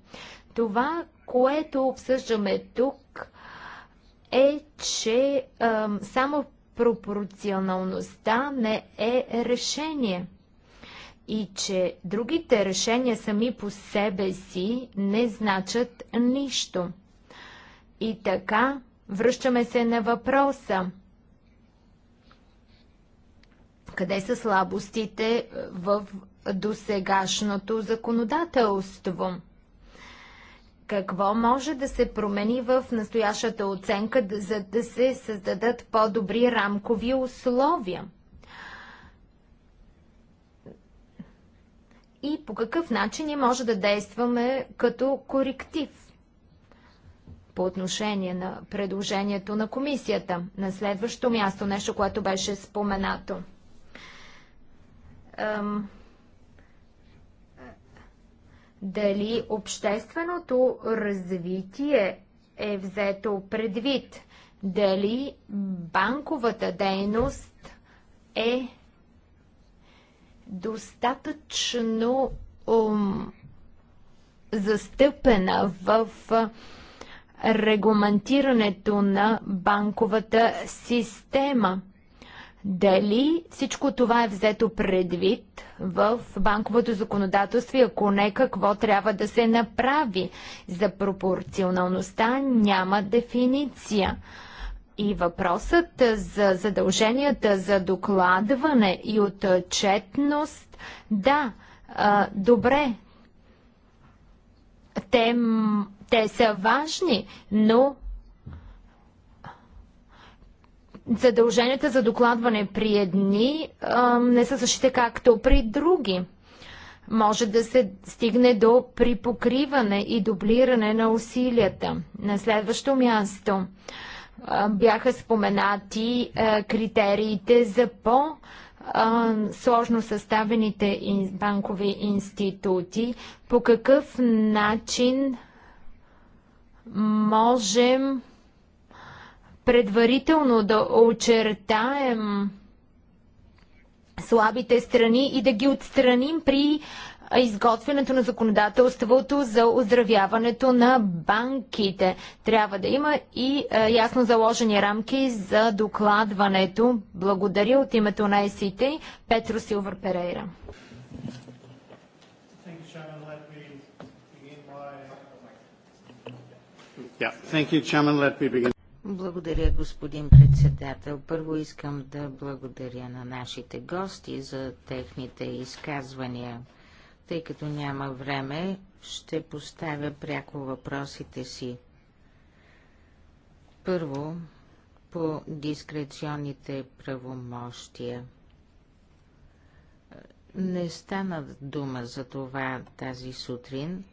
Това, което обсъждаме тук, е, че е, само пропорционалността не е решение и че другите решения сами по себе си не значат нищо. И така, Връщаме се на въпроса. Къде са слабостите е, в досегашното законодателство? Какво може да се промени в настоящата оценка, за да се създадат по-добри рамкови условия? И по какъв начин може да действаме като коректив? по отношение на предложението на комисията. На следващо място, нещо, което беше споменато. дали общественото развитие е взето предвид? Дали банковата дейност е достатъчно ом, застъпена в регламентирането на банковата система. Дали всичко това е взето предвид в банковото законодателство и ако не, какво трябва да се направи? За пропорционалността няма дефиниция. И въпросът за задълженията за докладване и отчетност, да, добре, те те са важни, но задълженията за докладване при едни а, не са същите както при други. Може да се стигне до припокриване и дублиране на усилията. На следващо място а, бяха споменати а, критериите за по- сложно съставените банкови институти, по какъв начин можем предварително да очертаем слабите страни и да ги отстраним при изготвянето на законодателството за оздравяването на банките. Трябва да има и е, ясно заложени рамки за докладването. Благодаря от името на ЕСИТ Петро Силвър Перейра. Благодаря, господин председател. Първо искам да благодаря на нашите гости за техните изказвания. Тъй като няма време, ще поставя пряко въпросите си. Първо, по дискреционните правомощия. Не стана дума за това тази сутрин,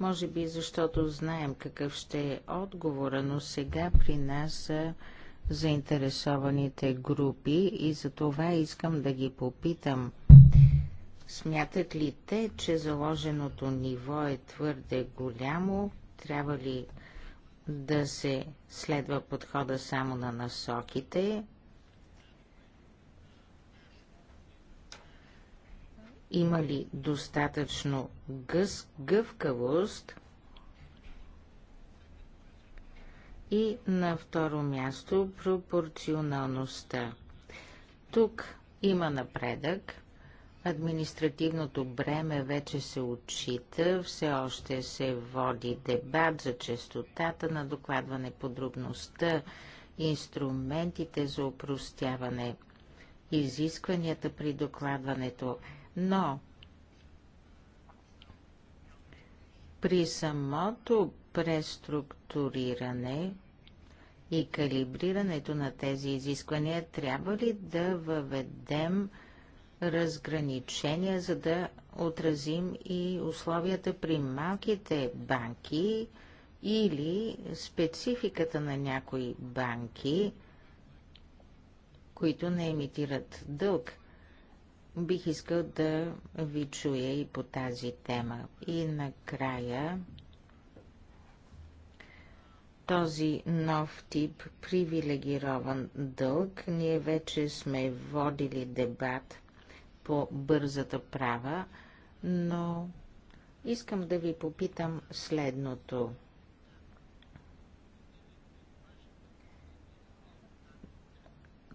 може би защото знаем какъв ще е отговора, но сега при нас са заинтересованите групи и за това искам да ги попитам. Смятат ли те, че заложеното ниво е твърде голямо? Трябва ли да се следва подхода само на насоките Има ли достатъчно гъс, гъвкавост? И на второ място пропорционалността. Тук има напредък. Административното бреме вече се отчита, все още се води дебат за честотата на докладване, подробността, инструментите за упростяване, изискванията при докладването – но при самото преструктуриране и калибрирането на тези изисквания трябва ли да въведем разграничения, за да отразим и условията при малките банки или спецификата на някои банки, които не емитират дълг бих искал да ви чуя и по тази тема. И накрая този нов тип привилегирован дълг, ние вече сме водили дебат по бързата права, но искам да ви попитам следното.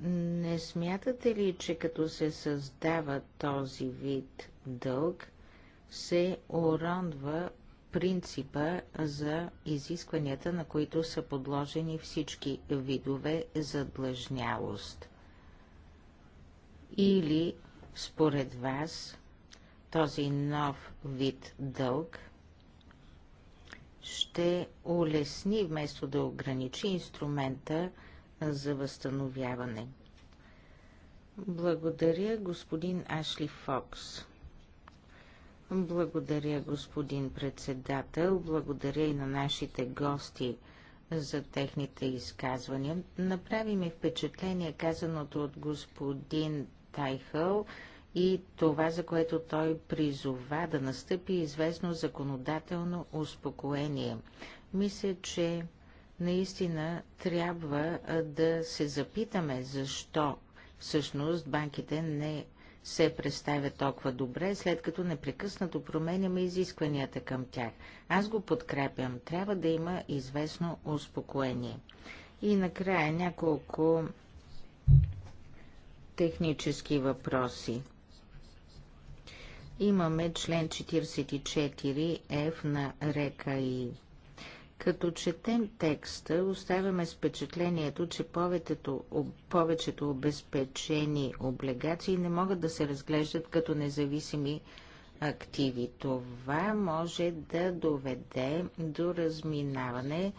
Не смятате ли, че като се създава този вид дълг, се уронва принципа за изискванията, на които са подложени всички видове задлъжнялост? Или, според вас, този нов вид дълг ще улесни, вместо да ограничи инструмента за възстановяване. Благодаря, господин Ашли Фокс. Благодаря, господин председател. Благодаря и на нашите гости за техните изказвания. Направи ми впечатление казаното от господин Тайхъл и това, за което той призова да настъпи известно законодателно успокоение. Мисля, че наистина трябва да се запитаме, защо всъщност банките не се представят толкова добре, след като непрекъснато променяме изискванията към тях. Аз го подкрепям. Трябва да има известно успокоение. И накрая няколко технически въпроси. Имаме член 44F на река и като четем текста, оставяме с впечатлението, че повечето, повечето обезпечени облигации не могат да се разглеждат като независими активи. Това може да доведе до разминаване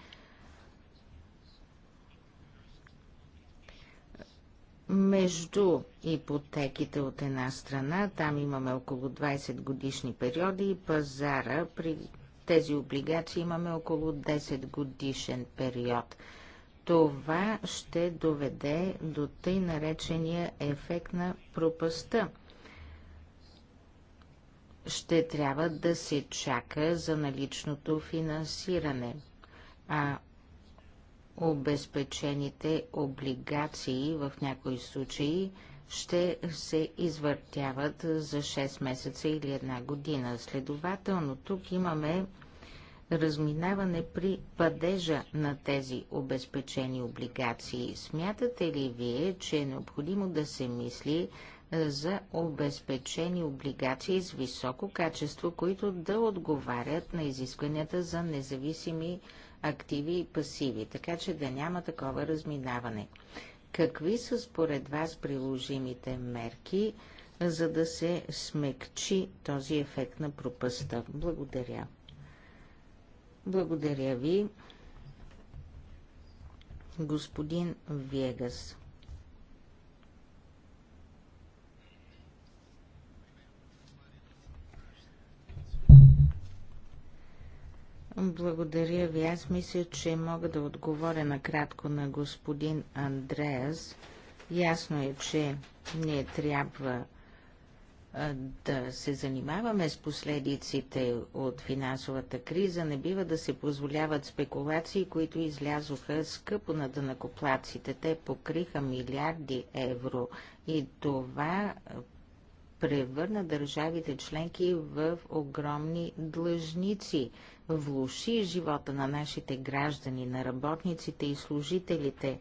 между ипотеките от една страна, там имаме около 20 годишни периоди и пазара при тези облигации имаме около 10 годишен период. Това ще доведе до тъй наречения ефект на пропаста. Ще трябва да се чака за наличното финансиране, а обезпечените облигации в някои случаи – ще се извъртяват за 6 месеца или една година. Следователно, тук имаме разминаване при падежа на тези обезпечени облигации. Смятате ли вие, че е необходимо да се мисли за обезпечени облигации с високо качество, които да отговарят на изискванията за независими активи и пасиви, така че да няма такова разминаване. Какви са според вас приложимите мерки, за да се смекчи този ефект на пропаста? Благодаря. Благодаря ви, господин Вегас. Благодаря ви. Аз мисля, че мога да отговоря накратко на господин Андреас. Ясно е, че ние трябва да се занимаваме с последиците от финансовата криза, не бива да се позволяват спекулации, които излязоха скъпо на дънакоплаците. Те покриха милиарди евро и това превърна държавите членки в огромни длъжници, влуши живота на нашите граждани, на работниците и служителите.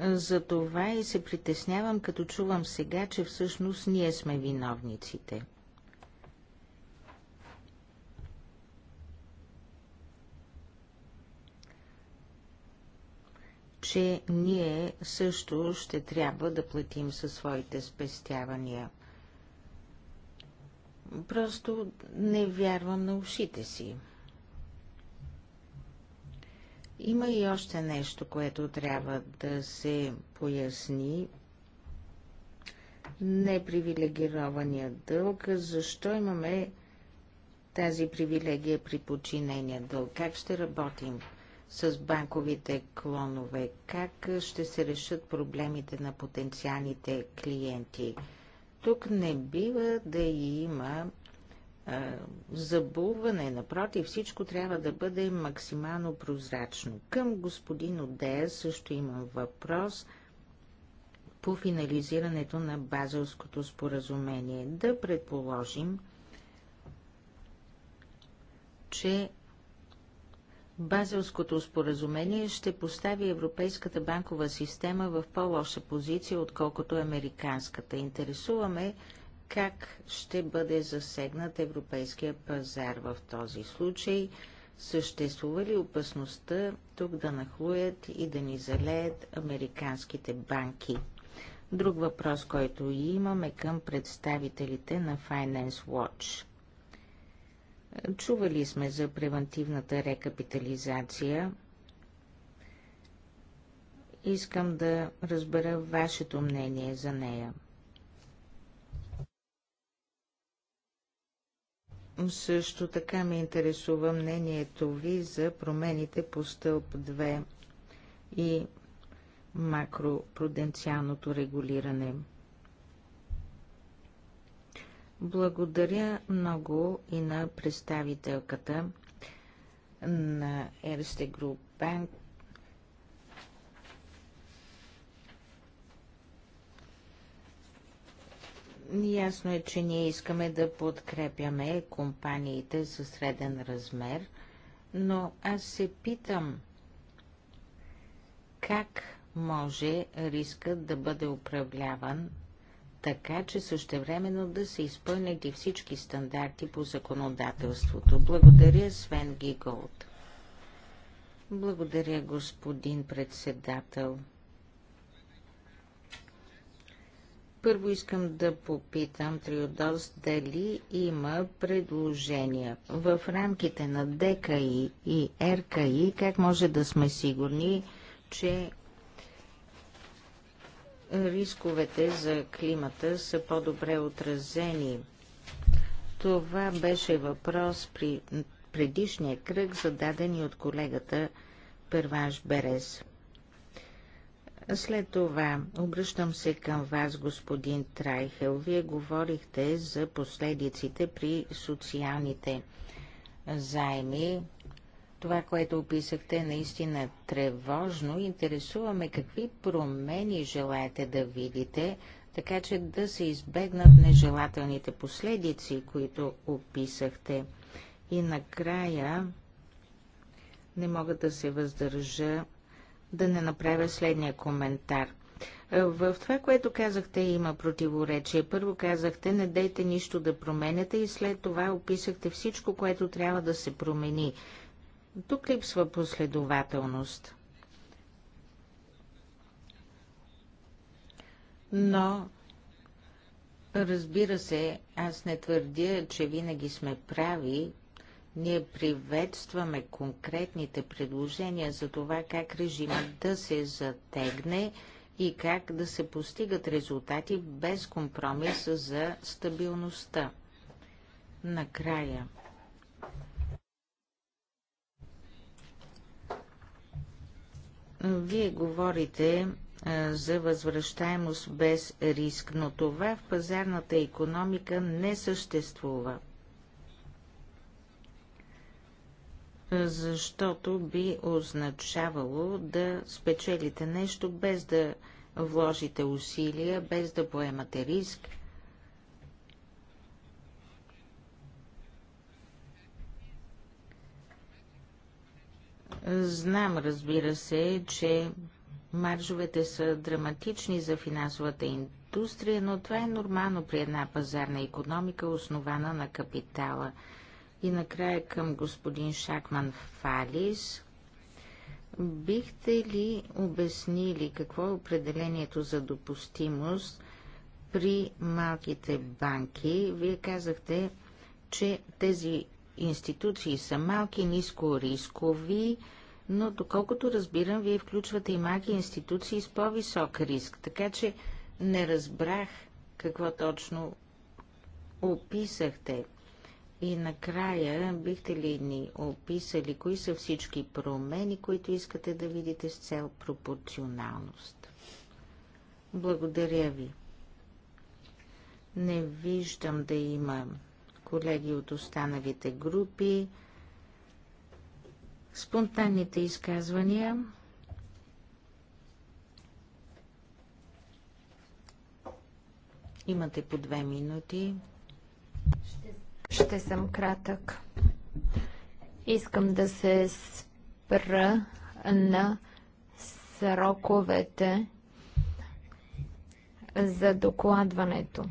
Затова и се притеснявам, като чувам сега, че всъщност ние сме виновниците. че ние също ще трябва да платим със своите спестявания. Просто не вярвам на ушите си. Има и още нещо, което трябва да се поясни. Непривилегирования дълг. Защо имаме тази привилегия при починения дълг? Как ще работим? с банковите клонове? Как ще се решат проблемите на потенциалните клиенти? Тук не бива да има а, забуване. Напротив, всичко трябва да бъде максимално прозрачно. Към господин Одея също имам въпрос по финализирането на базовското споразумение. Да предположим, че Базелското споразумение ще постави Европейската банкова система в по-лоша позиция, отколкото американската. Интересуваме как ще бъде засегнат европейския пазар в този случай. Съществува ли опасността тук да нахлуят и да ни залеят американските банки? Друг въпрос, който имаме към представителите на Finance Watch – Чували сме за превентивната рекапитализация. Искам да разбера вашето мнение за нея. Също така ме интересува мнението ви за промените по стълб 2 и макропруденциалното регулиране. Благодаря много и на представителката на Erste Group Bank. Ясно е, че ние искаме да подкрепяме компаниите със среден размер, но аз се питам как може рискът да бъде управляван така че същевременно да се изпълнят и всички стандарти по законодателството. Благодаря, Свен Гиголд. Благодаря, господин председател. Първо искам да попитам Триодос дали има предложения в рамките на ДКИ и РКИ, как може да сме сигурни, че рисковете за климата са по-добре отразени. Това беше въпрос при предишния кръг, зададен и от колегата Перваш Берез. След това обръщам се към вас, господин Трайхел. Вие говорихте за последиците при социалните заеми, това, което описахте, е наистина тревожно. Интересуваме какви промени желаете да видите, така че да се избегнат нежелателните последици, които описахте. И накрая не мога да се въздържа да не направя следния коментар. В това, което казахте, има противоречие. Първо казахте, не дайте нищо да променяте и след това описахте всичко, което трябва да се промени. Тук липсва последователност. Но, разбира се, аз не твърдя, че винаги сме прави. Ние приветстваме конкретните предложения за това как режимът да се затегне и как да се постигат резултати без компромиса за стабилността. Накрая – Вие говорите е, за възвръщаемост без риск, но това в пазарната економика не съществува. Е, защото би означавало да спечелите нещо без да вложите усилия, без да поемате риск – Знам, разбира се, че маржовете са драматични за финансовата индустрия, но това е нормално при една пазарна економика, основана на капитала. И накрая към господин Шакман Фалис. Бихте ли обяснили какво е определението за допустимост при малките банки? Вие казахте, че тези институции са малки, ниско рискови, но доколкото разбирам, вие включвате и малки институции с по-висок риск, така че не разбрах какво точно описахте. И накрая бихте ли ни описали кои са всички промени, които искате да видите с цел пропорционалност? Благодаря ви. Не виждам да има колеги от останалите групи. Спонтанните изказвания. Имате по две минути. Ще, ще съм кратък. Искам да се спра на сроковете за докладването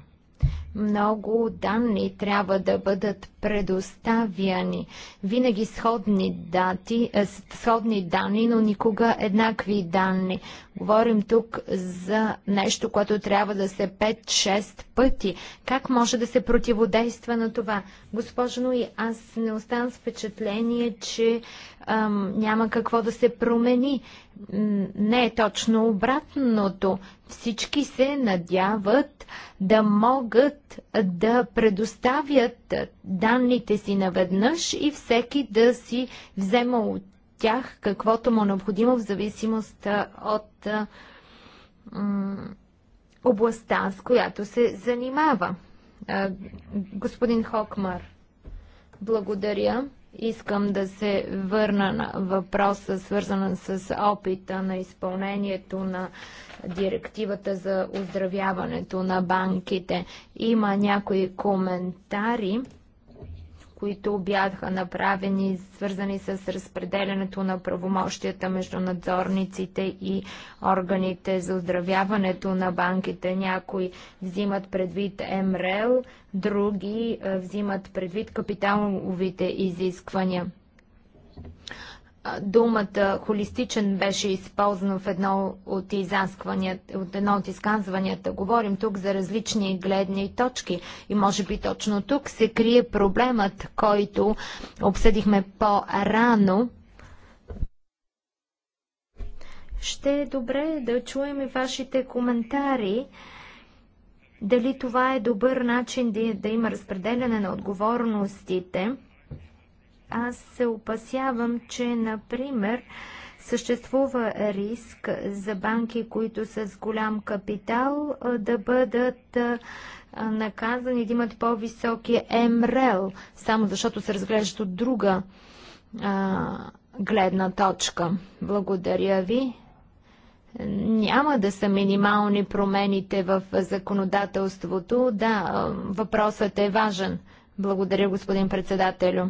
много данни трябва да бъдат предоставяни. Винаги сходни, дати, е, сходни данни, но никога еднакви данни. Говорим тук за нещо, което трябва да се 5-6 пъти. Как може да се противодейства на това? Госпожо Нуи, аз не оставам с впечатление, че ам, няма какво да се промени не е точно обратното. Всички се надяват да могат да предоставят данните си наведнъж и всеки да си взема от тях каквото му е необходимо в зависимост от областта, с която се занимава. Господин Хокмар, благодаря. Искам да се върна на въпроса, свързана с опита на изпълнението на директивата за оздравяването на банките. Има някои коментари които бяха направени, свързани с разпределянето на правомощията между надзорниците и органите за оздравяването на банките. Някои взимат предвид МРЕЛ, други взимат предвид капиталовите изисквания. Думата холистичен беше използвана в едно от, от едно от изказванията. Говорим тук за различни гледни точки и може би точно тук се крие проблемът, който обсъдихме по-рано. Ще е добре да чуем и вашите коментари. Дали това е добър начин да, да има разпределяне на отговорностите? аз се опасявам, че, например, съществува риск за банки, които с голям капитал да бъдат наказани да имат по-високи МРЕЛ, само защото се разглеждат от друга а, гледна точка. Благодаря ви. Няма да са минимални промените в законодателството. Да, въпросът е важен. Благодаря, господин председателю.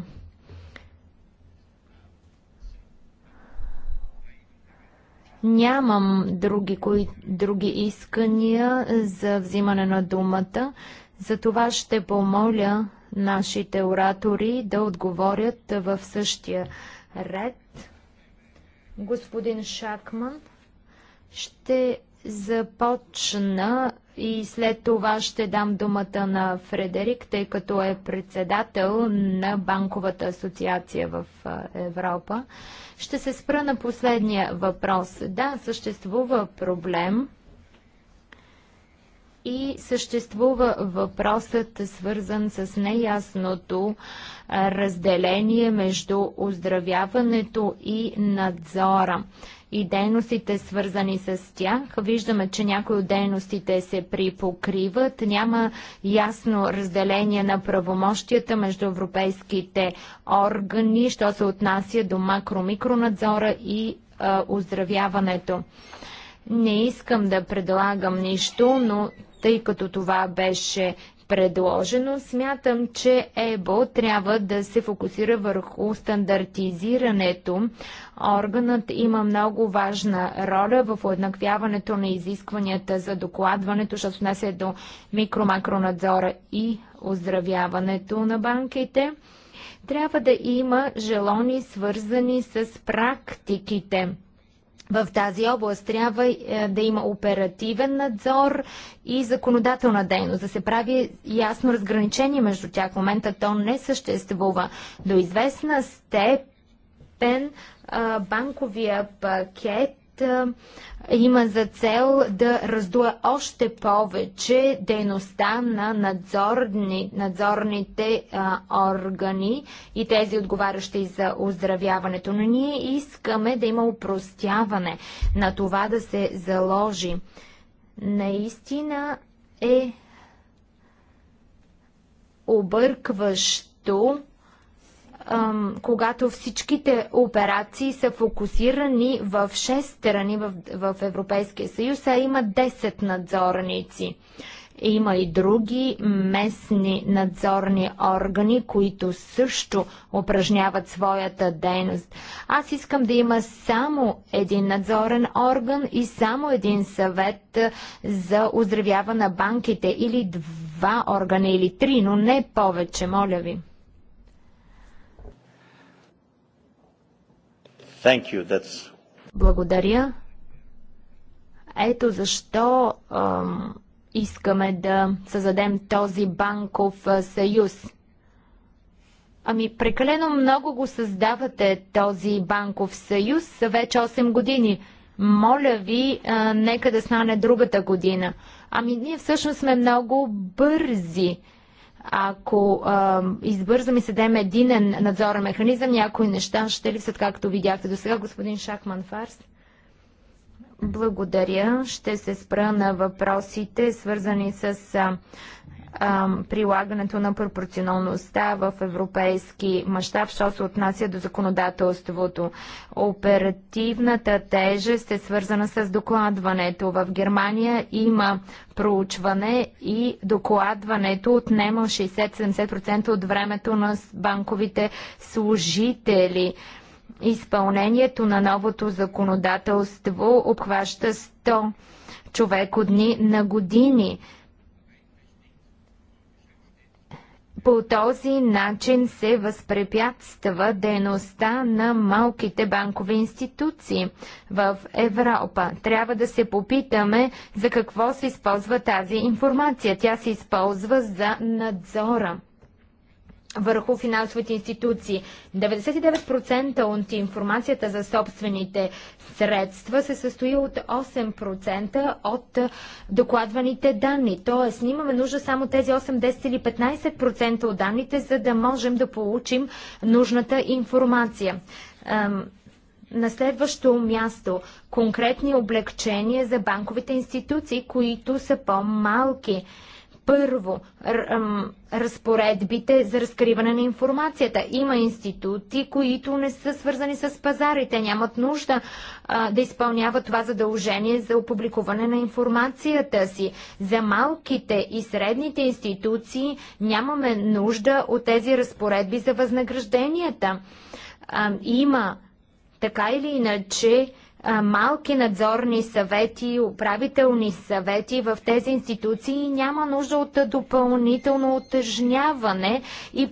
Нямам други, кои, други искания за взимане на думата. Затова ще помоля нашите оратори да отговорят в същия ред. Господин Шакман ще започна и след това ще дам думата на Фредерик, тъй като е председател на Банковата асоциация в Европа. Ще се спра на последния въпрос. Да, съществува проблем и съществува въпросът свързан с неясното разделение между оздравяването и надзора и дейностите свързани с тях. Виждаме, че някои от дейностите се припокриват. Няма ясно разделение на правомощията между европейските органи, що се отнася до макро-микронадзора и а, оздравяването. Не искам да предлагам нищо, но тъй като това беше предложено. Смятам, че ЕБО трябва да се фокусира върху стандартизирането. Органът има много важна роля в уеднаквяването на изискванията за докладването, защото отнася до микро-макронадзора и оздравяването на банките. Трябва да има желони свързани с практиките – в тази област. Трябва е, да има оперативен надзор и законодателна дейност, да се прави ясно разграничение между тях. В момента то не съществува. До известна степен банковия пакет има за цел да раздуе още повече дейността на надзорни, надзорните а, органи и тези отговарящи за оздравяването. Но ние искаме да има упростяване на това да се заложи. Наистина е объркващо когато всичките операции са фокусирани в 6 страни в, в Европейския съюз, а има 10 надзорници. Има и други местни надзорни органи, които също упражняват своята дейност. Аз искам да има само един надзорен орган и само един съвет за оздравяване на банките или два органа или три, но не повече, моля ви. Thank you. That's... Благодаря. Ето защо ам, искаме да създадем този банков съюз. Ами прекалено много го създавате този банков съюз вече 8 години. Моля ви, а, нека да стане другата година. Ами ние всъщност сме много бързи. Ако а, избързаме седем единен надзорен механизъм, някои неща ще липсват, както видяхте до сега, господин Шахман Фарс. Благодаря. Ще се спра на въпросите, свързани с прилагането на пропорционалността в европейски мащаб, що се отнася до законодателството. Оперативната тежест е свързана с докладването. В Германия има проучване и докладването отнема 60-70% от времето на банковите служители. Изпълнението на новото законодателство обхваща 100 човеко дни на години. По този начин се възпрепятства дейността на малките банкови институции в Европа. Трябва да се попитаме за какво се използва тази информация. Тя се използва за надзора върху финансовите институции. 99% от информацията за собствените средства се състои от 8% от докладваните данни. Тоест, имаме нужда само тези 8, 10 или 15% от данните, за да можем да получим нужната информация. На следващо място конкретни облегчения за банковите институции, които са по-малки. Първо, разпоредбите за разкриване на информацията. Има институти, които не са свързани с пазарите, нямат нужда а, да изпълняват това задължение за опубликуване на информацията си. За малките и средните институции нямаме нужда от тези разпоредби за възнагражденията. А, има така или иначе малки надзорни съвети, управителни съвети в тези институции няма нужда от допълнително отъжняване и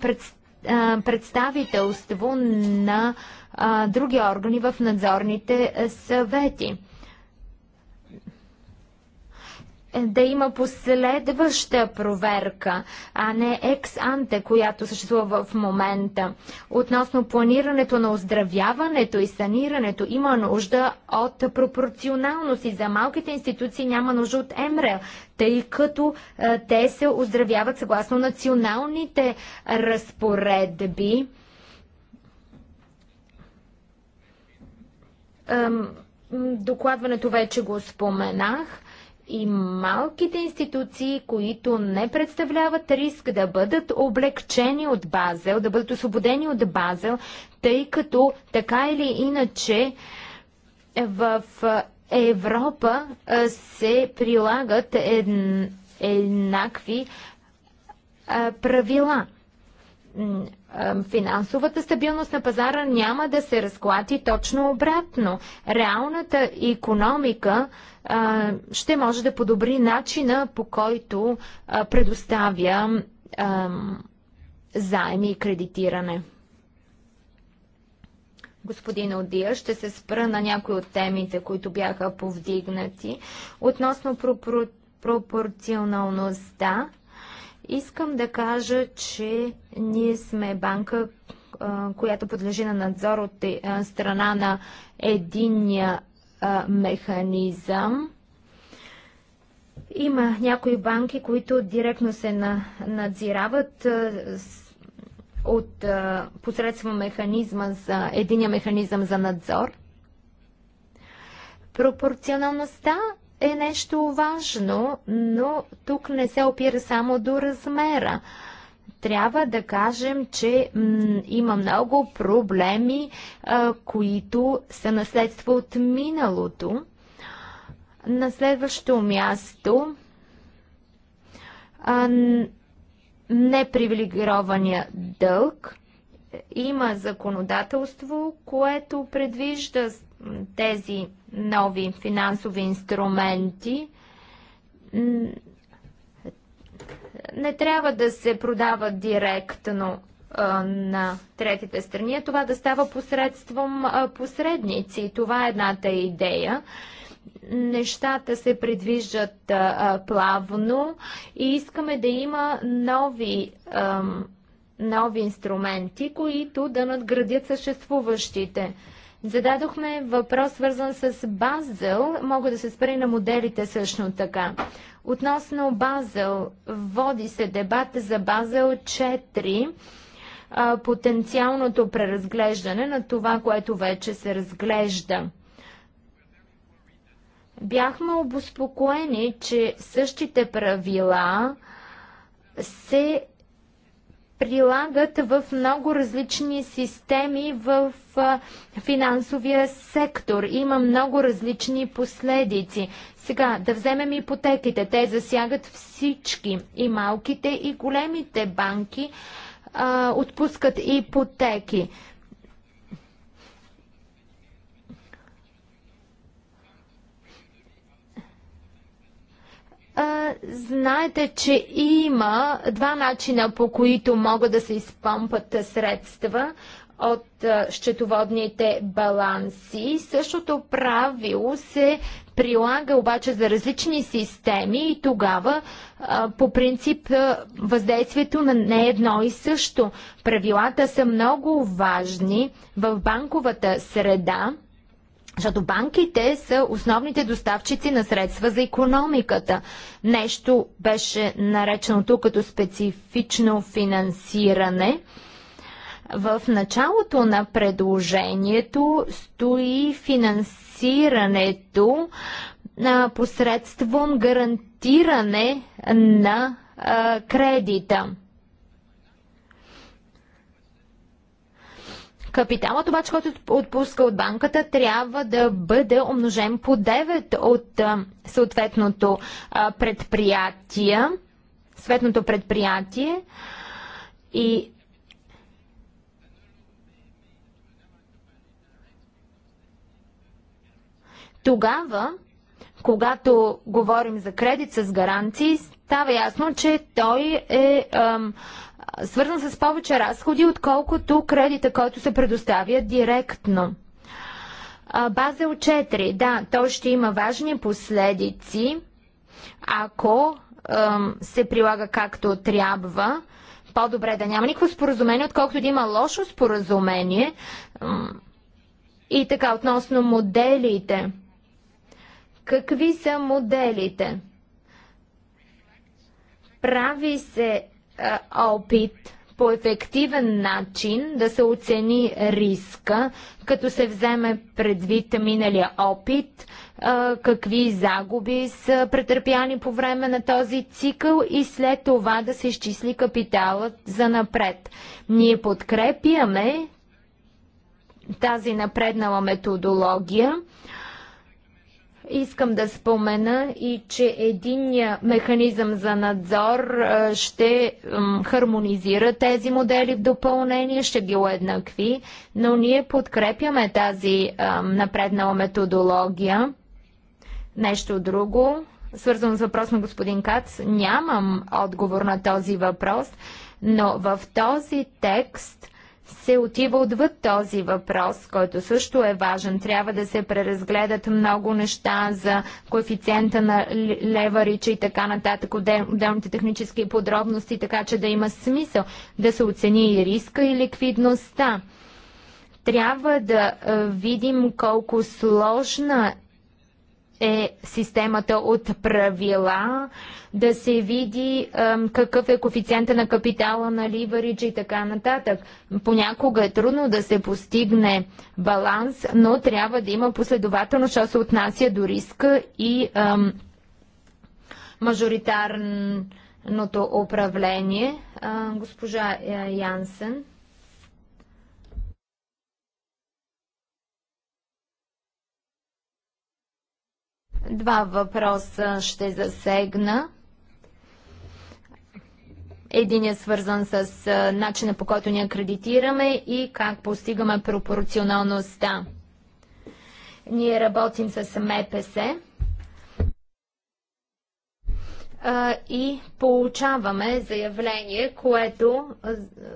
представителство на а, други органи в надзорните съвети да има последваща проверка, а не екс-анте, която съществува в момента. Относно планирането на оздравяването и санирането има нужда от пропорционалност и за малките институции няма нужда от МРЕЛ, тъй като а, е, те се оздравяват съгласно националните разпоредби. Ам, докладването вече го споменах и малките институции, които не представляват риск да бъдат облегчени от Базел, да бъдат освободени от Базел, тъй като така или иначе в Европа се прилагат еднакви правила финансовата стабилност на пазара няма да се разклати точно обратно. Реалната економика ще може да подобри начина по който предоставя заеми и кредитиране. Господин Одия, ще се спра на някои от темите, които бяха повдигнати относно пропорционалността Искам да кажа, че ние сме банка, която подлежи на надзор от е, страна на единния механизъм. Има някои банки, които директно се надзирават от посредством механизма за единия механизъм за надзор. Пропорционалността е нещо важно, но тук не се опира само до размера. Трябва да кажем, че има много проблеми, а, които са наследство от миналото. На следващо място а, непривилегирования дълг. Има законодателство, което предвижда тези нови финансови инструменти не трябва да се продава директно на третите страни, а това да става посредством посредници. Това е едната идея. Нещата се предвиждат плавно и искаме да има нови, нови инструменти, които да надградят съществуващите. Зададохме въпрос, свързан с Базел. Мога да се спре на моделите също така. Относно Базел, води се дебат за Базел 4 потенциалното преразглеждане на това, което вече се разглежда. Бяхме обоспокоени, че същите правила се прилагат в много различни системи в финансовия сектор. Има много различни последици. Сега, да вземем ипотеките. Те засягат всички, и малките, и големите банки а, отпускат ипотеки. Знаете, че има два начина по които могат да се изпомпат средства от счетоводните баланси. Същото правило се прилага обаче за различни системи и тогава по принцип въздействието на не е едно и също. Правилата са много важни в банковата среда. Защото банките са основните доставчици на средства за економиката. Нещо беше наречено тук като специфично финансиране. В началото на предложението стои финансирането на посредством гарантиране на а, кредита. Капиталът обаче, който отпуска от банката, трябва да бъде умножен по 9 от съответното предприятие, съответното предприятие и тогава, когато говорим за кредит с гаранции, става ясно, че той е ам, свързан с повече разходи, отколкото кредита, който се предоставя директно. Базел 4, да, той ще има важни последици, ако се прилага както трябва. По-добре да няма никакво споразумение, отколкото да има лошо споразумение. И така, относно моделите. Какви са моделите? Прави се е, опит по ефективен начин да се оцени риска, като се вземе предвид миналия опит, е, какви загуби са претърпяни по време на този цикъл и след това да се изчисли капиталът за напред. Ние подкрепяме тази напреднала методология Искам да спомена и, че единния механизъм за надзор ще хармонизира тези модели в допълнение, ще ги уеднакви, но ние подкрепяме тази напреднала методология. Нещо друго, свързано с въпрос на господин Кац, нямам отговор на този въпрос, но в този текст се отива отвъд този въпрос, който също е важен. Трябва да се преразгледат много неща за коефициента на леварича и така нататък, отделните технически подробности, така че да има смисъл да се оцени и риска и ликвидността. Трябва да видим колко сложна е системата от правила, да се види е, какъв е коефициента на капитала на ливарич и така нататък. Понякога е трудно да се постигне баланс, но трябва да има последователно, що се отнася до риска и е, мажоритарното управление. Е, госпожа Янсен. Два въпроса ще засегна. Един е свързан с начина по който ни кредитираме и как постигаме пропорционалността. Ние работим с МПС и получаваме заявление, което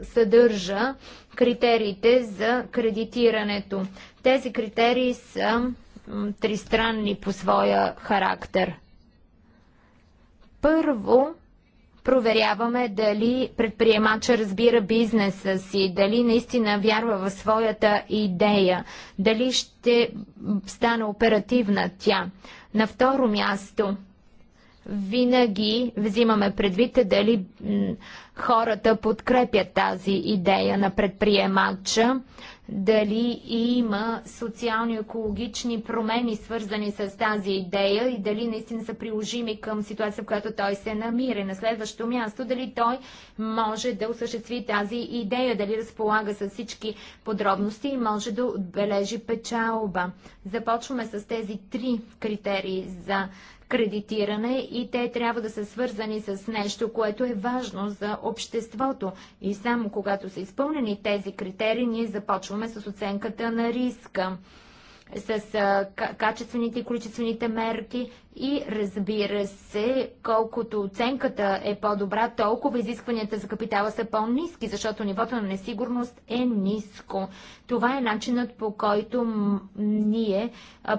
съдържа критериите за кредитирането. Тези критерии са тристранни по своя характер. Първо, проверяваме дали предприемача разбира бизнеса си, дали наистина вярва в своята идея, дали ще стане оперативна тя. На второ място, винаги взимаме предвид дали хората подкрепят тази идея на предприемача, дали има социално-екологични промени, свързани с тази идея и дали наистина са приложими към ситуация, в която той се намира. На следващо място, дали той може да осъществи тази идея, дали разполага с всички подробности и може да отбележи печалба. Започваме с тези три критерии за кредитиране и те трябва да са свързани с нещо, което е важно за обществото. И само когато са изпълнени тези критерии, ние започваме с оценката на риска с качествените и количествените мерки и разбира се, колкото оценката е по-добра, толкова изискванията за капитала са по-низки, защото нивото на несигурност е ниско. Това е начинът по който ние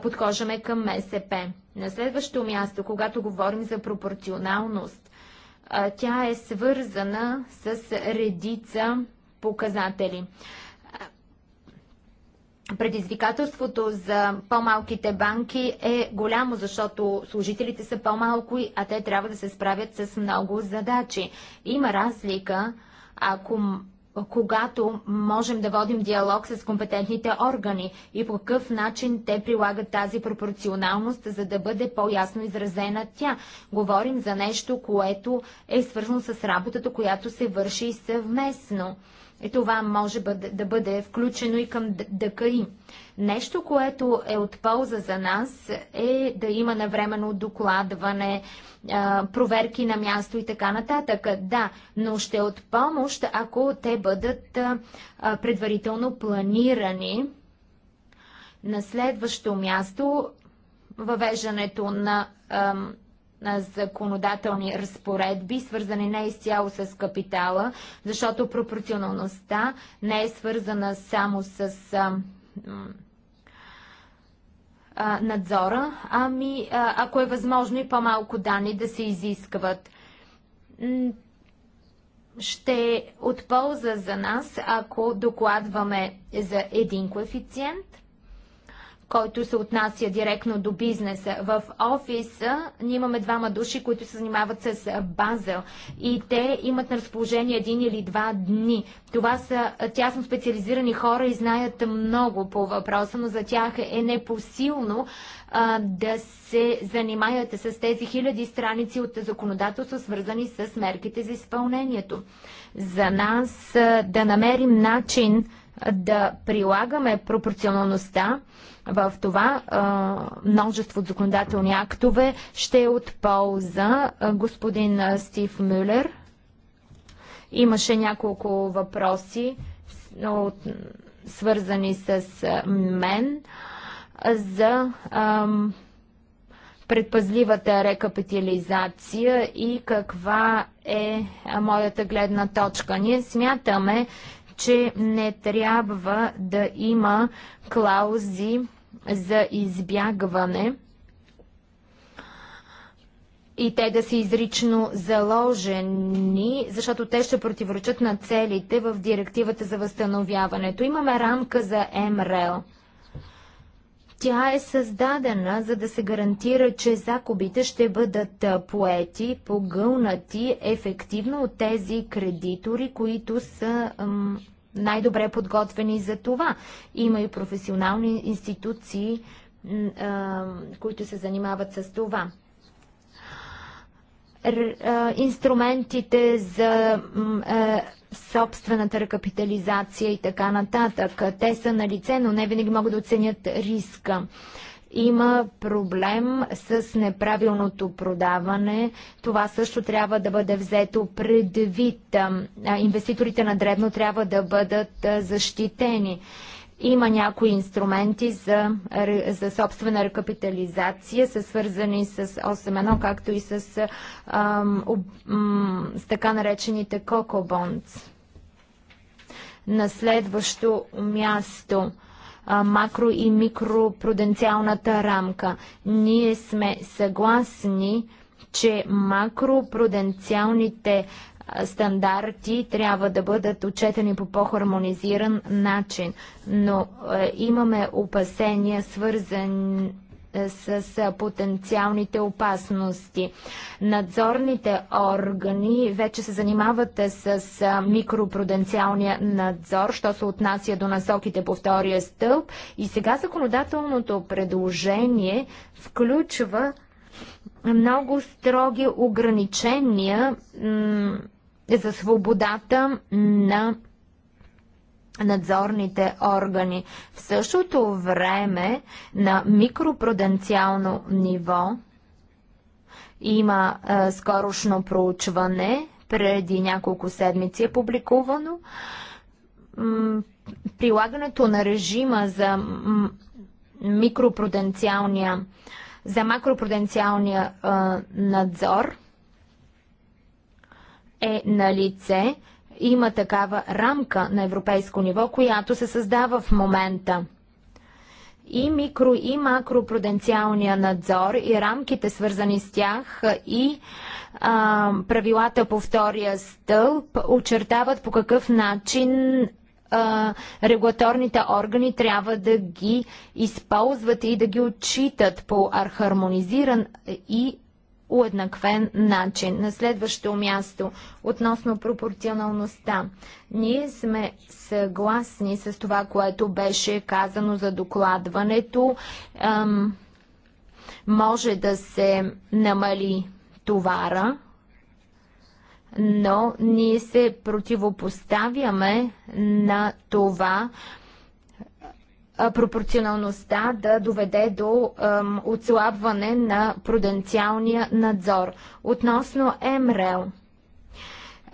подхождаме към МСП. На следващо място, когато говорим за пропорционалност, тя е свързана с редица показатели. Предизвикателството за по-малките банки е голямо, защото служителите са по-малко, а те трябва да се справят с много задачи. Има разлика, ако когато можем да водим диалог с компетентните органи и по какъв начин те прилагат тази пропорционалност, за да бъде по-ясно изразена тя. Говорим за нещо, което е свързано с работата, която се върши съвместно. И това може да бъде включено и към ДКИ. Нещо, което е от полза за нас е да има навременно докладване, проверки на място и така нататък. Да, но ще е от помощ, ако те бъдат предварително планирани. На следващо място въвеждането на, на законодателни разпоредби, свързани не изцяло с капитала, защото пропорционалността не е свързана само с надзора, ами ако е възможно и по-малко данни да се изискват. Ще от полза за нас, ако докладваме за един коефициент – който се отнася директно до бизнеса. В офиса ние имаме двама души, които се занимават с Базел и те имат на разположение един или два дни. Това са тясно специализирани хора и знаят много по въпроса, но за тях е непосилно а, да се занимаят с тези хиляди страници от законодателство, свързани с мерките за изпълнението. За нас а, да намерим начин да прилагаме пропорционалността в това множество от законодателни актове ще е от полза. Господин Стив Мюлер имаше няколко въпроси, свързани с мен, за предпазливата рекапитализация и каква е моята гледна точка. Ние смятаме, че не трябва да има клаузи за избягване и те да са изрично заложени, защото те ще противоречат на целите в директивата за възстановяването. Имаме рамка за МРЛ. Тя е създадена, за да се гарантира, че загубите ще бъдат поети, погълнати ефективно от тези кредитори, които са най-добре подготвени за това. Има и професионални институции, които се занимават с това инструментите за собствената рекапитализация и така нататък. Те са на лице, но не винаги могат да оценят риска. Има проблем с неправилното продаване. Това също трябва да бъде взето предвид. Инвеститорите на дребно трябва да бъдат защитени. Има някои инструменти за, за собствена рекапитализация, са свързани с 8.1, както и с, ам, ам, с така наречените кокобонц. На следващо място макро и микропруденциалната рамка. Ние сме съгласни, че макропруденциалните стандарти трябва да бъдат отчетени по по-хармонизиран начин, но е, имаме опасения свързани е, с, потенциалните опасности. Надзорните органи вече се занимават с, микропроденциалния микропруденциалния надзор, що се отнася до насоките по втория стълб. И сега законодателното предложение включва много строги ограничения за свободата на надзорните органи. В същото време на микропруденциално ниво има е, скорошно проучване, преди няколко седмици е публикувано. Прилагането на режима за микропруденциалния за макропруденциалния е, надзор е на лице. Има такава рамка на европейско ниво, която се създава в момента. И микро и макропруденциалния надзор и рамките свързани с тях и а, правилата по втория стълб очертават по какъв начин а, регулаторните органи трябва да ги използват и да ги отчитат по хармонизиран и уеднаквен начин. На следващо място, относно пропорционалността. Ние сме съгласни с това, което беше казано за докладването. Ем, може да се намали товара, но ние се противопоставяме на това, пропорционалността да доведе до ем, отслабване на пруденциалния надзор. Относно МРЕЛ,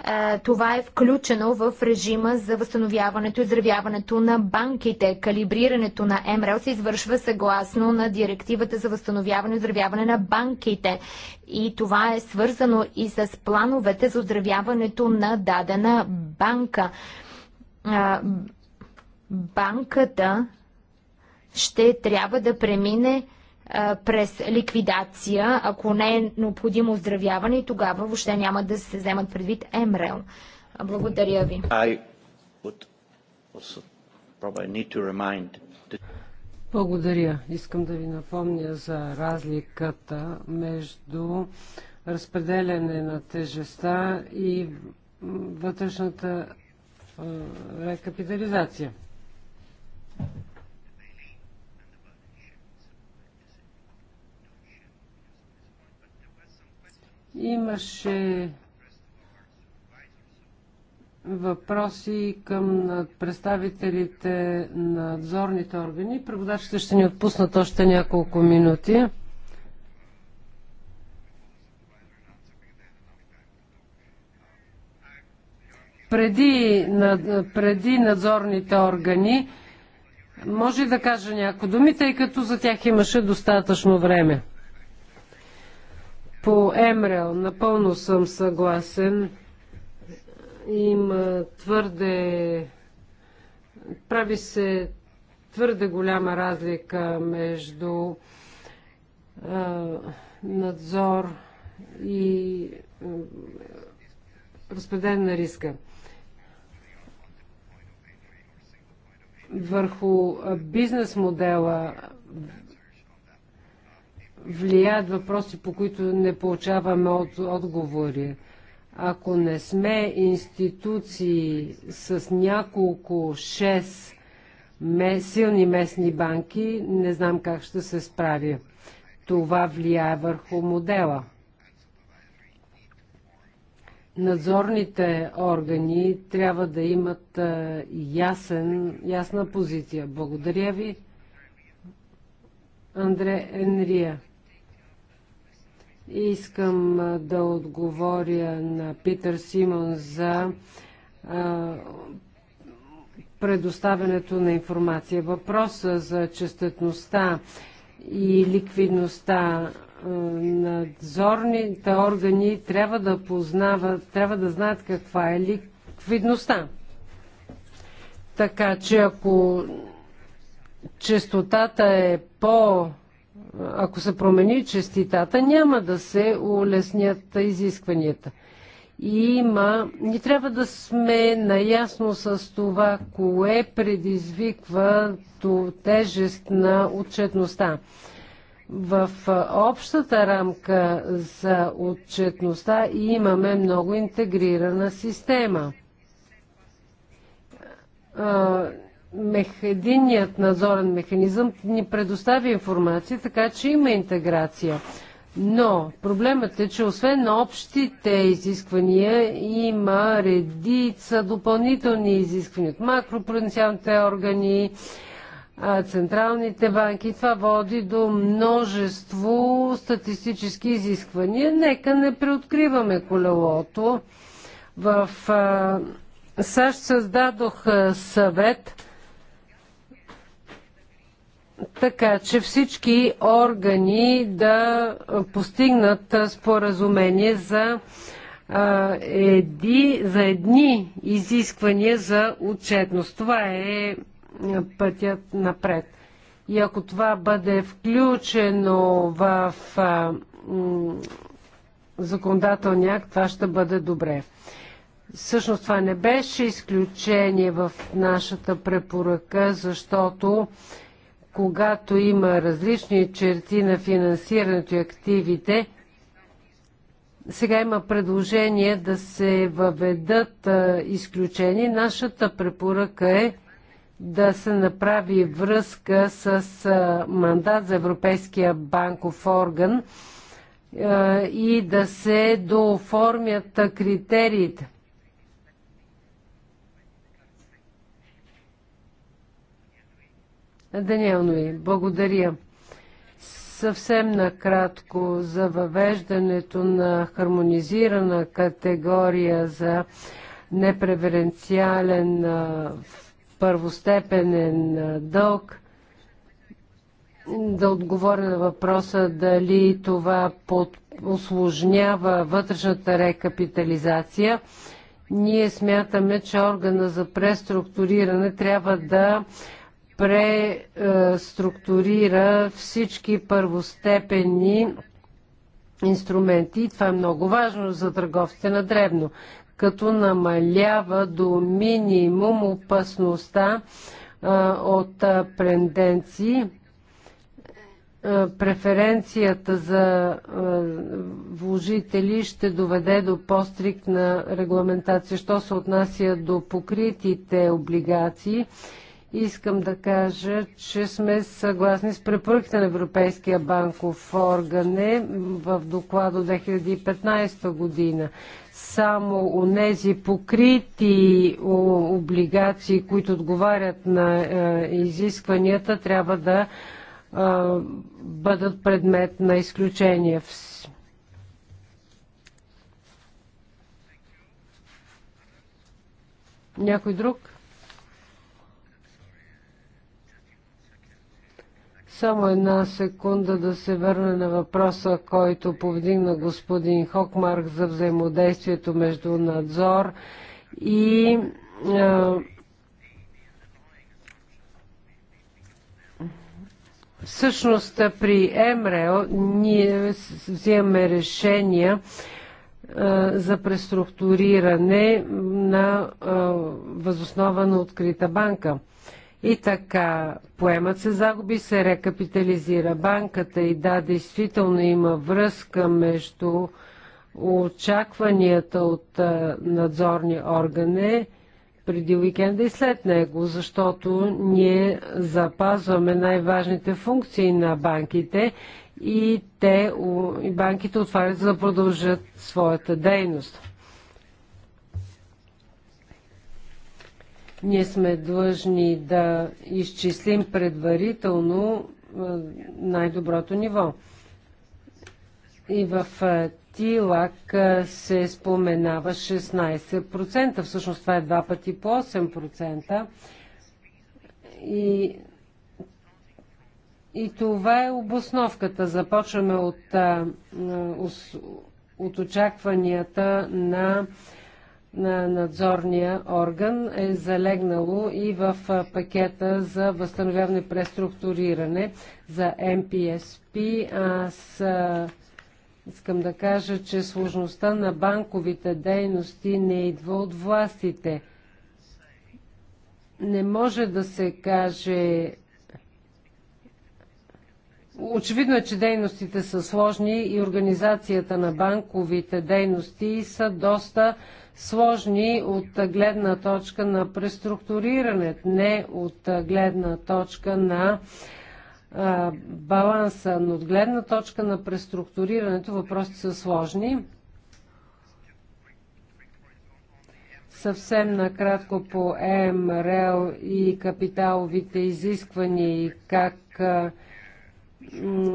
е, това е включено в режима за възстановяването и изравяването на банките. Калибрирането на МРЕЛ се извършва съгласно на директивата за възстановяване и изравяване на банките. И това е свързано и с плановете за оздравяването на дадена банка. Е, банката ще трябва да премине а, през ликвидация. Ако не е необходимо оздравяване, тогава въобще няма да се вземат предвид МРЛ. Благодаря ви. Благодаря. Искам да ви напомня за разликата между разпределяне на тежеста и вътрешната рекапитализация. Имаше въпроси към представителите на надзорните органи. Преводачите ще ни отпуснат още няколко минути. Преди, преди надзорните органи, може да кажа някои думи, тъй като за тях имаше достатъчно време. По Емрел напълно съм съгласен. Има твърде... Прави се твърде голяма разлика между а, надзор и разпределен на риска. Върху бизнес модела влияят въпроси, по които не получаваме от, отговори. Ако не сме институции с няколко, шест силни местни банки, не знам как ще се справя. Това влияе върху модела. Надзорните органи трябва да имат ясен, ясна позиция. Благодаря ви, Андре Енрия. Искам да отговоря на Питър Симон за предоставянето на информация. Въпроса за честетността и ликвидността надзорните органи трябва да познават, трябва да знаят каква е ликвидността. Така че ако честотата е по ако се промени честитата, няма да се улеснят изискванията. И има, ни трябва да сме наясно с това, кое предизвиква тежест на отчетността. В общата рамка за отчетността имаме много интегрирана система единният надзорен механизъм ни предостави информация, така че има интеграция. Но проблемът е, че освен на общите изисквания, има редица допълнителни изисквания от макропроденциалните органи, централните банки. Това води до множество статистически изисквания. Нека не преоткриваме колелото. В САЩ създадох съвет така че всички органи да постигнат споразумение за, а, еди, за едни изисквания за отчетност. Това е, е пътят напред. И ако това бъде включено в а, м, законодателния акт, това ще бъде добре. Всъщност това не беше изключение в нашата препоръка, защото а, когато има различни черти на финансирането и активите, сега има предложение да се въведат изключени. Нашата препоръка е да се направи връзка с мандат за Европейския банков орган и да се дооформят критериите. Даниел Нуи, благодаря. Съвсем накратко за въвеждането на хармонизирана категория за непреференциален първостепенен дълг. Да отговоря на въпроса дали това под, осложнява вътрешната рекапитализация. Ние смятаме, че органа за преструктуриране трябва да преструктурира всички първостепенни инструменти. И това е много важно за търговците на дребно, като намалява до минимум опасността от пренденции. преференцията за вложители ще доведе до по-стриктна регламентация, що се отнася до покритите облигации Искам да кажа, че сме съгласни с препоръките на Европейския банков орган е, в доклад от 2015 година. Само онези покрити облигации, които отговарят на е, изискванията, трябва да е, бъдат предмет на изключение. Някой друг? само една секунда да се върна на въпроса, който повдигна господин Хокмарк за взаимодействието между надзор и Всъщност при МРЕО ние взимаме решения за преструктуриране на възоснована открита банка. И така, поемат се загуби, се рекапитализира банката и да, действително има връзка между очакванията от надзорни органи преди уикенда и след него, защото ние запазваме най-важните функции на банките и те, и банките отварят за да продължат своята дейност. Ние сме длъжни да изчислим предварително най-доброто ниво. И в Тилак се споменава 16%, всъщност това е два пъти по 8%. И, и това е обосновката. Започваме от, от очакванията на на надзорния орган е залегнало и в пакета за възстановяване и преструктуриране за МПСП. Аз искам да кажа, че сложността на банковите дейности не идва от властите. Не може да се каже Очевидно е, че дейностите са сложни и организацията на банковите дейности са доста сложни от гледна точка на преструктуриране, не от гледна точка на а, баланса, но от гледна точка на преструктурирането въпросите са сложни. Съвсем накратко по МРЛ и капиталовите изисквания и как а,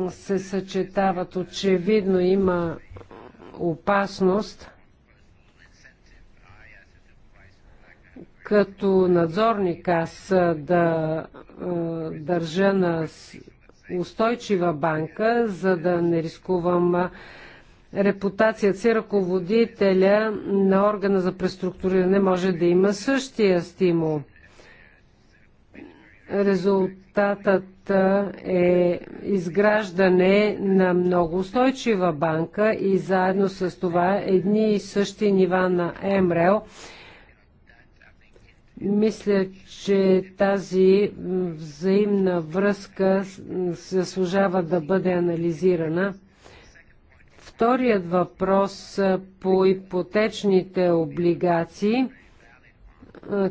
се съчетават. Очевидно има опасност като надзорник аз да държа на устойчива банка, за да не рискувам репутацията си, ръководителя на органа за преструктуриране може да има същия стимул. Резултатът проекта е изграждане на много устойчива банка и заедно с това едни и същи нива на МРЕЛ. Мисля, че тази взаимна връзка заслужава да бъде анализирана. Вторият въпрос по ипотечните облигации –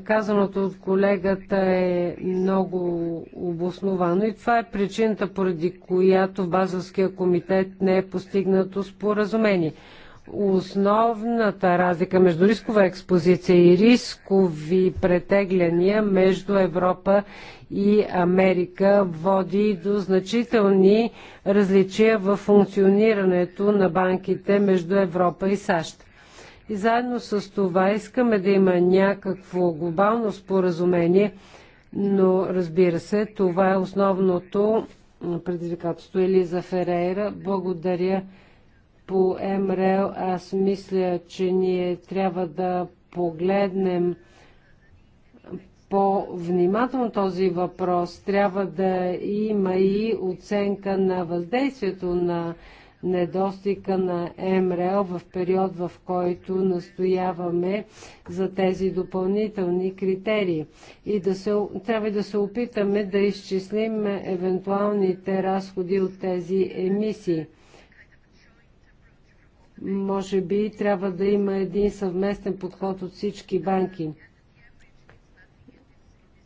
Казаното от колегата е много обосновано и това е причината, поради която в Базовския комитет не е постигнато споразумение. Основната разлика между рискова експозиция и рискови претегляния между Европа и Америка води до значителни различия в функционирането на банките между Европа и САЩ. И заедно с това искаме да има някакво глобално споразумение, но разбира се, това е основното предизвикателство. Елиза Ферейра, благодаря по МРЛ. Аз мисля, че ние трябва да погледнем по-внимателно този въпрос. Трябва да има и оценка на въздействието на недостига на МРЛ в период, в който настояваме за тези допълнителни критерии. И да се, трябва да се опитаме да изчислим евентуалните разходи от тези емисии. Може би трябва да има един съвместен подход от всички банки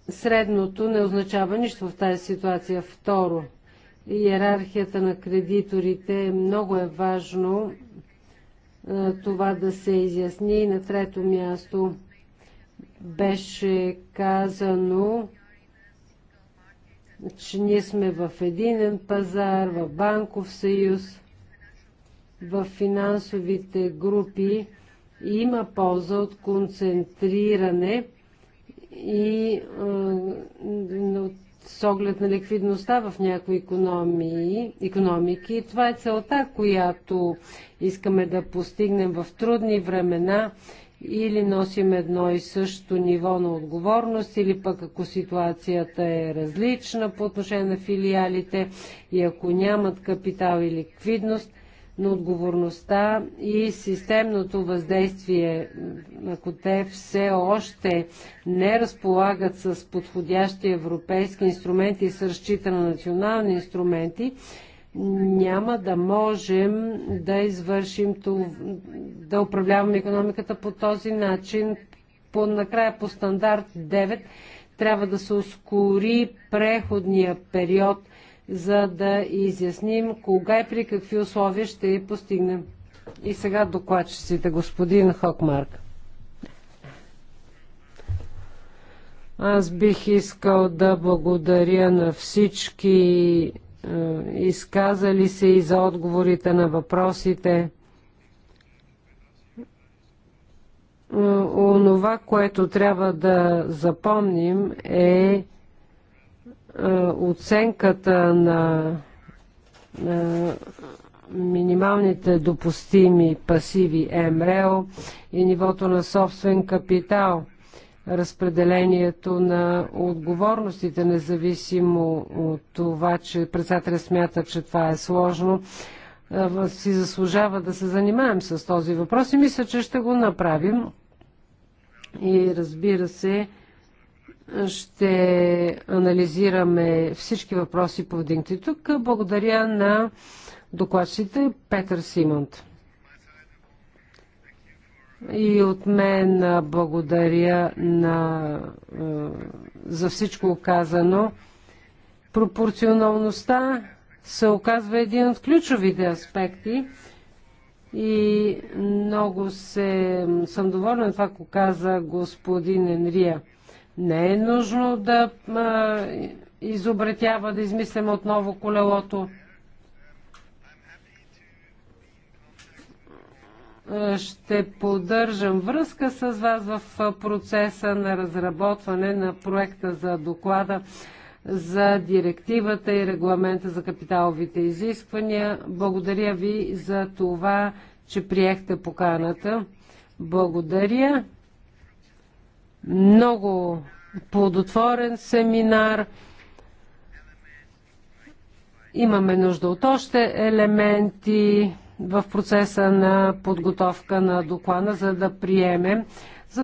средното не означава нищо в тази ситуация. Второ, иерархията на кредиторите е много е важно това да се изясни. На трето място беше казано, че ние сме в единен пазар, в банков съюз, в финансовите групи и има полза от концентриране и от с оглед на ликвидността в някои економии, економики. Това е целта, която искаме да постигнем в трудни времена или носим едно и също ниво на отговорност, или пък ако ситуацията е различна по отношение на филиалите и ако нямат капитал и ликвидност, но отговорността и системното въздействие, ако те все още не разполагат с подходящи европейски инструменти и с разчита на национални инструменти, няма да можем да извършим това, да управляваме економиката по този начин. По, накрая по стандарт 9 трябва да се ускори преходния период за да изясним кога и при какви условия ще я постигнем. И сега докладчиците, господин Хокмарк. Аз бих искал да благодаря на всички е, изказали се и за отговорите на въпросите. Е, онова, което трябва да запомним е, е, оценката на, на минималните допустими пасиви МРЕО и нивото на собствен капитал, разпределението на отговорностите, независимо от това, че председателя смята, че това е сложно, е, си заслужава да се занимаем с този въпрос и мисля, че ще го направим. И разбира се, ще анализираме всички въпроси по повдигнати тук. Благодаря на докладчите Петър Симонт. И от мен благодаря на, е, за всичко оказано. Пропорционалността се оказва един от ключовите аспекти и много се, съм доволен това, което каза господин Енрия. Не е нужно да а, изобретява, да измислям отново колелото. Ще поддържам връзка с вас в процеса на разработване на проекта за доклада за директивата и регламента за капиталовите изисквания. Благодаря ви за това, че приехте поканата. Благодаря. Много плодотворен семинар. Имаме нужда от още елементи в процеса на подготовка на доклада, за да приемем